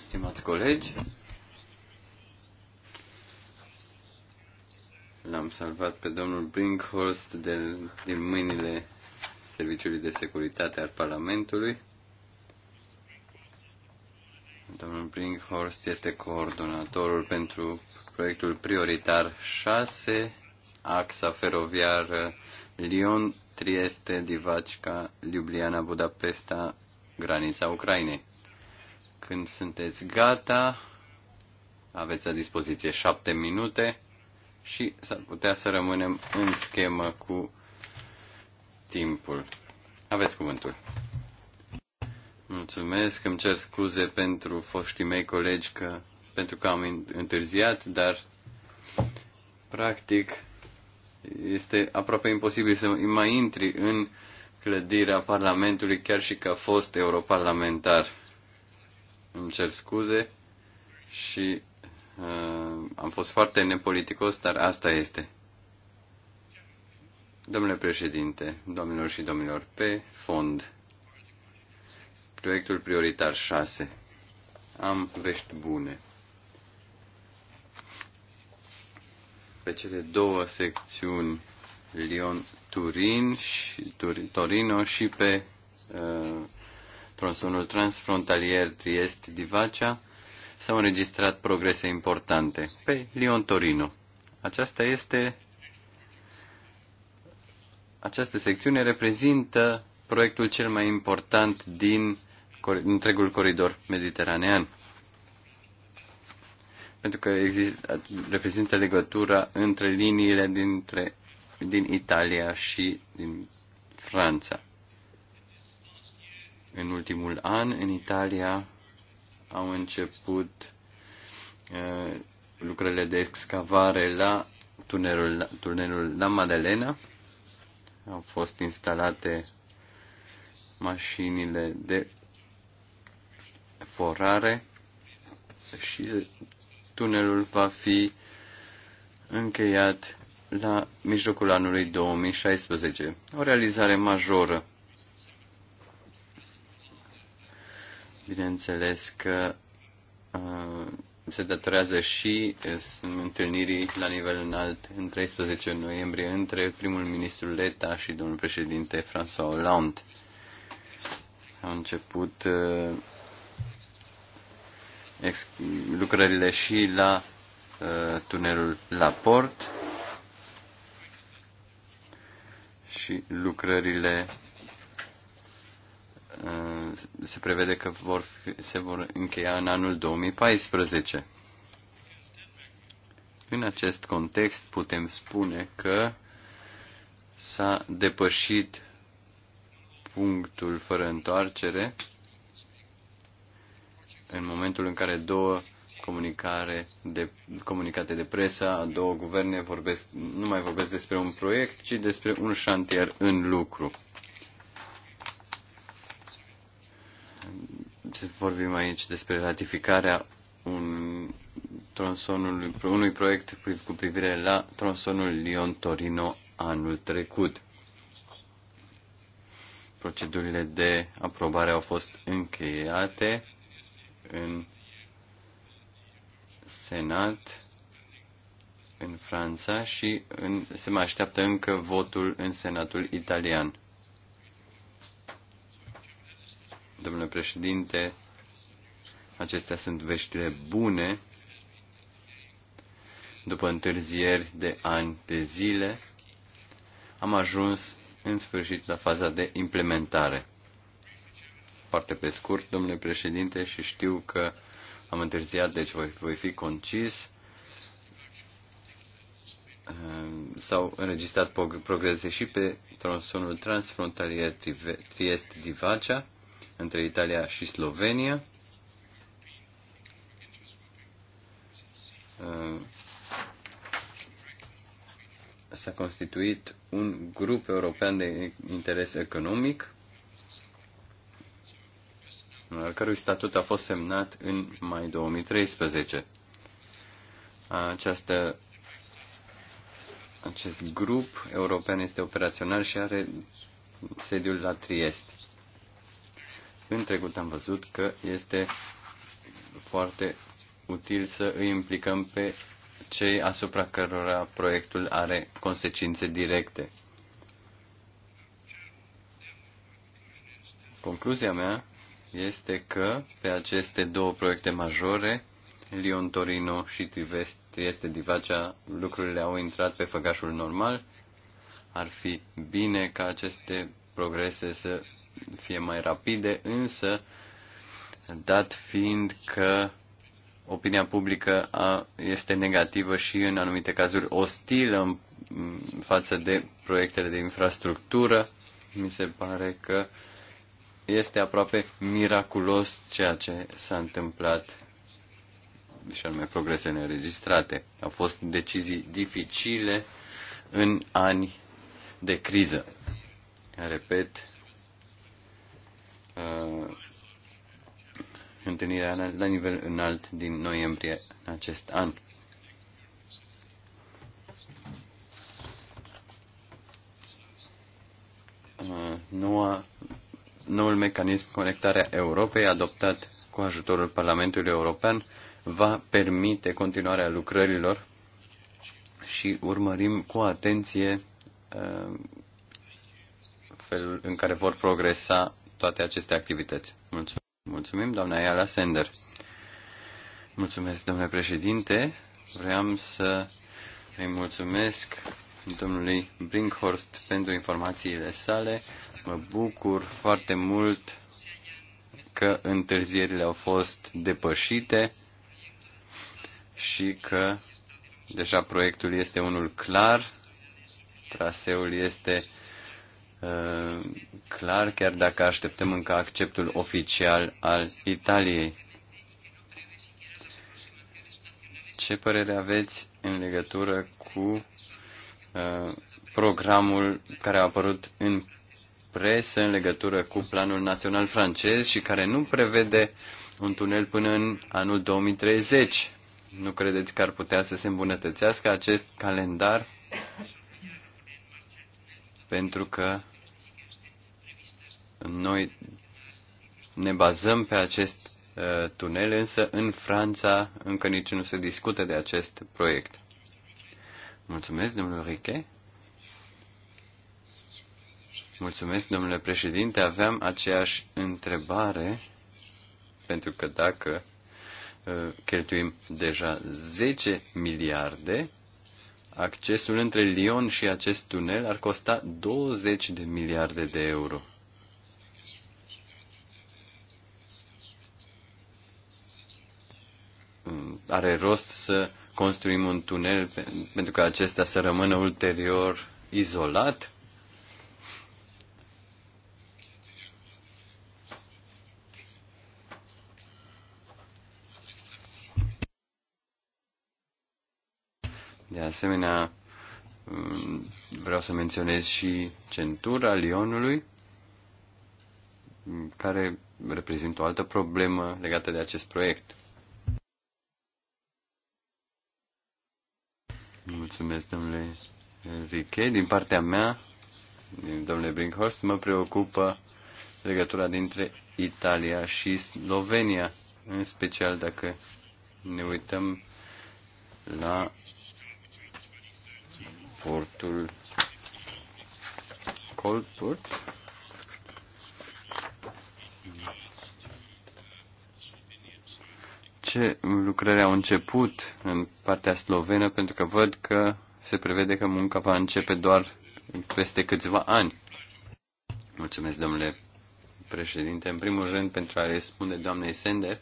Stimați colegi, l-am salvat pe domnul Brinkhorst de, din mâinile Serviciului de Securitate al Parlamentului. Domnul Brinkhorst este coordonatorul pentru proiectul prioritar 6, axa feroviară Lyon, Trieste, Divacca, Ljubljana, Budapesta, granița Ucrainei. Când sunteți gata, aveți la dispoziție șapte minute și s-ar putea să rămânem în schemă cu timpul. Aveți cuvântul. Mulțumesc, îmi cer scuze pentru foștii mei colegi că, pentru că am întârziat, dar practic este aproape imposibil să mai intri în clădirea Parlamentului, chiar și că a fost europarlamentar. Îmi cer scuze și uh, am fost foarte nepoliticos, dar asta este. Domnule președinte, domnilor și domnilor, pe fond, proiectul prioritar 6. Am vești bune. Pe cele două secțiuni Lyon Turin și turin Torino și pe uh, tronsonul transfrontalier Triest-Divacea s-au înregistrat progrese importante pe Lyon-Torino. Aceasta este această secțiune reprezintă proiectul cel mai important din întregul coridor mediteranean. Pentru că există, reprezintă legătura între liniile dintre din Italia și din Franța. În ultimul an, în Italia, au început uh, lucrările de excavare la tunelul, tunelul La Madalena. Au fost instalate mașinile de forare și tunelul va fi încheiat la mijlocul anului 2016. O realizare majoră. Bineînțeles că uh, se datorează și uh, întâlnirii la nivel înalt în 13 noiembrie între primul ministru Leta și domnul președinte François Hollande. S-au început uh, lucrările și la uh, tunelul Laport și lucrările uh, se prevede că vor fi, se vor încheia în anul 2014. În acest context putem spune că s-a depășit punctul fără întoarcere în momentul în care două comunicare de, comunicate de presă două guverne vorbesc, nu mai vorbesc despre un proiect, ci despre un șantier în lucru. Vorbim aici despre ratificarea un, tronsonul, unui proiect cu privire la tronsonul Lyon-Torino anul trecut. Procedurile de aprobare au fost încheiate în Senat în Franța și în, se mai așteaptă încă votul în Senatul italian. Domnule președinte, acestea sunt veștile bune. După întârzieri de ani de zile, am ajuns în sfârșit la faza de implementare. Foarte pe scurt, domnule președinte, și știu că am întârziat, deci voi, voi fi concis. S-au înregistrat progrese și pe tronsonul transfrontalier Triest-Divacea între Italia și Slovenia. S-a constituit un grup european de interes economic cărui statut a fost semnat în mai 2013. Această, acest grup european este operațional și are sediul la Trieste. În trecut am văzut că este foarte util să îi implicăm pe cei asupra cărora proiectul are consecințe directe. Concluzia mea este că pe aceste două proiecte majore, Lion Torino și este Divacea, lucrurile au intrat pe făgașul normal. Ar fi bine ca aceste progrese să fie mai rapide, însă, dat fiind că opinia publică a, este negativă și în anumite cazuri ostilă în, în față de proiectele de infrastructură, mi se pare că uh, este aproape miraculos ceea ce s-a întâmplat și anume progrese neregistrate. Au fost decizii dificile în ani de criză. Repet, uh, întâlnirea la nivel înalt din noiembrie în acest an. Uh, noua noul mecanism Conectarea Europei adoptat cu ajutorul Parlamentului European va permite continuarea lucrărilor și urmărim cu atenție uh, felul în care vor progresa toate aceste activități. Mulțumim, Mulțumim doamna Iala Sender. Mulțumesc, domnule președinte. Vreau să îi mulțumesc domnului Brinkhorst pentru informațiile sale. Mă bucur foarte mult că întârzierile au fost depășite și că deja proiectul este unul clar, traseul este uh, clar, chiar dacă așteptăm încă acceptul oficial al Italiei. Ce părere aveți în legătură cu Uh, programul care a apărut în presă în legătură cu planul național francez și care nu prevede un tunel până în anul 2030. Nu credeți că ar putea să se îmbunătățească acest calendar? Pentru că noi ne bazăm pe acest uh, tunel, însă în Franța încă nici nu se discută de acest proiect. Mulțumesc, domnul Riche. Mulțumesc, domnule președinte. Aveam aceeași întrebare, pentru că dacă uh, cheltuim deja 10 miliarde, accesul între Lyon și acest tunel ar costa 20 de miliarde de euro. Mm, are rost să construim un tunel pentru ca acesta să rămână ulterior izolat. De asemenea, vreau să menționez și centura Lionului, care reprezintă o altă problemă legată de acest proiect. Mulțumesc, domnule Riche. Din partea mea, domnule Brinkhorst, mă preocupă legătura dintre Italia și Slovenia, în special dacă ne uităm la portul Coldport. ce lucrări au început în partea slovenă, pentru că văd că se prevede că munca va începe doar peste câțiva ani. Mulțumesc, domnule președinte. În primul rând, pentru a răspunde doamnei Sender,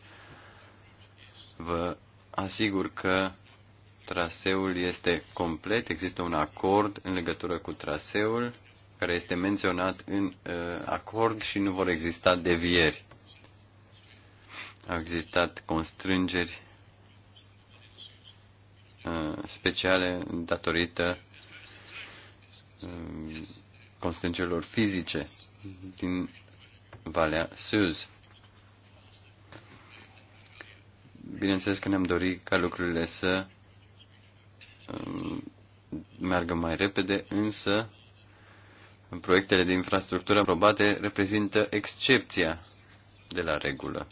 vă asigur că traseul este complet, există un acord în legătură cu traseul care este menționat în uh, acord și nu vor exista devieri. Au existat constrângeri uh, speciale datorită um, constrângerilor fizice din Valea Suz. Bineînțeles că ne-am dorit ca lucrurile să um, meargă mai repede, însă proiectele de infrastructură aprobate reprezintă excepția de la regulă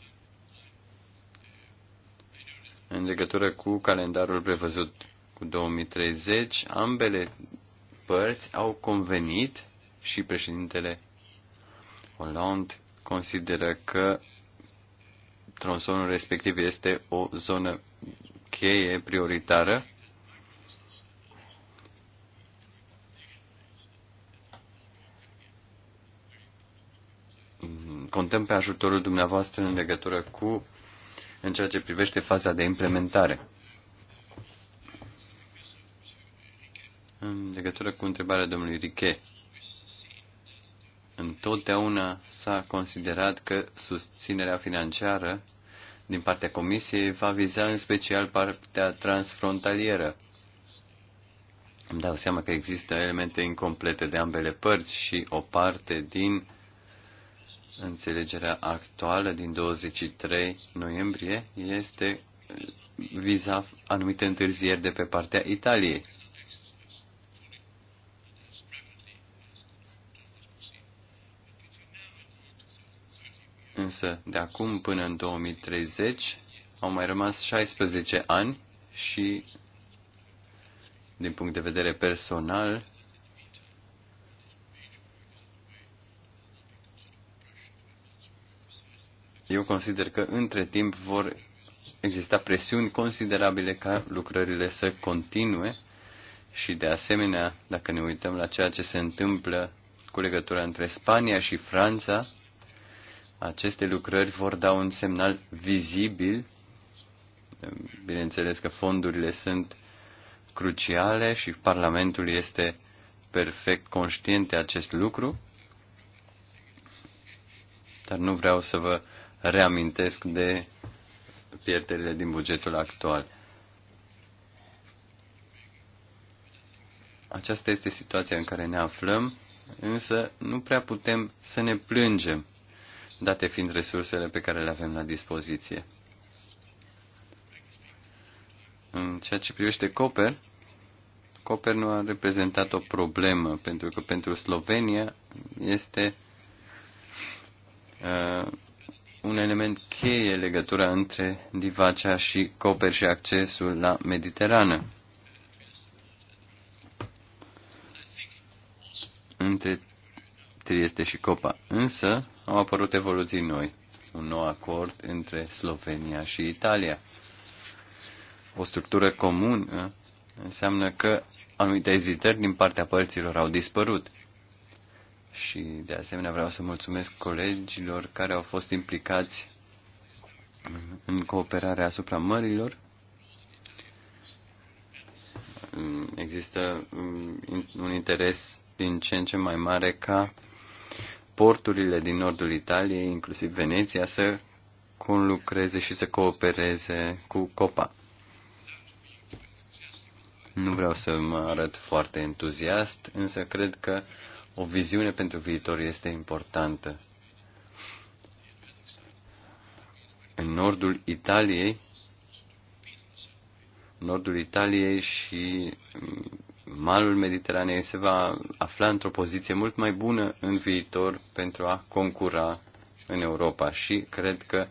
în legătură cu calendarul prevăzut cu 2030, ambele părți au convenit și președintele Hollande consideră că tronsonul respectiv este o zonă cheie prioritară contăm pe ajutorul dumneavoastră în legătură cu în ceea ce privește faza de implementare. În legătură cu întrebarea domnului Riche, întotdeauna s-a considerat că susținerea financiară din partea Comisiei va viza în special partea transfrontalieră. Îmi dau seama că există elemente incomplete de ambele părți și o parte din uh, Înțelegerea actuală din 23 noiembrie este viza anumite întârzieri de pe partea Italiei. Însă, de acum până în 2030, au mai rămas 16 ani și, din punct de vedere personal, Eu consider că între timp vor exista presiuni considerabile ca lucrările să continue și de asemenea, dacă ne uităm la ceea ce se întâmplă cu legătura între Spania și Franța, aceste lucrări vor da un semnal vizibil. Bineînțeles că fondurile sunt cruciale și Parlamentul este perfect conștient de acest lucru, dar nu vreau să vă reamintesc de pierderile din bugetul actual. Aceasta este situația în care ne aflăm, însă nu prea putem să ne plângem, date fiind resursele pe care le avem la dispoziție. În ceea ce privește Coper, Coper nu a reprezentat o problemă, pentru că pentru Slovenia este uh, un element cheie legătura între Divacea și Coper și accesul la Mediterană. Între Trieste și Copa. Însă au apărut evoluții noi. Un nou acord între Slovenia și Italia. O structură comună înseamnă că anumite ezitări din partea părților au dispărut și de asemenea vreau să mulțumesc colegilor care au fost implicați în cooperarea asupra mărilor. Există un interes din ce în ce mai mare ca porturile din nordul Italiei, inclusiv Veneția, să conlucreze și să coopereze cu COPA. Nu vreau să mă arăt foarte entuziast, însă cred că o viziune pentru viitor este importantă. În nordul Italiei, nordul Italiei și malul Mediteranei se va afla într-o poziție mult mai bună în viitor pentru a concura în Europa și cred că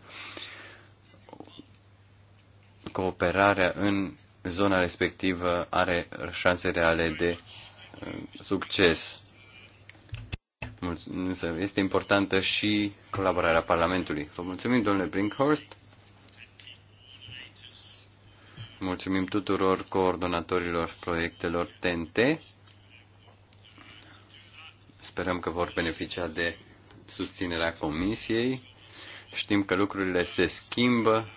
cooperarea în zona respectivă are șanse reale de uh, succes. Însă este importantă și colaborarea Parlamentului. Vă mulțumim, domnule Brinkhorst. Mulțumim tuturor coordonatorilor proiectelor TNT. Sperăm că vor beneficia de susținerea Comisiei. Știm că lucrurile se schimbă.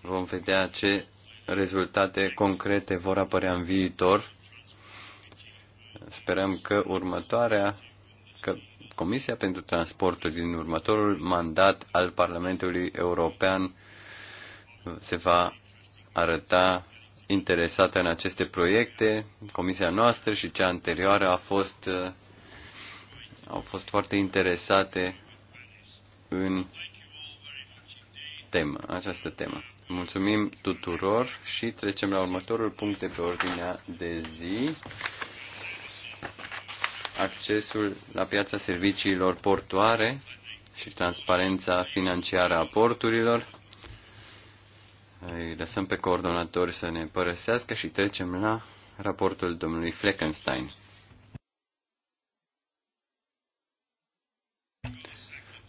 Vom vedea ce rezultate concrete vor apărea în viitor sperăm că următoarea, că Comisia pentru Transportul din următorul mandat al Parlamentului European se va arăta interesată în aceste proiecte. Comisia noastră și cea anterioară a fost, au fost foarte interesate în temă, această temă. Mulțumim tuturor și trecem la următorul punct de pe ordinea de zi accesul la piața serviciilor portoare și transparența financiară a porturilor. Îi lăsăm pe coordonatori să ne părăsească și trecem la raportul domnului Fleckenstein.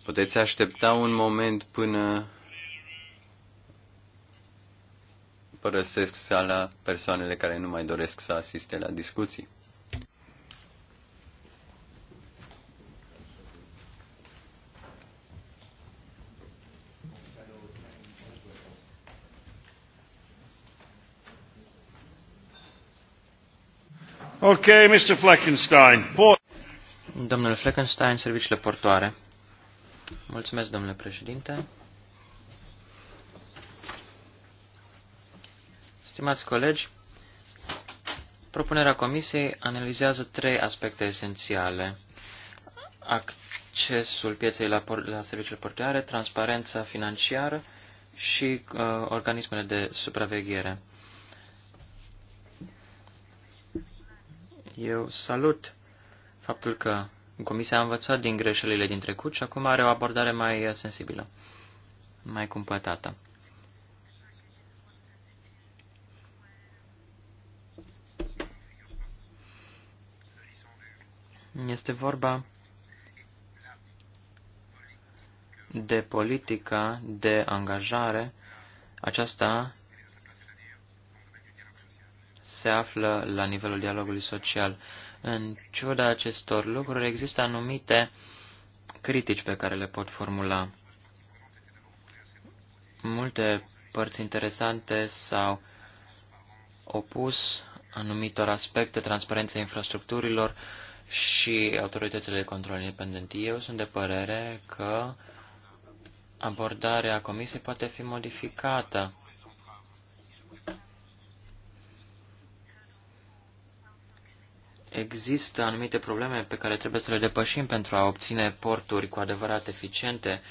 Puteți aștepta un moment până părăsesc sala persoanele care nu mai doresc să asiste la discuții. Ok, Mr. Fleckenstein. Port Domnule Fleckenstein, serviciile portoare. Mulțumesc, domnule președinte. Stimați colegi, propunerea comisiei analizează trei aspecte esențiale. Accesul pieței la, por- la serviciile portoare, transparența financiară și uh, organismele de supraveghere. Eu salut faptul că Comisia a învățat din greșelile din trecut și acum are o abordare mai sensibilă, mai cumpătată. Este vorba de politică, de angajare, aceasta se află la nivelul dialogului social. În ciuda acestor lucruri, există anumite critici pe care le pot formula. Multe părți interesante s-au opus anumitor aspecte, transparenței infrastructurilor și autoritățile de control independent. Eu sunt de părere că abordarea comisiei poate fi modificată există anumite probleme pe care trebuie să le depășim pentru a obține porturi cu adevărat eficiente.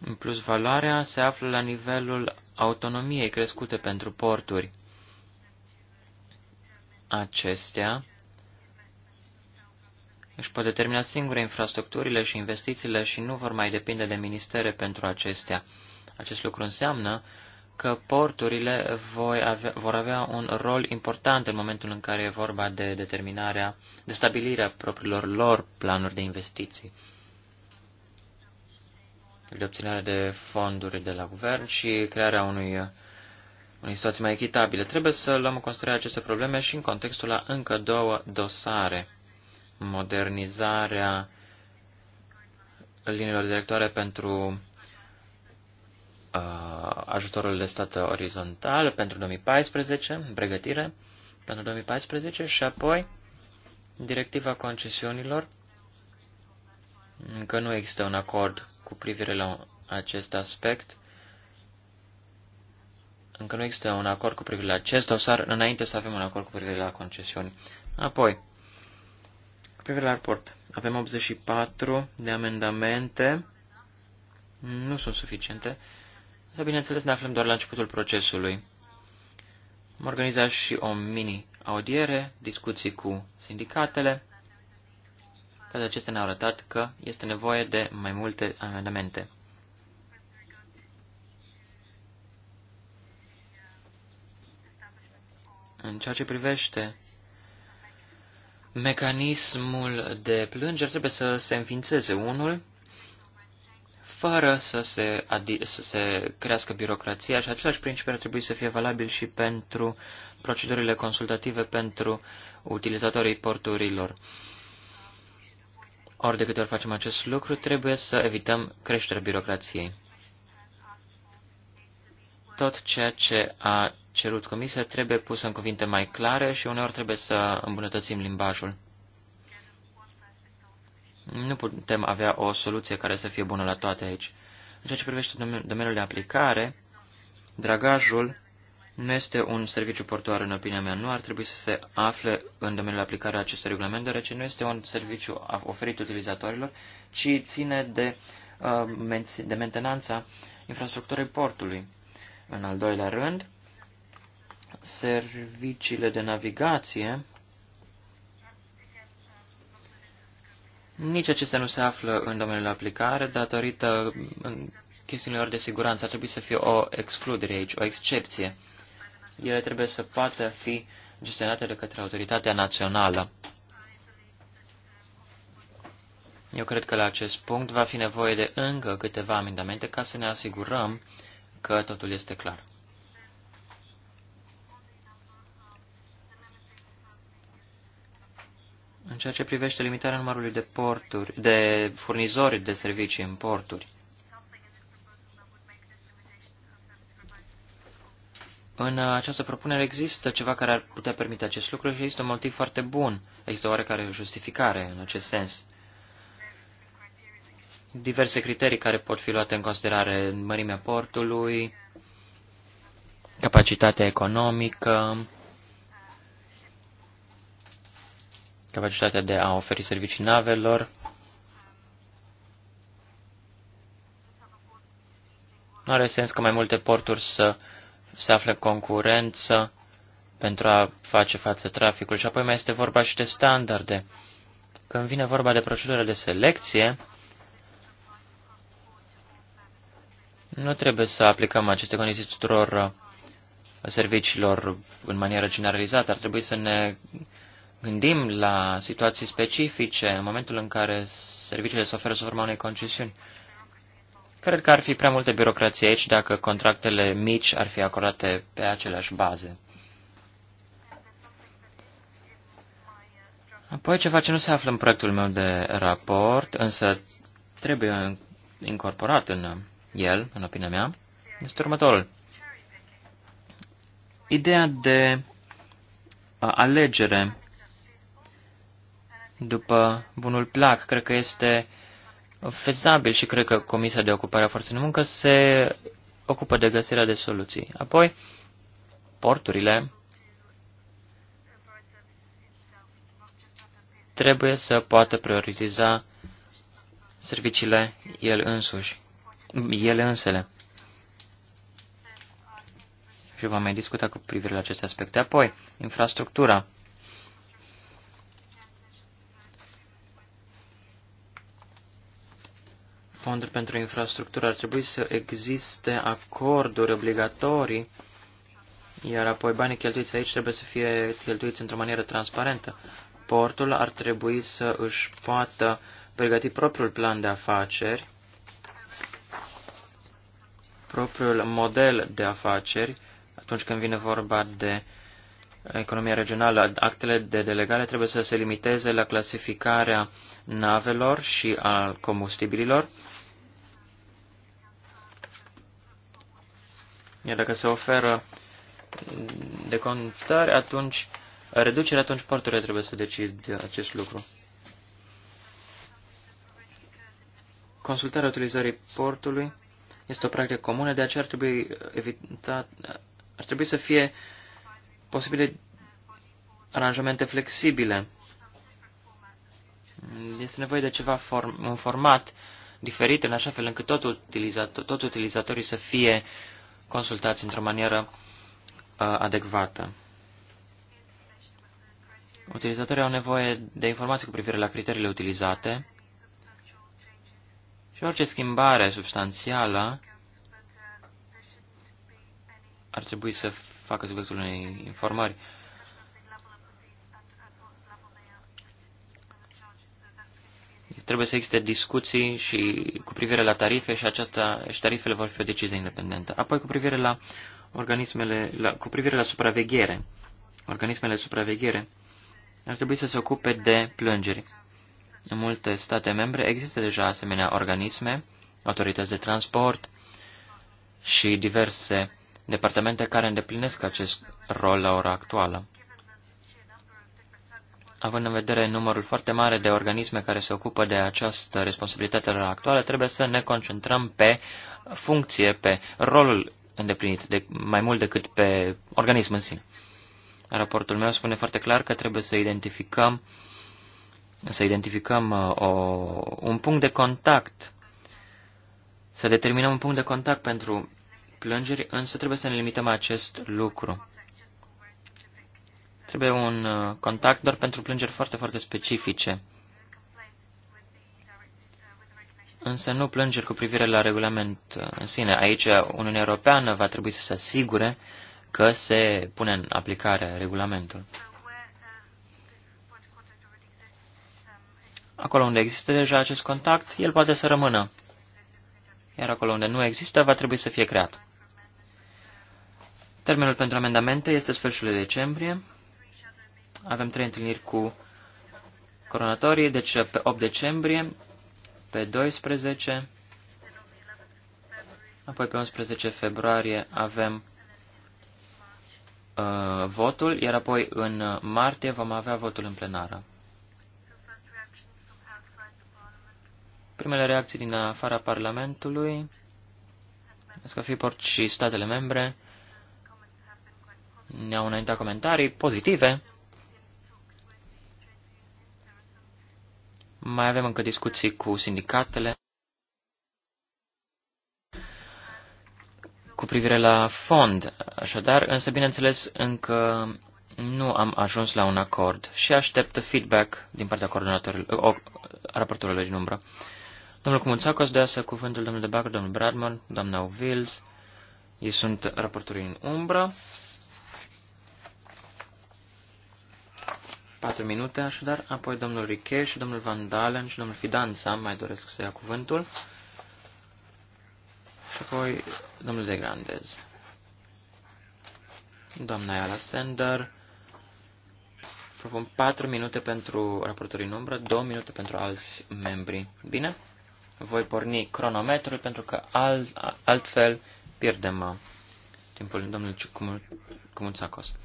În plus, valoarea se află la nivelul autonomiei crescute pentru porturi. Acestea își pot determina singure infrastructurile și investițiile și nu vor mai depinde de ministere pentru acestea. Acest lucru înseamnă că porturile voi avea, vor avea un rol important în momentul în care e vorba de determinarea, de stabilirea propriilor lor planuri de investiții, de obținerea de fonduri de la guvern și crearea unui, unui situații mai echitabile. Trebuie să luăm în considerare aceste probleme și în contextul la încă două dosare. Modernizarea liniilor directoare pentru uh, ajutorul de stat orizontal pentru 2014, pregătire pentru 2014 și apoi directiva concesiunilor. Încă nu există un acord cu privire la acest aspect. Încă nu există un acord cu privire la acest dosar, înainte să avem un acord cu privire la concesiuni. Apoi, cu privire la raport, avem 84 de amendamente. Nu sunt suficiente. Să bineînțeles ne aflăm doar la începutul procesului. Am organizat și o mini-audiere, discuții cu sindicatele. Toate acestea ne-au arătat că este nevoie de mai multe amendamente. În ceea ce privește mecanismul de plângeri, trebuie să se înființeze unul fără să se, să se crească birocrația și același principiu ar trebui să fie valabil și pentru procedurile consultative pentru utilizatorii porturilor. Ori de câte ori facem acest lucru, trebuie să evităm creșterea birocrației. Tot ceea ce a cerut comisia trebuie pus în cuvinte mai clare și uneori trebuie să îmbunătățim limbajul. Nu putem avea o soluție care să fie bună la toate aici. În ceea ce privește domeniul de aplicare, dragajul nu este un serviciu portuar, în opinia mea. Nu ar trebui să se afle în domeniul a acestui regulament, deoarece nu este un serviciu oferit utilizatorilor, ci ține de, uh, de mentenanța infrastructurii portului. În al doilea rând, serviciile de navigație Nici acestea nu se află în domeniul aplicare datorită chestiunilor de siguranță. Ar trebui să fie o excludere aici, o excepție. Ele trebuie să poată fi gestionate de către autoritatea națională. Eu cred că la acest punct va fi nevoie de încă câteva amendamente ca să ne asigurăm că totul este clar. În ceea ce privește limitarea numărului de porturi, de furnizori de servicii în porturi, În această propunere există ceva care ar putea permite acest lucru și există un motiv foarte bun. Există oarecare justificare în acest sens. Diverse criterii care pot fi luate în considerare, mărimea portului, capacitatea economică, capacitatea de a oferi servicii navelor. Nu are sens că mai multe porturi să se afle concurență pentru a face față traficului. Și apoi mai este vorba și de standarde. Când vine vorba de procedură de selecție, nu trebuie să aplicăm aceste condiții tuturor uh, serviciilor în manieră generalizată. Ar trebui să ne gândim la situații specifice în momentul în care serviciile se oferă sub forma unei concesiuni. Cred că ar fi prea multă birocrație aici dacă contractele mici ar fi acordate pe aceleași baze. Apoi ceva ce nu se află în proiectul meu de raport, însă trebuie incorporat în el, în opinia mea, este următorul. Ideea de alegere după bunul plac. Cred că este fezabil și cred că Comisia de Ocupare a Forței de Muncă se ocupă de găsirea de soluții. Apoi, porturile trebuie să poată prioritiza serviciile el însuși, ele însele. Și vom mai discuta cu privire la aceste aspecte. Apoi, infrastructura. fonduri pentru infrastructură. Ar trebui să existe acorduri obligatorii, iar apoi banii cheltuiți aici trebuie să fie cheltuiți într-o manieră transparentă. Portul ar trebui să își poată pregăti propriul plan de afaceri, propriul model de afaceri, atunci când vine vorba de economia regională, actele de delegare trebuie să se limiteze la clasificarea navelor și al combustibililor Iar dacă se oferă decontare, atunci, reducere, atunci portul trebuie să decid acest lucru. Consultarea utilizării portului este o practică comună, de aceea ar trebui, evita, ar trebui să fie posibile aranjamente flexibile. Este nevoie de ceva form, un format diferit, în așa fel încât tot, utilizator, tot utilizatorii să fie uh, consultați într-o manieră uh, adecvată. Utilizatorii au nevoie de informații cu privire la criteriile utilizate și orice schimbare substanțială ar trebui să facă subiectul unei informări. trebuie să existe discuții și cu privire la tarife și, aceasta, și tarifele vor fi o decizie independentă. Apoi cu privire la organismele, la, cu privire la supraveghere, organismele de supraveghere ar trebui să se ocupe de plângeri. În multe state membre există deja asemenea organisme, autorități de transport și diverse departamente care îndeplinesc acest rol la ora actuală având în vedere numărul foarte mare de organisme care se ocupă de această responsabilitate la actuală, trebuie să ne concentrăm pe funcție, pe rolul îndeplinit, de, mai mult decât pe organism în sine. Raportul meu spune foarte clar că trebuie să identificăm, să identificăm uh, o, un punct de contact, să determinăm un punct de contact pentru plângeri, însă trebuie să ne limităm acest lucru. Trebuie un uh, contact doar pentru plângeri foarte, foarte specifice. Însă nu plângeri cu privire la regulament uh, în sine. Aici Uniunea Europeană va trebui să se asigure că se pune în aplicare regulamentul. Acolo unde există deja acest contact, el poate să rămână. Iar acolo unde nu există, va trebui să fie creat. Termenul pentru amendamente este sfârșitul decembrie avem trei întâlniri cu coronatorii, deci pe 8 decembrie, pe 12, apoi pe 11 februarie avem uh, votul, iar apoi în martie vom avea votul în plenară. Primele reacții din afara Parlamentului, Scafiport și statele membre, ne-au înaintat comentarii pozitive Mai avem încă discuții cu sindicatele. cu privire la fond, așadar, însă, bineînțeles, încă nu am ajuns la un acord și aștept feedback din partea coordonatorilor, din umbră. Domnul Cumunțacos, de să cuvântul domnul de Bacăr, domnul Bradman, doamna Wills, ei sunt raportorii în umbră. 4 minute, așadar, apoi domnul Riche și domnul Van Dalen și domnul Fidanța mai doresc să ia cuvântul. Și apoi domnul de Grandez. Doamna Iala Sender. propun 4 minute pentru raportorii în umbră, 2 minute pentru alți membri. Bine? Voi porni cronometrul pentru că alt, altfel pierdem uh, timpul domnului Cumunțacos. Cum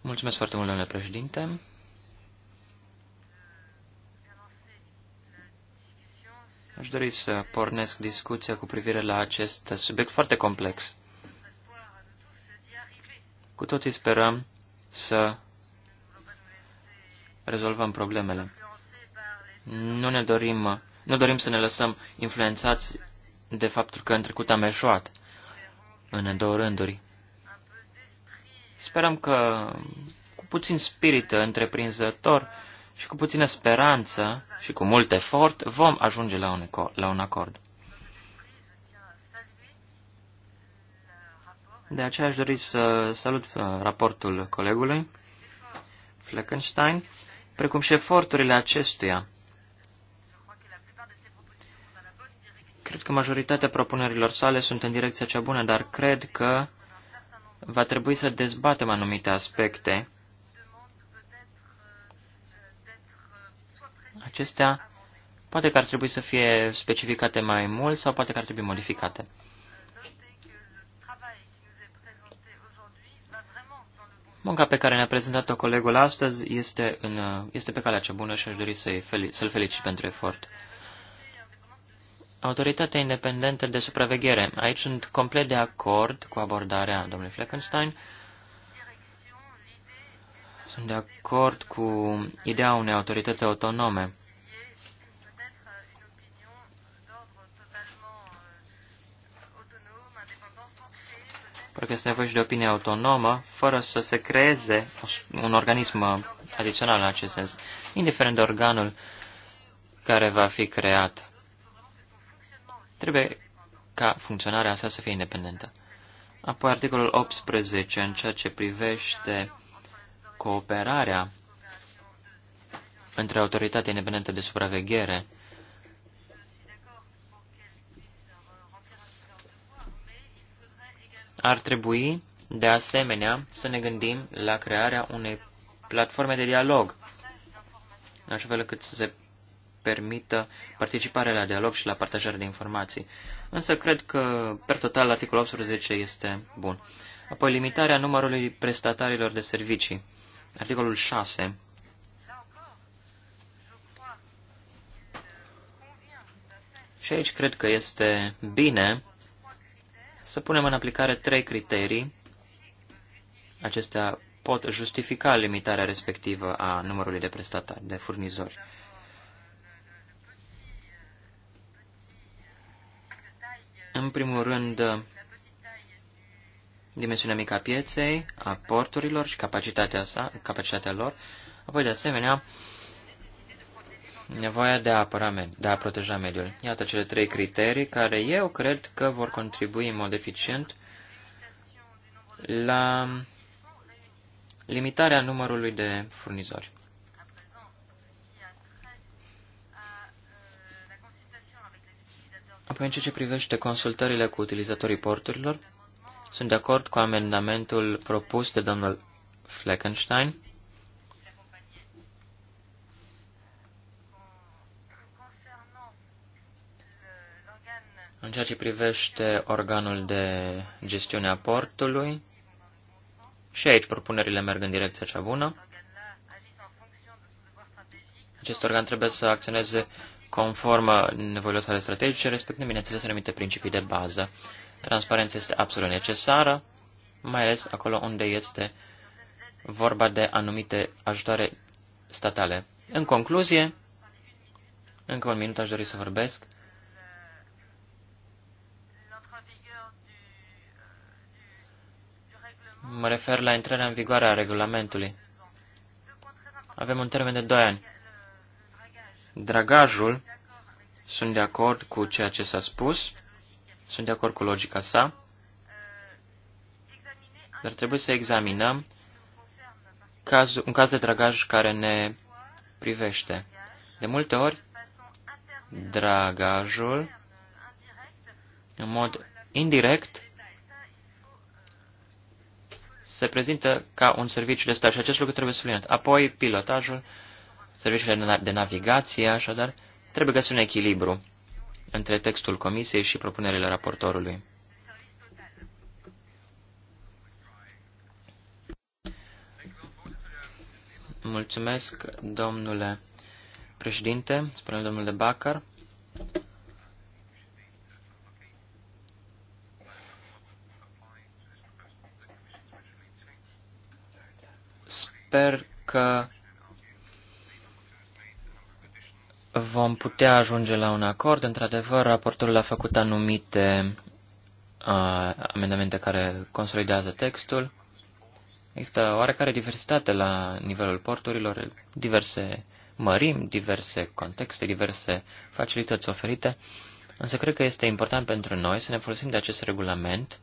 Mulțumesc foarte mult, domnule președinte. Aș dori să pornesc discuția cu privire la acest subiect foarte complex. Cu toții sperăm să rezolvăm problemele. Nu ne dorim, nu dorim să ne lăsăm influențați de faptul că în trecut am eșuat în două rânduri. Sperăm că cu puțin spirit întreprinzător și cu puțină speranță și cu mult efort vom ajunge la un, la un acord. De aceea aș dori să salut uh, raportul colegului Fleckenstein, precum și eforturile acestuia. Cred că majoritatea propunerilor sale sunt în direcția cea bună, dar cred că va trebui să dezbatem anumite aspecte. Acestea poate că ar trebui să fie specificate mai mult sau poate că ar trebui modificate. Munca pe care ne-a prezentat-o colegul astăzi este, în, este pe calea cea bună și aș dori să-l felici, să felicit pentru efort. Autoritatea independentă de supraveghere. Aici sunt complet de acord cu abordarea domnului Fleckenstein. Sunt de acord cu ideea unei autorități autonome. Pentru că este nevoie și de opinie autonomă, fără să se creeze un organism adițional în acest sens, indiferent de organul care va fi creat. Trebuie ca funcționarea sa să fie independentă. Apoi articolul 18 în ceea ce privește cooperarea între autoritatea independentă de supraveghere ar trebui, de asemenea, să ne gândim la crearea unei platforme de dialog, în așa fel încât să se permită participarea la dialog și la partajarea de informații. Însă cred că, per total, articolul 18 este bun. Apoi, limitarea numărului prestatarilor de servicii. Articolul 6. Și aici cred că este bine să punem în aplicare trei criterii. Acestea pot justifica limitarea respectivă a numărului de prestatari, de furnizori. În primul rând, dimensiunea mică a pieței, a porturilor și capacitatea, sa, capacitatea lor, apoi, de asemenea, nevoia de a, apăra med- de a proteja mediul. Iată cele trei criterii care eu cred că vor contribui în mod eficient la limitarea numărului de furnizori. Apoi, în ceea ce privește consultările cu utilizatorii porturilor, sunt de acord cu amendamentul propus de domnul Fleckenstein. În ceea ce privește organul de gestiune a portului, și aici propunerile merg în direcția cea bună. Acest organ trebuie să acționeze Conform uh, nevoilor sale strategice, respectând, bineînțeles, anumite principii de bază. Transparența este absolut necesară, mai ales acolo unde este vorba de anumite ajutoare statale. În concluzie, încă un minut aș dori să vorbesc. Mă refer la intrarea în vigoare a regulamentului. Avem un termen de 2 ani dragajul, sunt de acord cu ceea ce s-a spus, sunt de acord cu logica sa, dar trebuie să examinăm caz, un caz de dragaj care ne privește. De multe ori, dragajul, în mod indirect, se prezintă ca un serviciu de stat și acest lucru trebuie subliniat. Apoi, pilotajul, serviciile de navigație, așadar, trebuie găsit un echilibru între textul comisiei și propunerile raportorului. Mulțumesc, domnule președinte, spune domnule Bacar. Sper că vom putea ajunge la un acord. Într-adevăr, raportorul a făcut anumite uh, amendamente care consolidează textul. Există oarecare diversitate la nivelul porturilor, diverse mărimi, diverse contexte, diverse facilități oferite, însă cred că este important pentru noi să ne folosim de acest regulament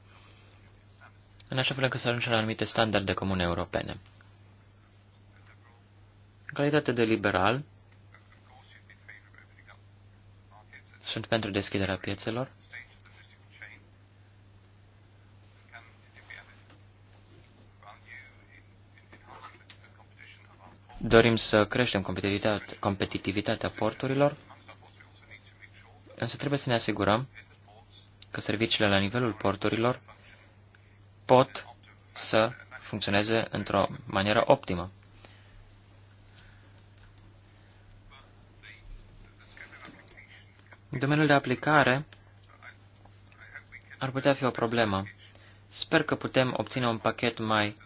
în așa fel încât să ajungem la anumite standarde comune europene. În calitate de liberal, Sunt pentru deschiderea piețelor. Dorim să creștem competitivitatea, porturilor, însă trebuie să ne asigurăm că serviciile la nivelul porturilor pot să funcționeze într-o manieră optimă. Domeniul de aplicare ar putea fi o problemă. Sper că putem obține un pachet mai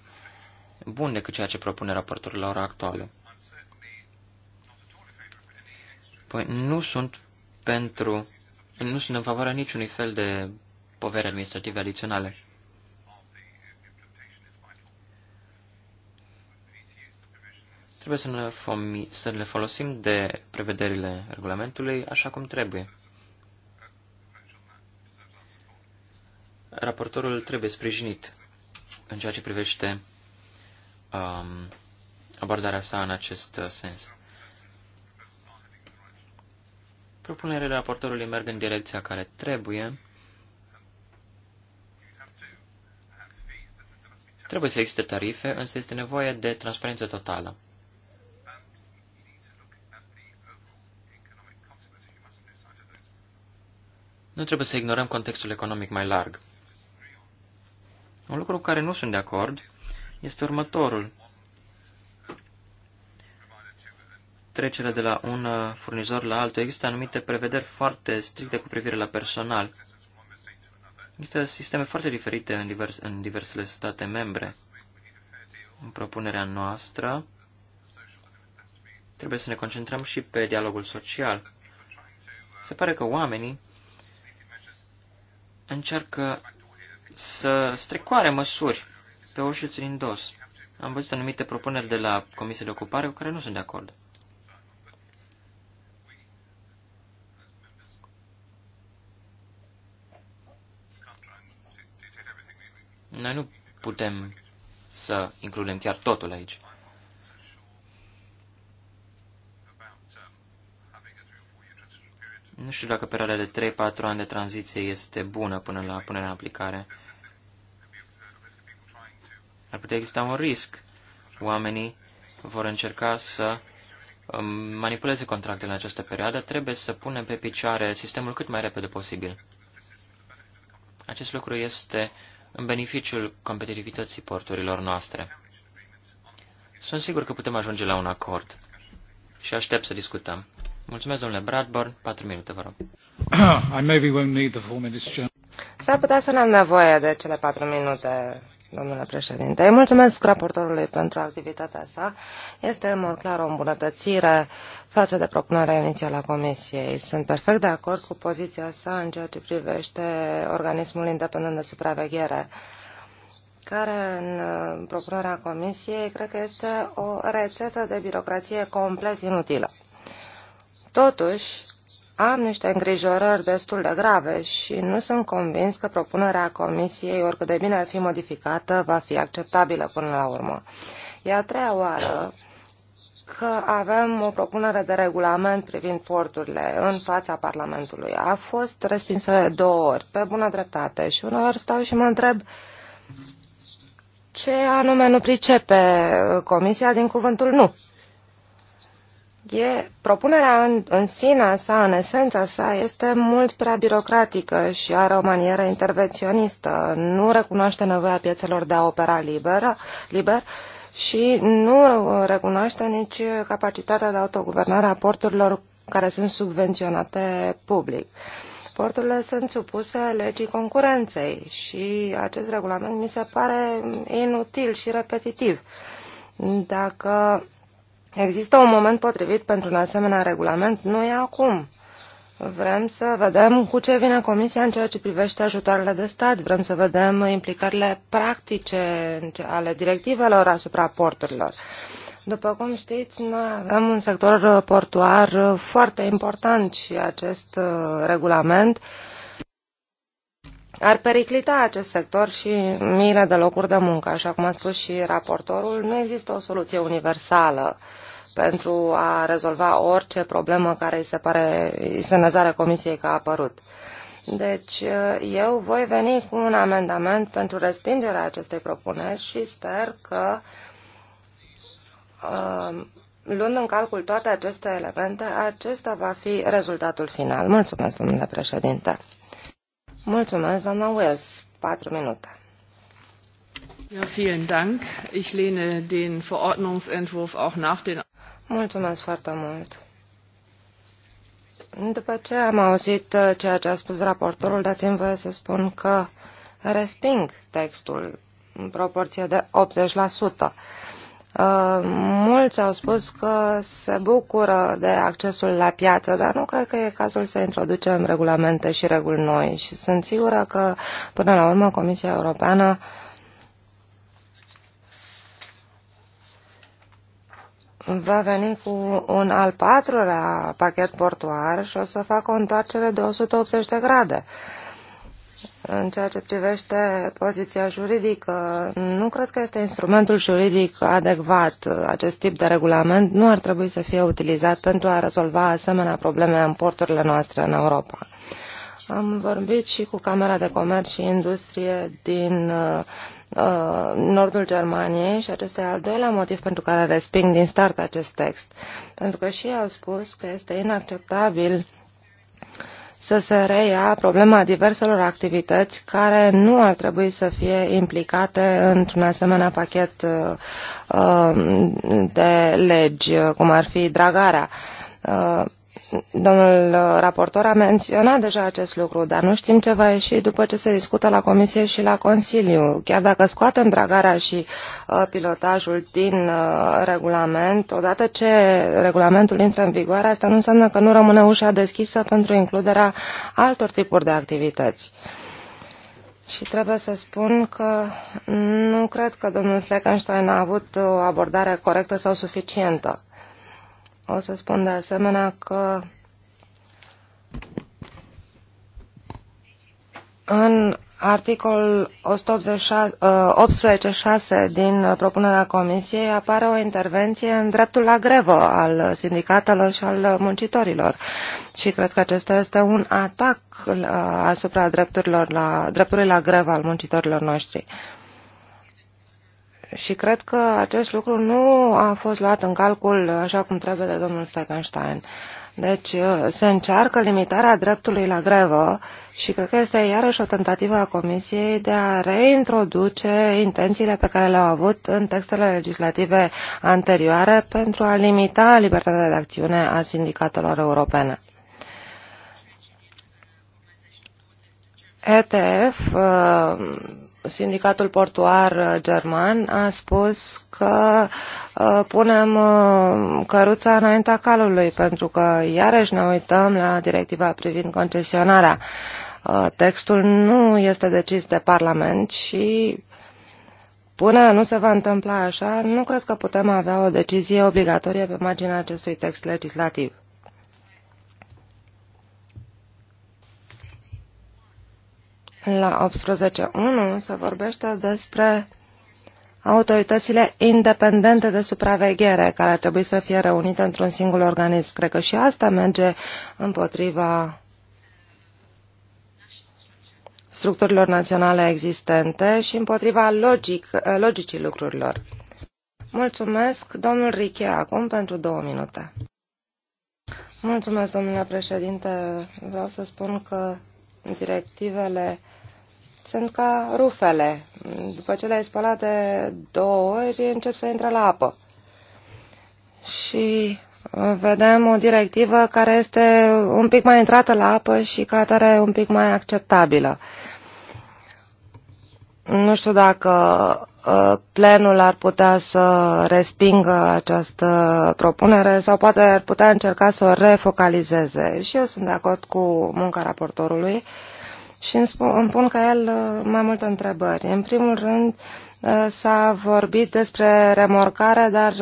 bun decât ceea ce propune raportul la ora actuală. Păi nu sunt pentru, nu sunt în favoarea niciunui fel de povere administrative adiționale. Trebuie să ne să le folosim de prevederile regulamentului așa cum trebuie. Raportorul trebuie sprijinit în ceea ce privește um, abordarea sa în acest uh, sens. Propunerile raportorului merg în direcția care trebuie. Trebuie să existe tarife, însă este nevoie de transparență totală. nu trebuie să ignorăm contextul economic mai larg. Un lucru cu care nu sunt de acord este următorul. Trecerea de la un furnizor la altul. Există anumite prevederi foarte stricte cu privire la personal. Există sisteme foarte diferite în, divers, în diversele state membre. În propunerea noastră trebuie să ne concentrăm și pe dialogul social. Se pare că oamenii încearcă să strecoare măsuri pe ușuți din dos. Am văzut anumite propuneri de la Comisia de Ocupare cu care nu sunt de acord. Noi nu putem să includem chiar totul aici. Nu știu dacă perioada de 3-4 ani de tranziție este bună până la punerea în aplicare. Ar putea exista un risc. Oamenii vor încerca să um, manipuleze contractele în această perioadă. Trebuie să punem pe picioare sistemul cât mai repede posibil. Acest lucru este în beneficiul competitivității porturilor noastre. Sunt sigur că putem ajunge la un acord și aștept să discutăm. Mulțumesc, domnule Bradburn. Patru minute, vă rog. <clears throat> I maybe won't need the four minutes, S-ar putea să ne am nevoie de cele patru minute, domnule președinte. Îi mulțumesc raportorului pentru activitatea sa. Este, în mod clar, o îmbunătățire față de propunerea inițială a Comisiei. Sunt perfect de acord cu poziția sa în ceea ce privește organismul independent de supraveghere care în propunerea Comisiei cred că este o rețetă de birocrație complet inutilă. Totuși, am niște îngrijorări destul de grave și nu sunt convins că propunerea Comisiei, oricât de bine ar fi modificată, va fi acceptabilă până la urmă. E a treia oară că avem o propunere de regulament privind porturile în fața Parlamentului. A fost respinsă de două ori, pe bună dreptate, și uneori stau și mă întreb ce anume nu pricepe uh, Comisia din cuvântul nu. E, propunerea în, în sine sa, în esența sa, este mult prea birocratică și are o manieră intervenționistă. Nu recunoaște nevoia piețelor de a opera liber, liber și nu recunoaște nici capacitatea de autoguvernare a porturilor care sunt subvenționate public. Porturile sunt supuse legii concurenței și acest regulament mi se pare inutil și repetitiv. Dacă Există un moment potrivit pentru un asemenea regulament? Nu e acum. Vrem să vedem cu ce vine Comisia în ceea ce privește ajutoarele de stat. Vrem să vedem implicările practice ale directivelor asupra porturilor. După cum știți, noi avem un sector portuar foarte important și acest uh, regulament ar periclita acest sector și miile de locuri de muncă. Așa cum a spus și raportorul, nu există o soluție universală pentru a rezolva orice problemă care îi se pare, îi se năzară comisiei că a apărut. Deci eu voi veni cu un amendament pentru respingerea acestei propuneri și sper că uh, luând în calcul toate aceste elemente, acesta va fi rezultatul final. Mulțumesc, domnule președinte. Mulțumesc, doamna Wells. Patru minute. Ja, vielen Dank. Ich lehne den Verordnungsentwurf auch nach den Mulțumesc foarte mult. După ce am auzit uh, ceea ce a spus raportorul, dați-mi voie să spun că resping textul în proporție de 80%. Uh, mulți au spus că se bucură de accesul la piață, dar nu cred că e cazul să introducem regulamente și reguli noi și sunt sigură că până la urmă Comisia Europeană uh, va veni cu un al patrulea pachet portuar și o să facă o întoarcere de 180 de grade. În ceea ce privește poziția juridică, nu cred că este instrumentul juridic adecvat. Acest tip de regulament nu ar trebui să fie utilizat pentru a rezolva asemenea probleme în porturile noastre în Europa. Am vorbit și cu Camera de Comerț și Industrie din uh, Uh, nordul Germaniei și acesta e al doilea motiv pentru care resping din start acest text. Pentru că și ei au spus că este inacceptabil să se reia problema diverselor activități care nu ar trebui să fie implicate într-un asemenea pachet uh, uh, de legi, cum ar fi dragarea Domnul uh, raportor a menționat deja acest lucru, dar nu știm ce va ieși după ce se discută la Comisie și la Consiliu. Chiar dacă scoatem dragarea și uh, pilotajul din uh, regulament, odată ce regulamentul intră în vigoare, asta nu înseamnă că nu rămâne ușa deschisă pentru includerea altor tipuri de activități. Și trebuie să spun că nu cred că domnul Fleckenstein a avut o abordare corectă sau suficientă. O să spun de asemenea că în articol 18.6 ă, din propunerea Comisiei apare o intervenție în dreptul la grevă al sindicatelor și al muncitorilor. Și cred că acesta este un atac asupra drepturilor la, dreptului la grevă al muncitorilor noștri. Și cred că acest lucru nu a fost luat în calcul așa cum trebuie de domnul Fleckenstein. Deci uh, se încearcă limitarea dreptului la grevă și cred că este iarăși o tentativă a Comisiei de a reintroduce intențiile pe care le-au avut în textele legislative anterioare pentru a limita libertatea de acțiune a sindicatelor europene. ETF sindicatul portuar uh, german a spus că uh, punem uh, căruța înaintea calului, pentru că iarăși ne uităm la directiva privind concesionarea. Textul nu este decis de Parlament și Până nu se va întâmpla așa, nu cred că putem avea o decizie obligatorie pe marginea acestui text legislativ. La 18.1 se vorbește despre autoritățile independente de supraveghere, care ar trebui să fie reunite într-un singur organism. Cred că și asta merge împotriva structurilor naționale existente și împotriva logic, logicii lucrurilor. Mulțumesc, domnul Riche, acum pentru două minute. Mulțumesc, domnule președinte. Vreau să spun că Directivele sunt ca rufele. După ce le-ai spălat de două ori, încep să intre la apă. Și vedem o directivă care este un pic mai intrată la apă și ca atare un pic mai acceptabilă. Nu știu dacă Uh, plenul ar putea să respingă această propunere sau poate ar putea încerca să o refocalizeze. Și eu sunt de acord cu munca raportorului și îmi, spun, îmi pun ca el uh, mai multe întrebări. În primul rând, uh, s-a vorbit despre remorcare, dar,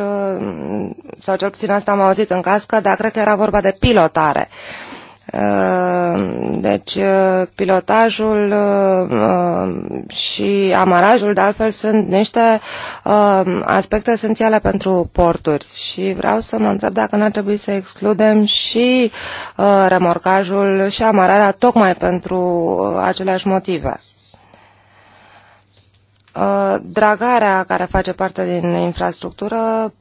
sau cel puțin asta am auzit în cască, dar cred că era vorba de pilotare. Uh, Uh, deci uh, pilotajul uh, și amarajul, de altfel, sunt niște aspecte esențiale pentru porturi și vreau să mă întreb dacă n-ar trebui să excludem și remorcajul și amararea tocmai pentru aceleași motive dragarea care face parte din infrastructură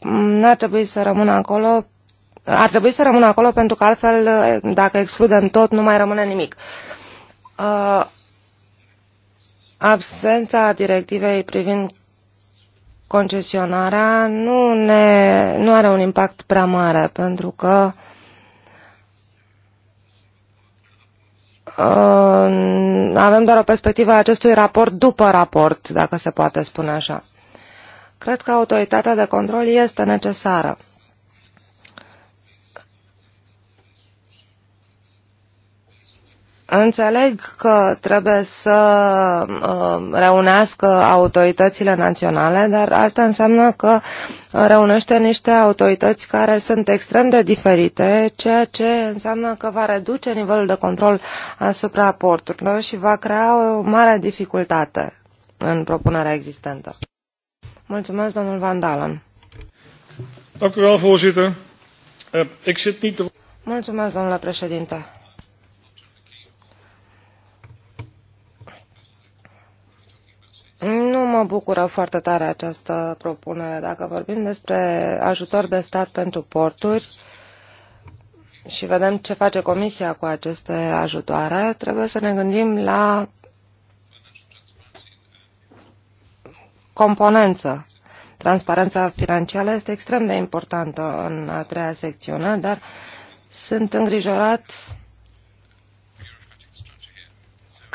mm, n-ar trebui să rămână acolo ar trebui să rămână acolo pentru că altfel, dacă excludem tot, nu mai rămâne nimic. Uh, absența directivei privind concesionarea nu, ne, nu are un impact prea mare, pentru că uh, avem doar o perspectivă a acestui raport după raport, dacă se poate spune așa. Cred că autoritatea de control este necesară. Înțeleg că trebuie să uh, reunească autoritățile naționale, dar asta înseamnă că reunește niște autorități care sunt extrem de diferite, ceea ce înseamnă că va reduce nivelul de control asupra porturilor și va crea o mare dificultate în propunerea existentă. Mulțumesc, domnul Van Dalen. Eh, Mulțumesc, domnule președinte. Nu mă bucură foarte tare această propunere. Dacă vorbim despre ajutor de stat pentru porturi și vedem ce face Comisia cu aceste ajutoare, trebuie să ne gândim la componență. Transparența financiară este extrem de importantă în a treia secțiune, dar sunt îngrijorat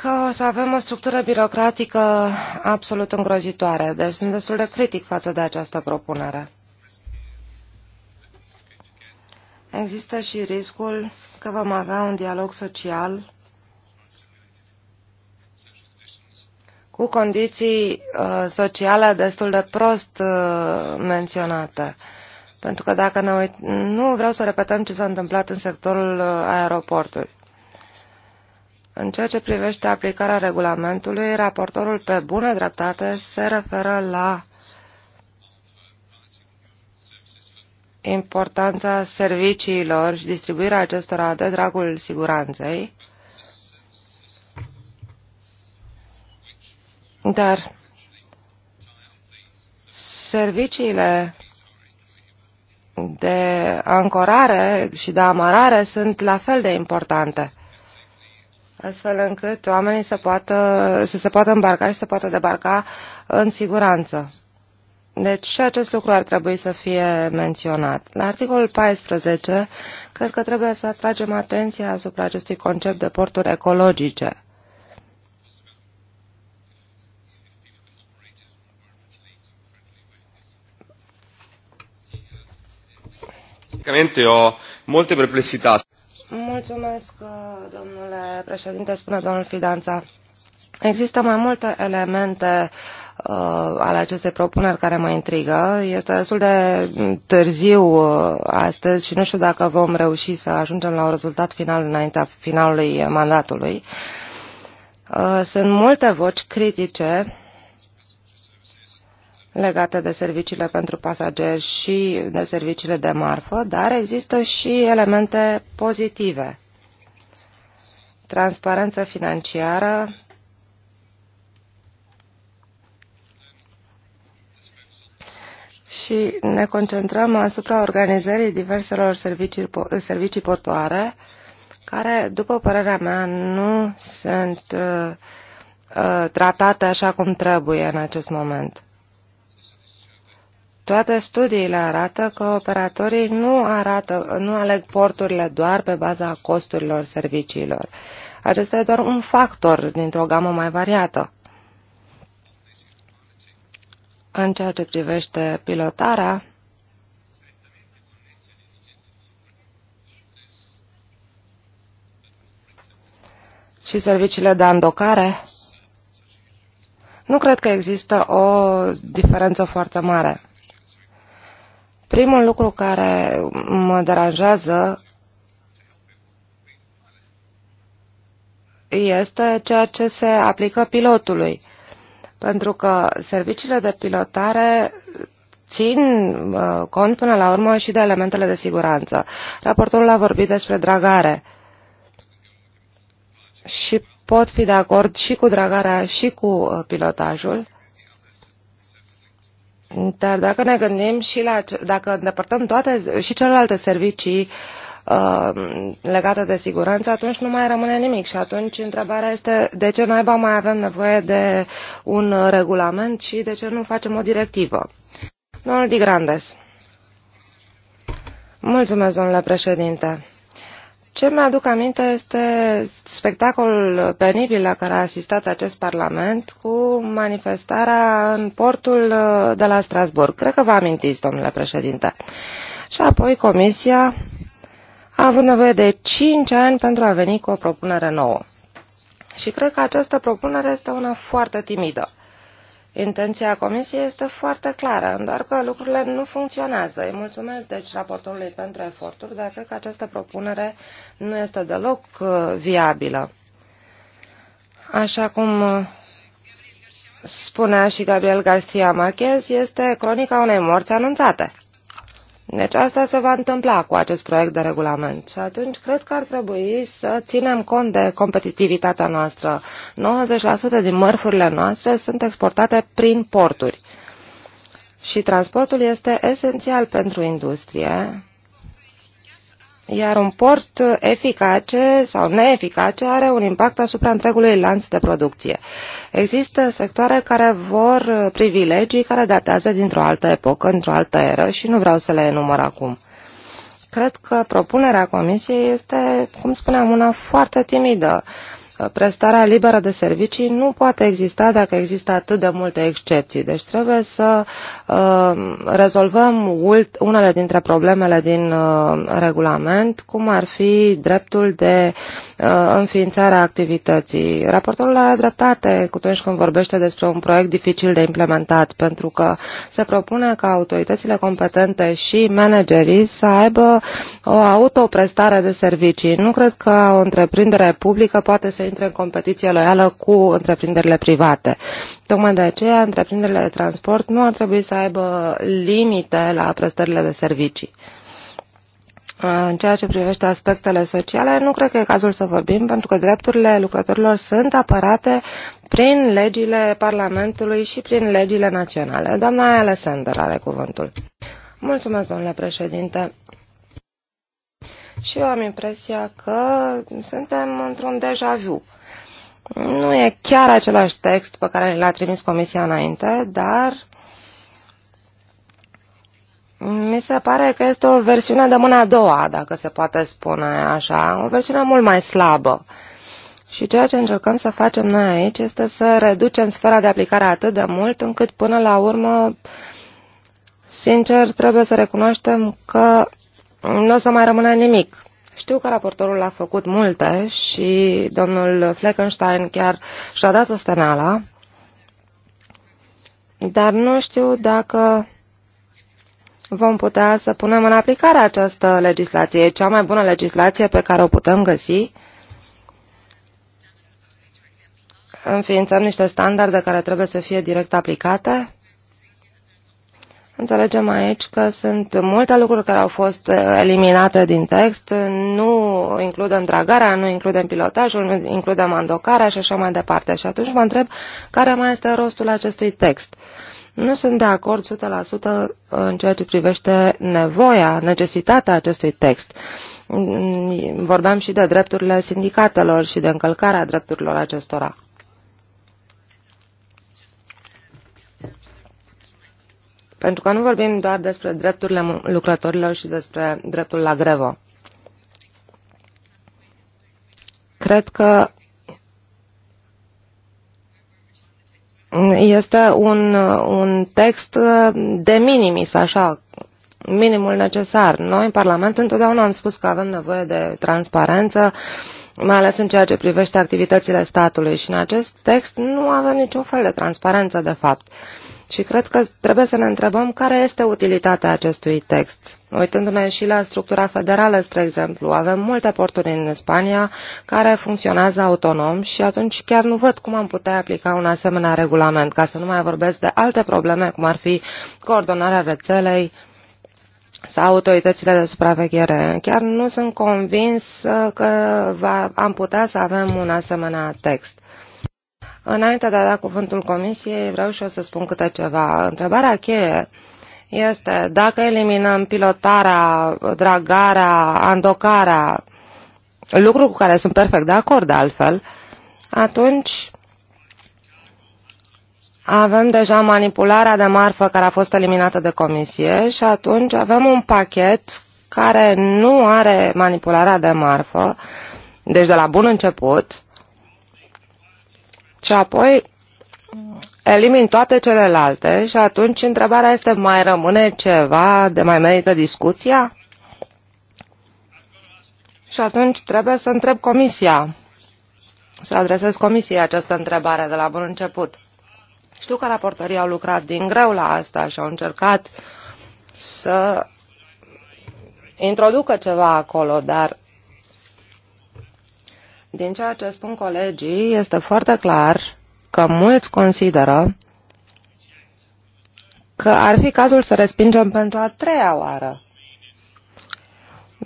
că o să avem o structură birocratică absolut îngrozitoare, deci sunt destul de critic față de această propunere. Există și riscul că vom avea un dialog social cu condiții uh, sociale destul de prost uh, menționate. Pentru că dacă ne uit... Nu vreau să repetăm ce s-a întâmplat în sectorul uh, aeroportului. În ceea ce privește aplicarea regulamentului, raportorul pe bună dreptate se referă la importanța serviciilor și distribuirea acestora de dragul siguranței, dar serviciile de ancorare și de amarare sunt la fel de importante astfel încât oamenii să, poată, să se poată îmbarca și să poată debarca în siguranță. Deci și acest lucru ar trebui să fie menționat. La articolul 14, cred că trebuie să atragem atenția asupra acestui concept de porturi ecologice. Francamente ho molte perplessità. Mulțumesc, uh, domnule președinte, spune domnul Fidanța. Există mai multe elemente uh, ale acestei propuneri care mă intrigă. Este destul de târziu uh, astăzi și nu știu dacă vom reuși să ajungem la un rezultat final înaintea finalului mandatului. Uh, sunt multe voci critice uh, legate de serviciile pentru pasageri și de serviciile de marfă, dar există și elemente pozitive. Transparență financiară, și ne concentrăm asupra organizării diverselor servicii, servicii portoare, care, după părerea mea, nu sunt uh, uh, tratate așa cum trebuie în acest moment. Toate studiile arată că operatorii nu, arată, nu aleg porturile doar pe baza costurilor serviciilor. Acesta e doar un factor dintr-o gamă mai variată. În ceea ce privește pilotarea, și serviciile de andocare, nu cred că există o diferență foarte mare. Primul lucru care mă deranjează este ceea ce se aplică pilotului, pentru că serviciile de pilotare țin uh, cont până la urmă și de elementele de siguranță. Raportorul a vorbit despre dragare și pot fi de acord și cu dragarea și cu uh, pilotajul dar dacă ne gândim și la, dacă îndepărtăm toate și celelalte servicii uh, legate de siguranță, atunci nu mai rămâne nimic și atunci întrebarea este de ce naiba mai avem nevoie de un regulament și de ce nu facem o directivă. Domnul Grandes. Mulțumesc, domnule președinte. Ce mi-aduc aminte este spectacolul penibil la care a asistat acest Parlament cu manifestarea în portul uh, de la Strasburg. Cred că vă amintiți, domnule președinte. Și apoi Comisia a avut nevoie de 5 ani pentru a veni cu o propunere nouă. Și cred că această propunere este una foarte timidă. Intenția Comisiei este foarte clară, doar că lucrurile nu funcționează. Îi mulțumesc, deci, raportorului pentru eforturi, dar cred că această propunere nu este deloc uh, viabilă. Așa cum uh, spunea și Gabriel Garcia Marquez, este cronica unei morți anunțate. Deci asta se va întâmpla cu acest proiect de regulament și atunci cred că ar trebui să ținem cont de competitivitatea noastră. 90% din mărfurile noastre sunt exportate prin porturi și transportul este esențial pentru industrie iar un port eficace sau neeficace are un impact asupra întregului lanț de producție. Există sectoare care vor privilegii care datează dintr-o altă epocă, într-o altă eră și nu vreau să le enumăr acum. Cred că propunerea Comisiei este, cum spuneam, una foarte timidă prestarea liberă de servicii nu poate exista dacă există atât de multe excepții. Deci trebuie să uh, rezolvăm unele dintre problemele din uh, regulament, cum ar fi dreptul de uh, înființare a activității. Raportorul are dreptate atunci când vorbește despre un proiect dificil de implementat, pentru că se propune ca autoritățile competente și managerii să aibă o autoprestare de servicii. Nu cred că o întreprindere publică poate să intre în competiție loială cu întreprinderile private. Tocmai de aceea, întreprinderile de transport nu ar trebui să aibă limite la prestările de servicii. În ceea ce privește aspectele sociale, nu cred că e cazul să vorbim, pentru că drepturile lucrătorilor sunt apărate prin legile Parlamentului și prin legile naționale. Doamna Alessandra are cuvântul. Mulțumesc, domnule președinte și eu am impresia că suntem într-un deja vu. Nu e chiar același text pe care l-a trimis Comisia înainte, dar mi se pare că este o versiune de mâna a doua, dacă se poate spune așa, o versiune mult mai slabă. Și ceea ce încercăm să facem noi aici este să reducem sfera de aplicare atât de mult încât până la urmă, sincer, trebuie să recunoaștem că nu o să mai rămână nimic. Știu că raportorul a făcut multe și domnul Fleckenstein chiar și-a dat osteneala, dar nu știu dacă vom putea să punem în aplicare această legislație. E cea mai bună legislație pe care o putem găsi înființăm niște standarde care trebuie să fie direct aplicate Înțelegem aici că sunt multe lucruri care au fost uh, eliminate din text. Nu includem dragarea, nu includem pilotajul, nu includem andocarea și așa mai departe. Și atunci mă întreb care mai este rostul acestui text. Nu sunt de acord 100% în ceea ce privește nevoia, necesitatea acestui text. Vorbeam și de drepturile sindicatelor și de încălcarea drepturilor acestora. Pentru că nu vorbim doar despre drepturile lucrătorilor și despre dreptul la grevă. Cred că este un, un text de minimis, așa, minimul necesar. Noi, în Parlament, întotdeauna am spus că avem nevoie de transparență, mai ales în ceea ce privește activitățile statului și în acest text nu avem niciun fel de transparență, de fapt. Uh, și cred că trebuie să ne întrebăm care este utilitatea acestui text. Uitându-ne și la structura federală, spre exemplu, avem multe porturi în Spania care funcționează autonom și atunci chiar nu văd cum am putea aplica un asemenea regulament, ca să nu mai vorbesc de alte probleme, cum ar fi coordonarea rețelei, sau autoritățile de supraveghere. Chiar nu sunt convins că va, am putea să avem un asemenea text. Înainte de a da cuvântul Comisiei, vreau și eu să spun câte ceva. Întrebarea cheie este dacă eliminăm pilotarea, dragarea, andocarea, lucru cu care sunt perfect de acord de altfel, atunci avem deja manipularea de marfă care a fost eliminată de comisie și atunci avem un pachet care nu are manipularea de marfă, deci de la bun început, și apoi elimin toate celelalte și atunci întrebarea este mai rămâne ceva de mai merită discuția? Și atunci trebuie să întreb comisia, să adresez comisiei această întrebare de la bun început. Știu că raportorii au lucrat din greu la asta și au încercat să introducă ceva acolo, dar din ceea ce spun colegii, este foarte clar că mulți consideră că ar fi cazul să respingem pentru a treia oară.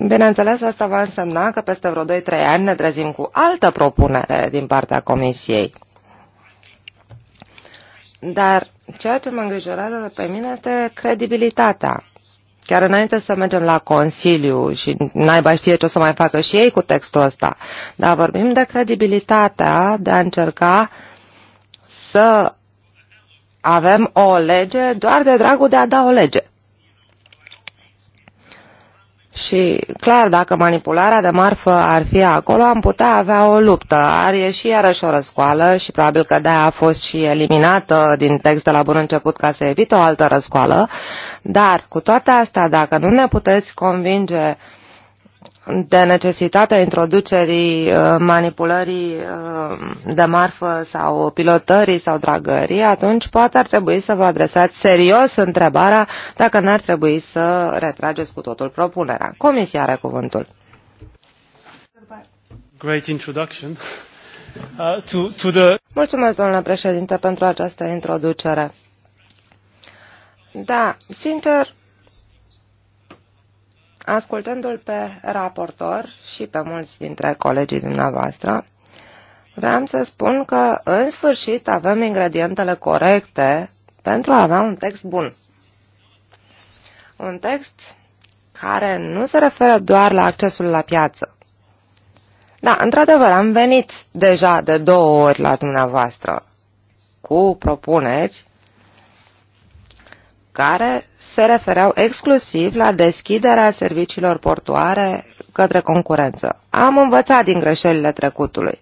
Bineînțeles, asta va însemna că peste vreo 2-3 ani ne trezim cu altă propunere din partea Comisiei. Dar ceea ce mă îngrijorează pe mine este credibilitatea chiar înainte să mergem la Consiliu și naiba știe ce o să mai facă și ei cu textul ăsta, dar vorbim de credibilitatea de a încerca să avem o lege doar de dragul de a da o lege. Și clar, dacă manipularea de marfă ar fi acolo, am putea avea o luptă. Ar ieși iarăși o răscoală și probabil că de-aia a fost și eliminată din text de la bun început ca să evite o altă răscoală. Dar, cu toate astea, dacă nu ne puteți convinge uh, de necesitatea introducerii uh, manipulării uh, de marfă sau pilotării sau dragării, atunci poate ar trebui să vă adresați serios întrebarea dacă n-ar trebui să retrageți cu totul propunerea. Comisia are cuvântul. Great introduction. Uh, to, to the... Mulțumesc, domnule președinte, pentru această introducere. Da, sincer, Ascultându-l pe raportor și pe mulți dintre colegii dumneavoastră, vreau să spun că, în sfârșit, avem ingredientele corecte pentru a avea un text bun. Un text care nu se referă doar la accesul la piață. Da, într-adevăr, am venit deja de două ori la dumneavoastră cu propuneri care se refereau exclusiv la deschiderea serviciilor portoare către concurență. Am învățat din greșelile trecutului.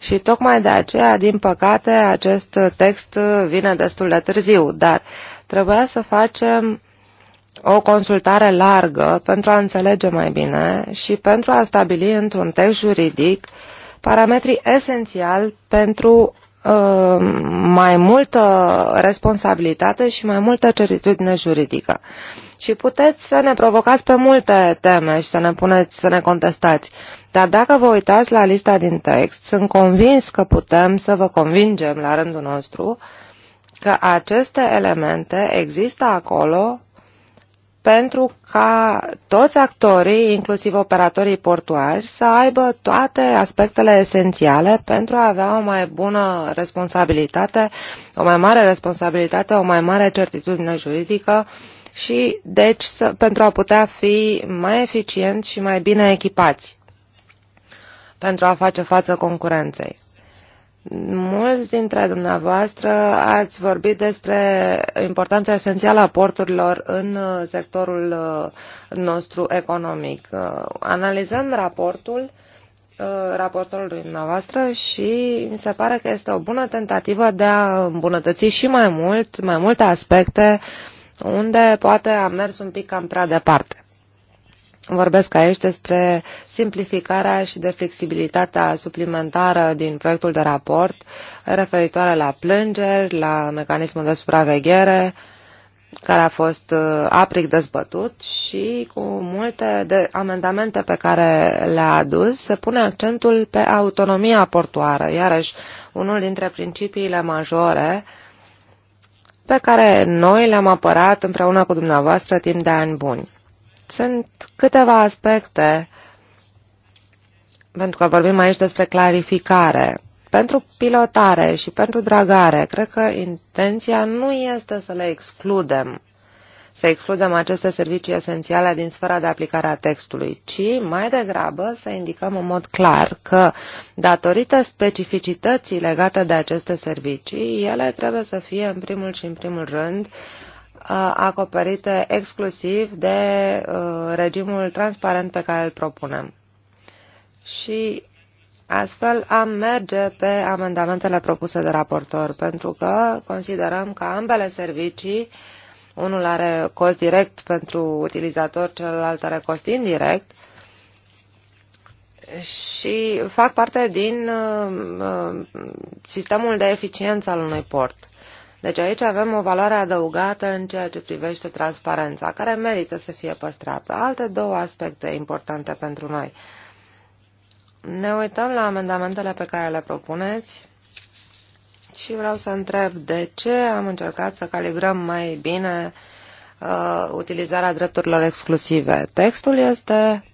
Și tocmai de aceea, din păcate, acest text vine destul de târziu, dar trebuia să facem o consultare largă pentru a înțelege mai bine și pentru a stabili într-un text juridic parametrii esențiali pentru Uh, mai multă responsabilitate și mai multă certitudine juridică. Și puteți să ne provocați pe multe teme și să ne puneți, să ne contestați. Dar dacă vă uitați la lista din text, sunt convins că putem să vă convingem la rândul nostru că aceste elemente există acolo pentru ca toți actorii, inclusiv operatorii portuari, să aibă toate aspectele esențiale pentru a avea o mai bună responsabilitate, o mai mare responsabilitate, o mai mare certitudine juridică și, deci, să, pentru a putea fi mai eficienți și mai bine echipați pentru a face față concurenței. Mulți dintre dumneavoastră ați vorbit despre importanța esențială a porturilor în uh, sectorul uh, nostru economic. Uh, analizăm raportul raportorului dumneavoastră și mi se pare că este o bună tentativă de a îmbunătăți și mai mult, mai multe aspecte unde poate am mers un pic cam prea departe. Vorbesc aici despre simplificarea și de flexibilitatea suplimentară din proiectul de raport referitoare la plângeri, la mecanismul de supraveghere, care a fost uh, apric dezbătut și cu multe de amendamente pe care le-a adus, se pune accentul pe autonomia portoară, iarăși unul dintre principiile majore pe care noi le-am apărat împreună cu dumneavoastră timp de ani buni. Sunt câteva aspecte, pentru că vorbim aici despre clarificare. Pentru pilotare și pentru dragare, cred că intenția nu este să le excludem, să excludem aceste servicii esențiale din sfera de aplicare a textului, ci mai degrabă să indicăm în mod clar că, datorită specificității legate de aceste servicii, ele trebuie să fie în primul și în primul rând uh, acoperite exclusiv de uh, regimul transparent pe care îl propunem. Și astfel am merge pe amendamentele propuse de raportor, pentru că considerăm că ambele servicii, unul are cost direct pentru utilizator, celălalt are cost indirect, și fac parte din uh, uh, sistemul de eficiență al unui port. Deci aici avem o valoare adăugată în ceea ce privește transparența, care merită să fie păstrată. Alte două aspecte importante pentru noi. Ne uităm la amendamentele pe care le propuneți și vreau să întreb de ce am încercat să calibrăm mai bine uh, utilizarea drepturilor exclusive. Textul este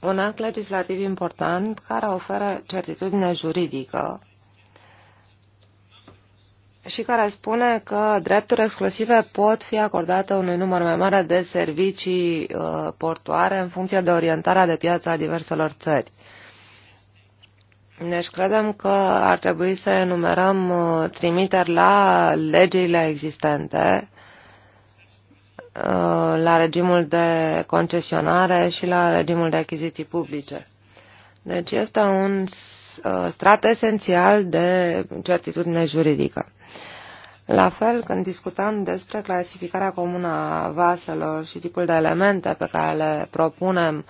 un act legislativ important care oferă certitudine juridică și care spune că drepturi exclusive pot fi acordate unui număr mai mare de servicii uh, portoare în funcție de orientarea de piață a diverselor țări. Deci credem că ar trebui să enumerăm uh, trimiteri la legile existente, uh, la regimul de concesionare și la regimul de achiziții publice. Deci este un strat esențial de certitudine juridică. La fel, când discutăm despre clasificarea comună a vaselor și tipul de elemente pe care le propunem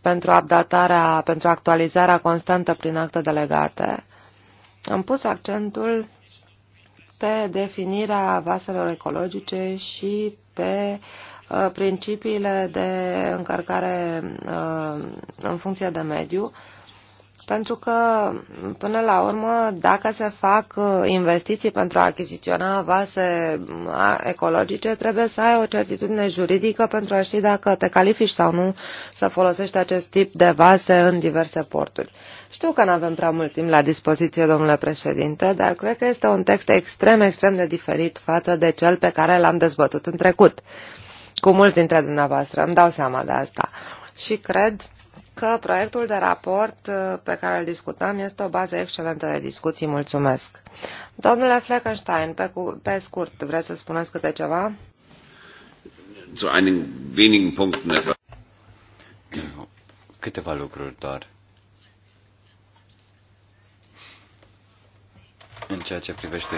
pentru updatarea, pentru actualizarea constantă prin acte delegate, am pus accentul pe definirea vaselor ecologice și pe uh, principiile de încărcare uh, în funcție de mediu, pentru că, până la urmă, dacă se fac uh, investiții pentru a achiziționa vase uh, ecologice, trebuie să ai o certitudine juridică pentru a ști dacă te califici sau nu să folosești acest tip de vase în diverse porturi. Știu că nu avem prea mult timp la dispoziție, domnule președinte, dar cred că este un text extrem, extrem de diferit față de cel pe care l-am dezbătut în trecut. Cu mulți dintre dumneavoastră, îmi dau seama de asta. Și cred că proiectul de raport uh, pe care îl discutăm este o bază excelentă de discuții. Mulțumesc. Domnule Fleckenstein, pe, cu, pe scurt, vreți să spuneți câte ceva? Câteva lucruri doar. În ceea ce privește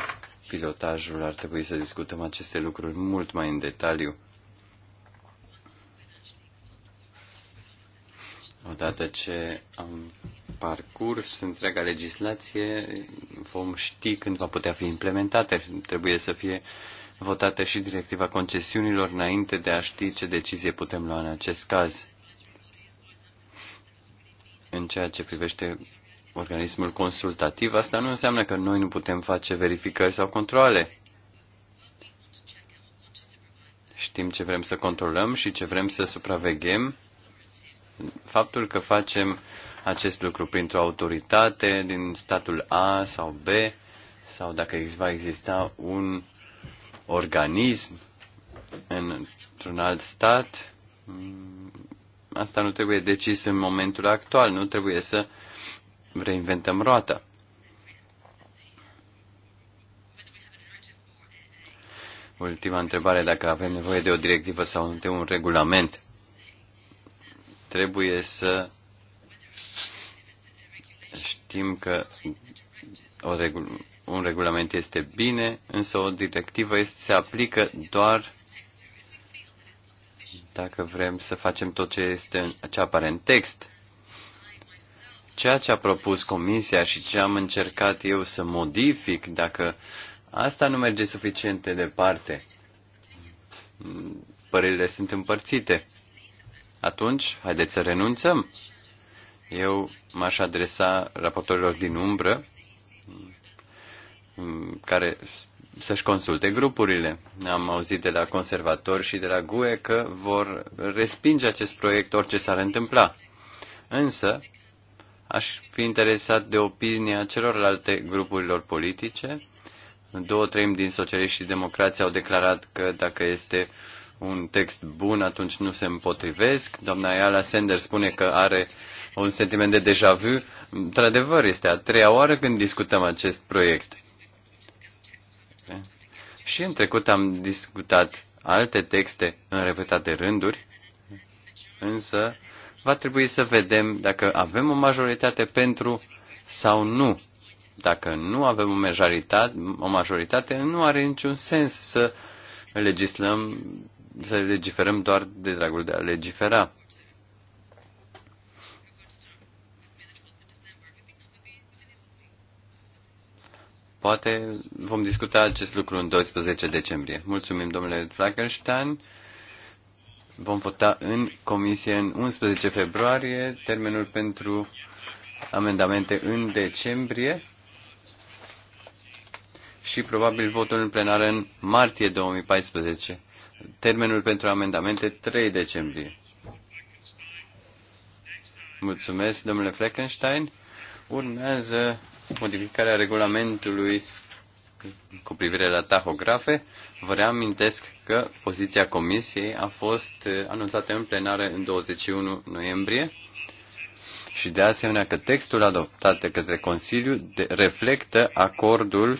pilotajul, ar trebui să discutăm aceste lucruri mult mai în detaliu. Odată ce am parcurs întreaga legislație, vom ști când va putea fi implementată. Trebuie să fie votată și directiva concesiunilor înainte de a ști ce decizie putem lua în acest caz. În ceea ce privește organismul consultativ, asta nu înseamnă că noi nu putem face verificări sau controle. Știm ce vrem să controlăm și ce vrem să supraveghem faptul că facem acest lucru printr-o autoritate din statul A sau B, sau dacă va exista un organism într-un alt stat, mm, asta nu trebuie decis în momentul actual, nu trebuie să reinventăm roata. Ultima întrebare, dacă avem nevoie de o directivă sau de un regulament trebuie să știm că o regul- un regulament este bine, însă o directivă este, se aplică doar dacă vrem să facem tot ce, este, ce apare în text. Ceea ce a propus Comisia și ce am încercat eu să modific, dacă asta nu merge suficient de departe, părerile sunt împărțite atunci haideți să renunțăm. Eu m-aș adresa raportorilor din umbră care să-și consulte grupurile. Am auzit de la conservatori și de la GUE că vor respinge acest proiect orice s-ar întâmpla. Însă, aș fi interesat de opinia celorlalte grupurilor politice. Două treimi din socialiști și democrații au declarat că dacă este uh, un text bun, atunci nu se împotrivesc. Doamna Ayala Sender spune că are un sentiment de deja vu. Într-adevăr, este a treia oară când discutăm acest proiect. Și în trecut am discutat alte texte în repetate rânduri, însă va trebui să vedem dacă avem o majoritate pentru sau nu. Dacă nu avem o majoritate, o majoritate nu are niciun sens să legislăm să legiferăm doar de dragul de a legifera. Poate vom discuta acest lucru în 12 decembrie. Mulțumim, domnule Flackenstein. Vom vota în comisie în 11 februarie, termenul pentru amendamente în decembrie și probabil votul în plenară în martie 2014. Termenul pentru amendamente 3 decembrie. Mulțumesc, domnule Fleckenstein. Urmează modificarea regulamentului cu privire la tahografe. Vă reamintesc că poziția comisiei a fost eh, anunțată în plenară în 21 noiembrie și de asemenea că textul adoptat de către Consiliu reflectă acordul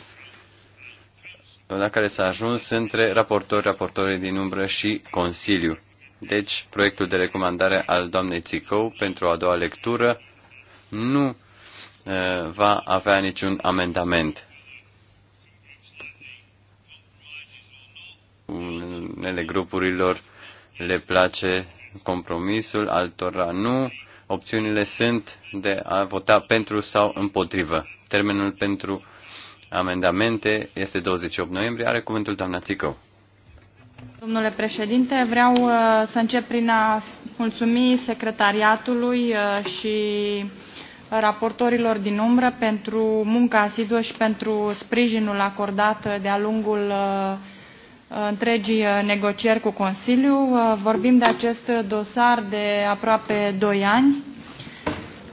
la care s-a ajuns între raportori, raportorii din umbră și Consiliu. Deci, proiectul de recomandare al doamnei Țicău pentru a doua lectură nu va avea niciun amendament. Unele grupurilor le place compromisul, altora nu. Opțiunile sunt de a vota pentru sau împotrivă. Termenul pentru amendamente este 28 noiembrie. Are cuvântul doamna Țicău. Domnule președinte, vreau uh, să încep prin a mulțumi secretariatului uh, și raportorilor din umbră pentru munca asiduă și pentru sprijinul acordat de-a lungul uh, întregii negocieri cu Consiliu. Vorbim de acest dosar de aproape 2 ani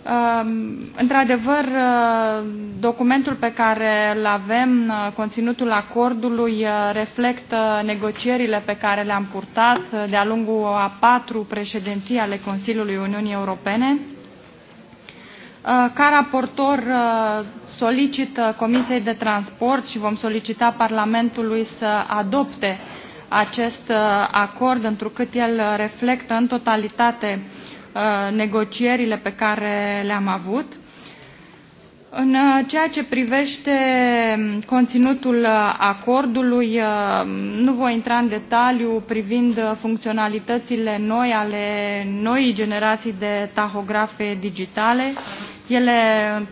Um, într-adevăr, uh, documentul pe care îl avem, uh, conținutul acordului, uh, reflectă negocierile pe care le-am purtat de-a lungul a patru președinții ale Consiliului Uniunii Europene. Ca raportor solicit Comisiei de Transport și vom solicita Parlamentului să adopte acest acord, întrucât el reflectă în totalitate uh, Uh, negocierile pe care le-am avut. În uh, ceea ce privește um, conținutul uh, acordului, nu voi intra în detaliu privind funcționalitățile noi ale noii generații de tahografe digitale. Ele,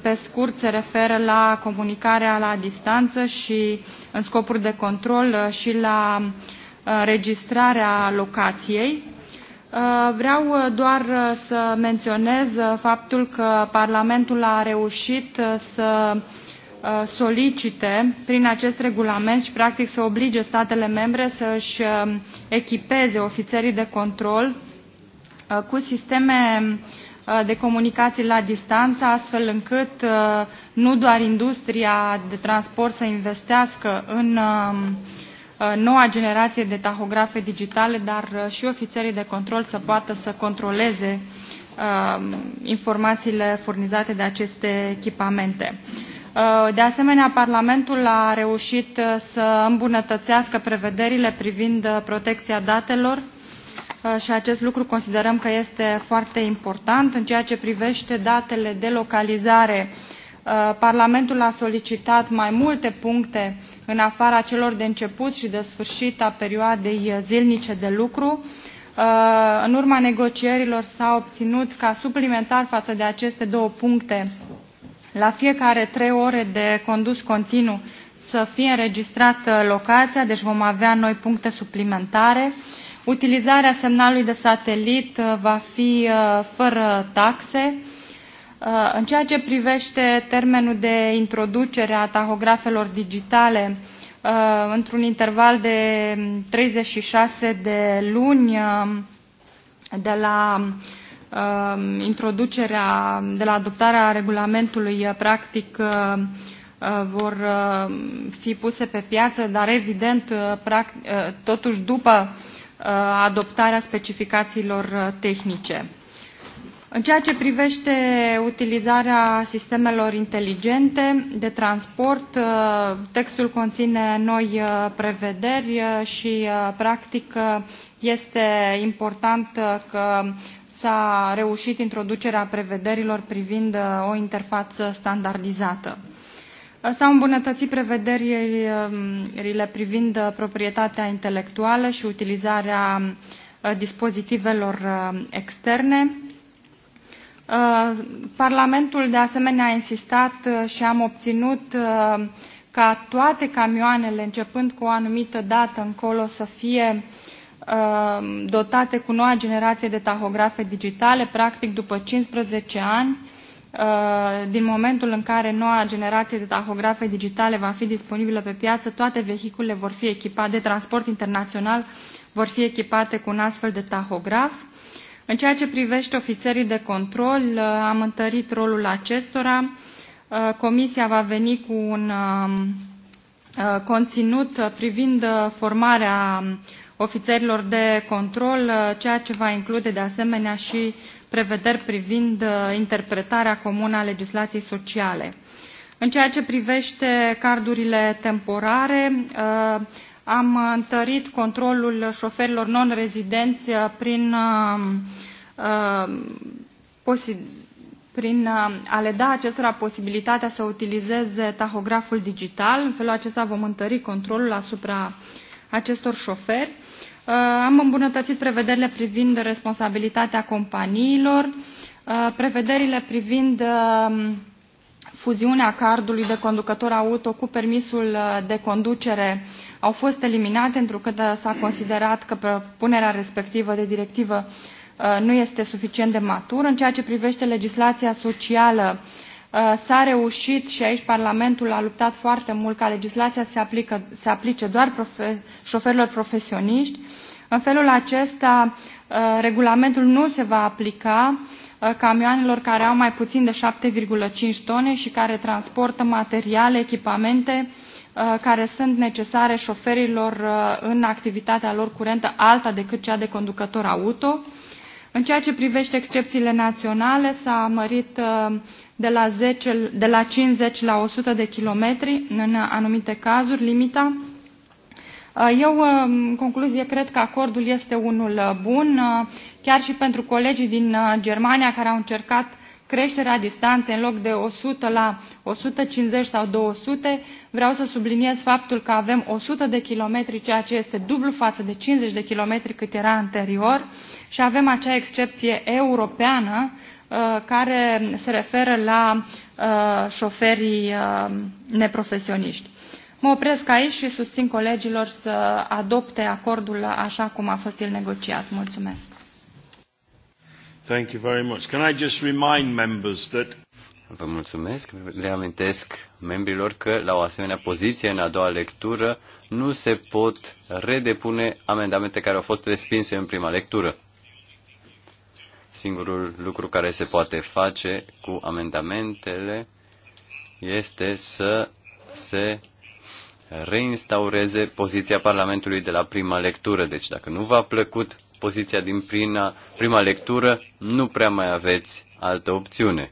pe scurt, se referă la comunicarea la distanță și în scopuri de control și la registrarea locației Uh, vreau uh, doar uh, să menționez faptul că Parlamentul a reușit să solicite prin acest regulament și practic să oblige statele membre să își echipeze ofițerii de control cu sisteme de comunicații la distanță, astfel încât nu doar industria de transport să investească în uh, Uh, noua generație de tahografe digitale, dar uh, și ofițerii de control să poată să controleze um, informațiile furnizate de aceste echipamente. Uh, de asemenea, Parlamentul a reușit să îmbunătățească prevederile privind protecția datelor și acest lucru considerăm că este foarte important în ceea ce privește datele de localizare Uh, Parlamentul a solicitat mai multe puncte în afara celor de început și de sfârșit a perioadei zilnice de lucru. Uh, în urma negocierilor s-a obținut ca suplimentar față de aceste două puncte la fiecare trei ore de condus continuu să fie înregistrată uh, locația, deci vom avea noi puncte suplimentare. Utilizarea semnalului de satelit va fi fără taxe în ceea ce privește termenul de introducere a tahografelor digitale uh, într-un interval de 36 de luni uh, de la uh, introducerea, de la adoptarea regulamentului, practic vor fi puse pe piață, dar evident, totuși după adoptarea specificațiilor tehnice. În ceea ce privește utilizarea sistemelor inteligente de transport, uh, textul conține noi uh, prevederi uh, și, practic, este important că s-a reușit introducerea prevederilor privind o interfață standardizată. S-au îmbunătățit prevederile um, privind proprietatea intelectuală și utilizarea dispozitivelor externe. Uh, Parlamentul de asemenea a insistat uh, și am obținut uh, ca toate camioanele, începând cu o anumită dată încolo, să fie dotate cu noua generație de tahografe digitale, practic după 15 ani, din momentul în care noua generație de tahografe digitale va fi disponibilă pe piață, toate vehiculele vor fi echipate de transport internațional vor fi echipate cu un astfel de tahograf. Uh, în ceea ce privește ofițerii de control, uh, am întărit rolul acestora. Uh, comisia va veni cu un um, uh, conținut privind formarea um, ofițerilor de control, ceea ce va include de asemenea și prevederi privind interpretarea comună a legislației sociale. În ceea ce privește cardurile temporare, am uh, întărit controlul șoferilor non-rezidenți uh, prin, uh, prin a le da acestora posibilitatea să utilizeze tahograful digital. În felul acesta vom întări controlul asupra acestor șoferi. Am îmbunătățit prevederile privind responsabilitatea companiilor, prevederile privind fuziunea cardului de conducător auto cu permisul uh, de conducere au fost eliminate întrucât da, s-a considerat că propunerea respectivă de directivă uh, nu este suficient de matură. În ceea ce privește legislația socială, uh, s-a reușit și aici Parlamentul a luptat foarte mult ca legislația se, aplică, se aplice doar profe, șoferilor profesioniști. În felul acesta, regulamentul nu se va aplica uh, Uh, camioanelor care au mai puțin de șapte cinci tone și care transportă materiale echipamente uh, care sunt necesare șoferilor uh, în activitatea lor curentă alta decât cea de conducător auto. În ceea ce privește excepțiile naționale, s-a mărit de la, 10, de la 50 la 100 de kilometri în anumite cazuri limita Uh, eu, um, în concluzie, cred că acordul este unul uh, bun, uh, chiar și pentru colegii din Germania care au încercat creșterea distanței în loc de 100 la 150 sau 200. Vreau să subliniez faptul că avem 100 de kilometri, ceea ce este dublu față de 50 de kilometri cât era anterior și avem acea excepție europeană care se referă la șoferii neprofesioniști Mă opresc aici și susțin colegilor să adopte acordul așa cum a fost el negociat. Mulțumesc. Thank you very much. Can I just remind members that Vă mulțumesc. Le amintesc membrilor că la o asemenea poziție în a doua lectură nu se pot redepune amendamente care au fost respinse în prima lectură. Singurul lucru care se poate face cu amendamentele este să se reinstaureze poziția Parlamentului de la prima lectură. Deci dacă nu v-a plăcut poziția din prima, prima lectură, nu prea mai aveți altă opțiune.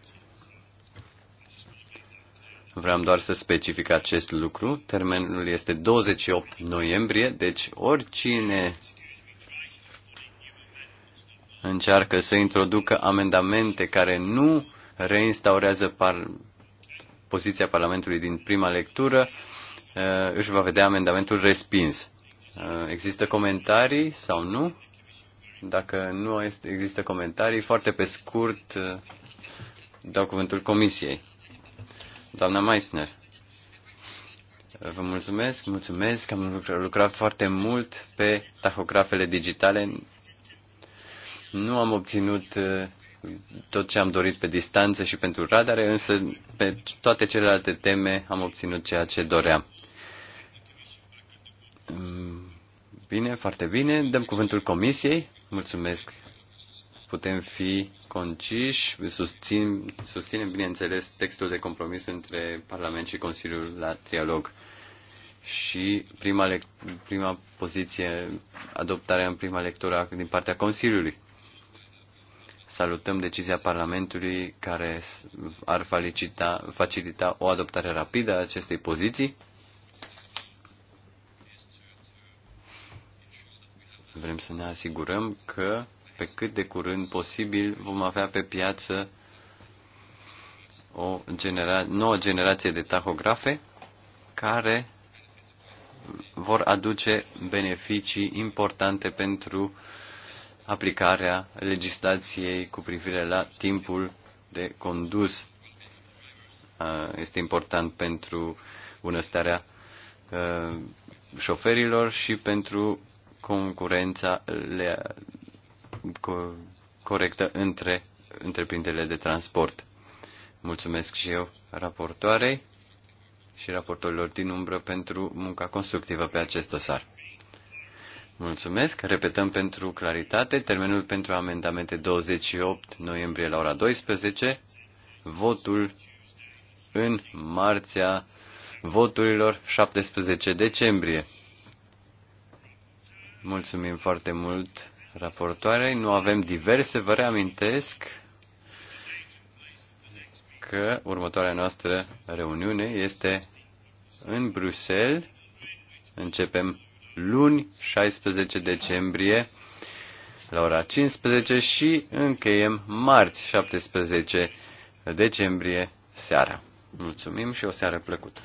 Vreau doar să specific acest lucru. Termenul este 28 noiembrie, deci oricine încearcă să introducă amendamente care nu reinstaurează par- poziția Parlamentului din prima lectură, Uh, își va vedea amendamentul respins. Uh, există comentarii sau nu? Dacă nu există comentarii, foarte pe scurt uh, dau cuvântul comisiei. Doamna Meissner. Vă mulțumesc, mulțumesc, am lucrat foarte mult pe tahografele digitale. Nu am obținut tot ce am dorit pe distanță și pentru radare, însă pe toate celelalte teme am obținut ceea ce doream. Mm, bine, foarte bine. Dăm cuvântul comisiei. Mulțumesc. Putem fi conciși. Susțin, susținem, bineînțeles, textul de compromis între Parlament și Consiliul la trialog. Și prima, prima poziție, adoptarea în prima lectură din partea Consiliului. Salutăm decizia Parlamentului care ar facilita, facilita o adoptare rapidă a acestei poziții Vrem să ne asigurăm că pe cât de curând posibil vom avea pe piață o genera- nouă generație de tahografe care vor aduce beneficii importante pentru aplicarea legislației cu privire la timpul de condus. Este important pentru bunăstarea șoferilor și pentru concurența le, co, corectă între întreprinderile de transport. Mulțumesc și eu raportoarei și raportorilor din umbră pentru munca constructivă pe acest dosar. Mulțumesc. Repetăm pentru claritate. Termenul pentru amendamente 28 noiembrie la ora 12. Votul în marțea voturilor 17 decembrie. Mulțumim foarte mult raportoarei. Nu avem diverse, vă reamintesc că următoarea noastră reuniune este în Bruxelles. Începem luni, 16 decembrie, la ora 15 și încheiem marți, 17 decembrie, seara. Mulțumim și o seară plăcută!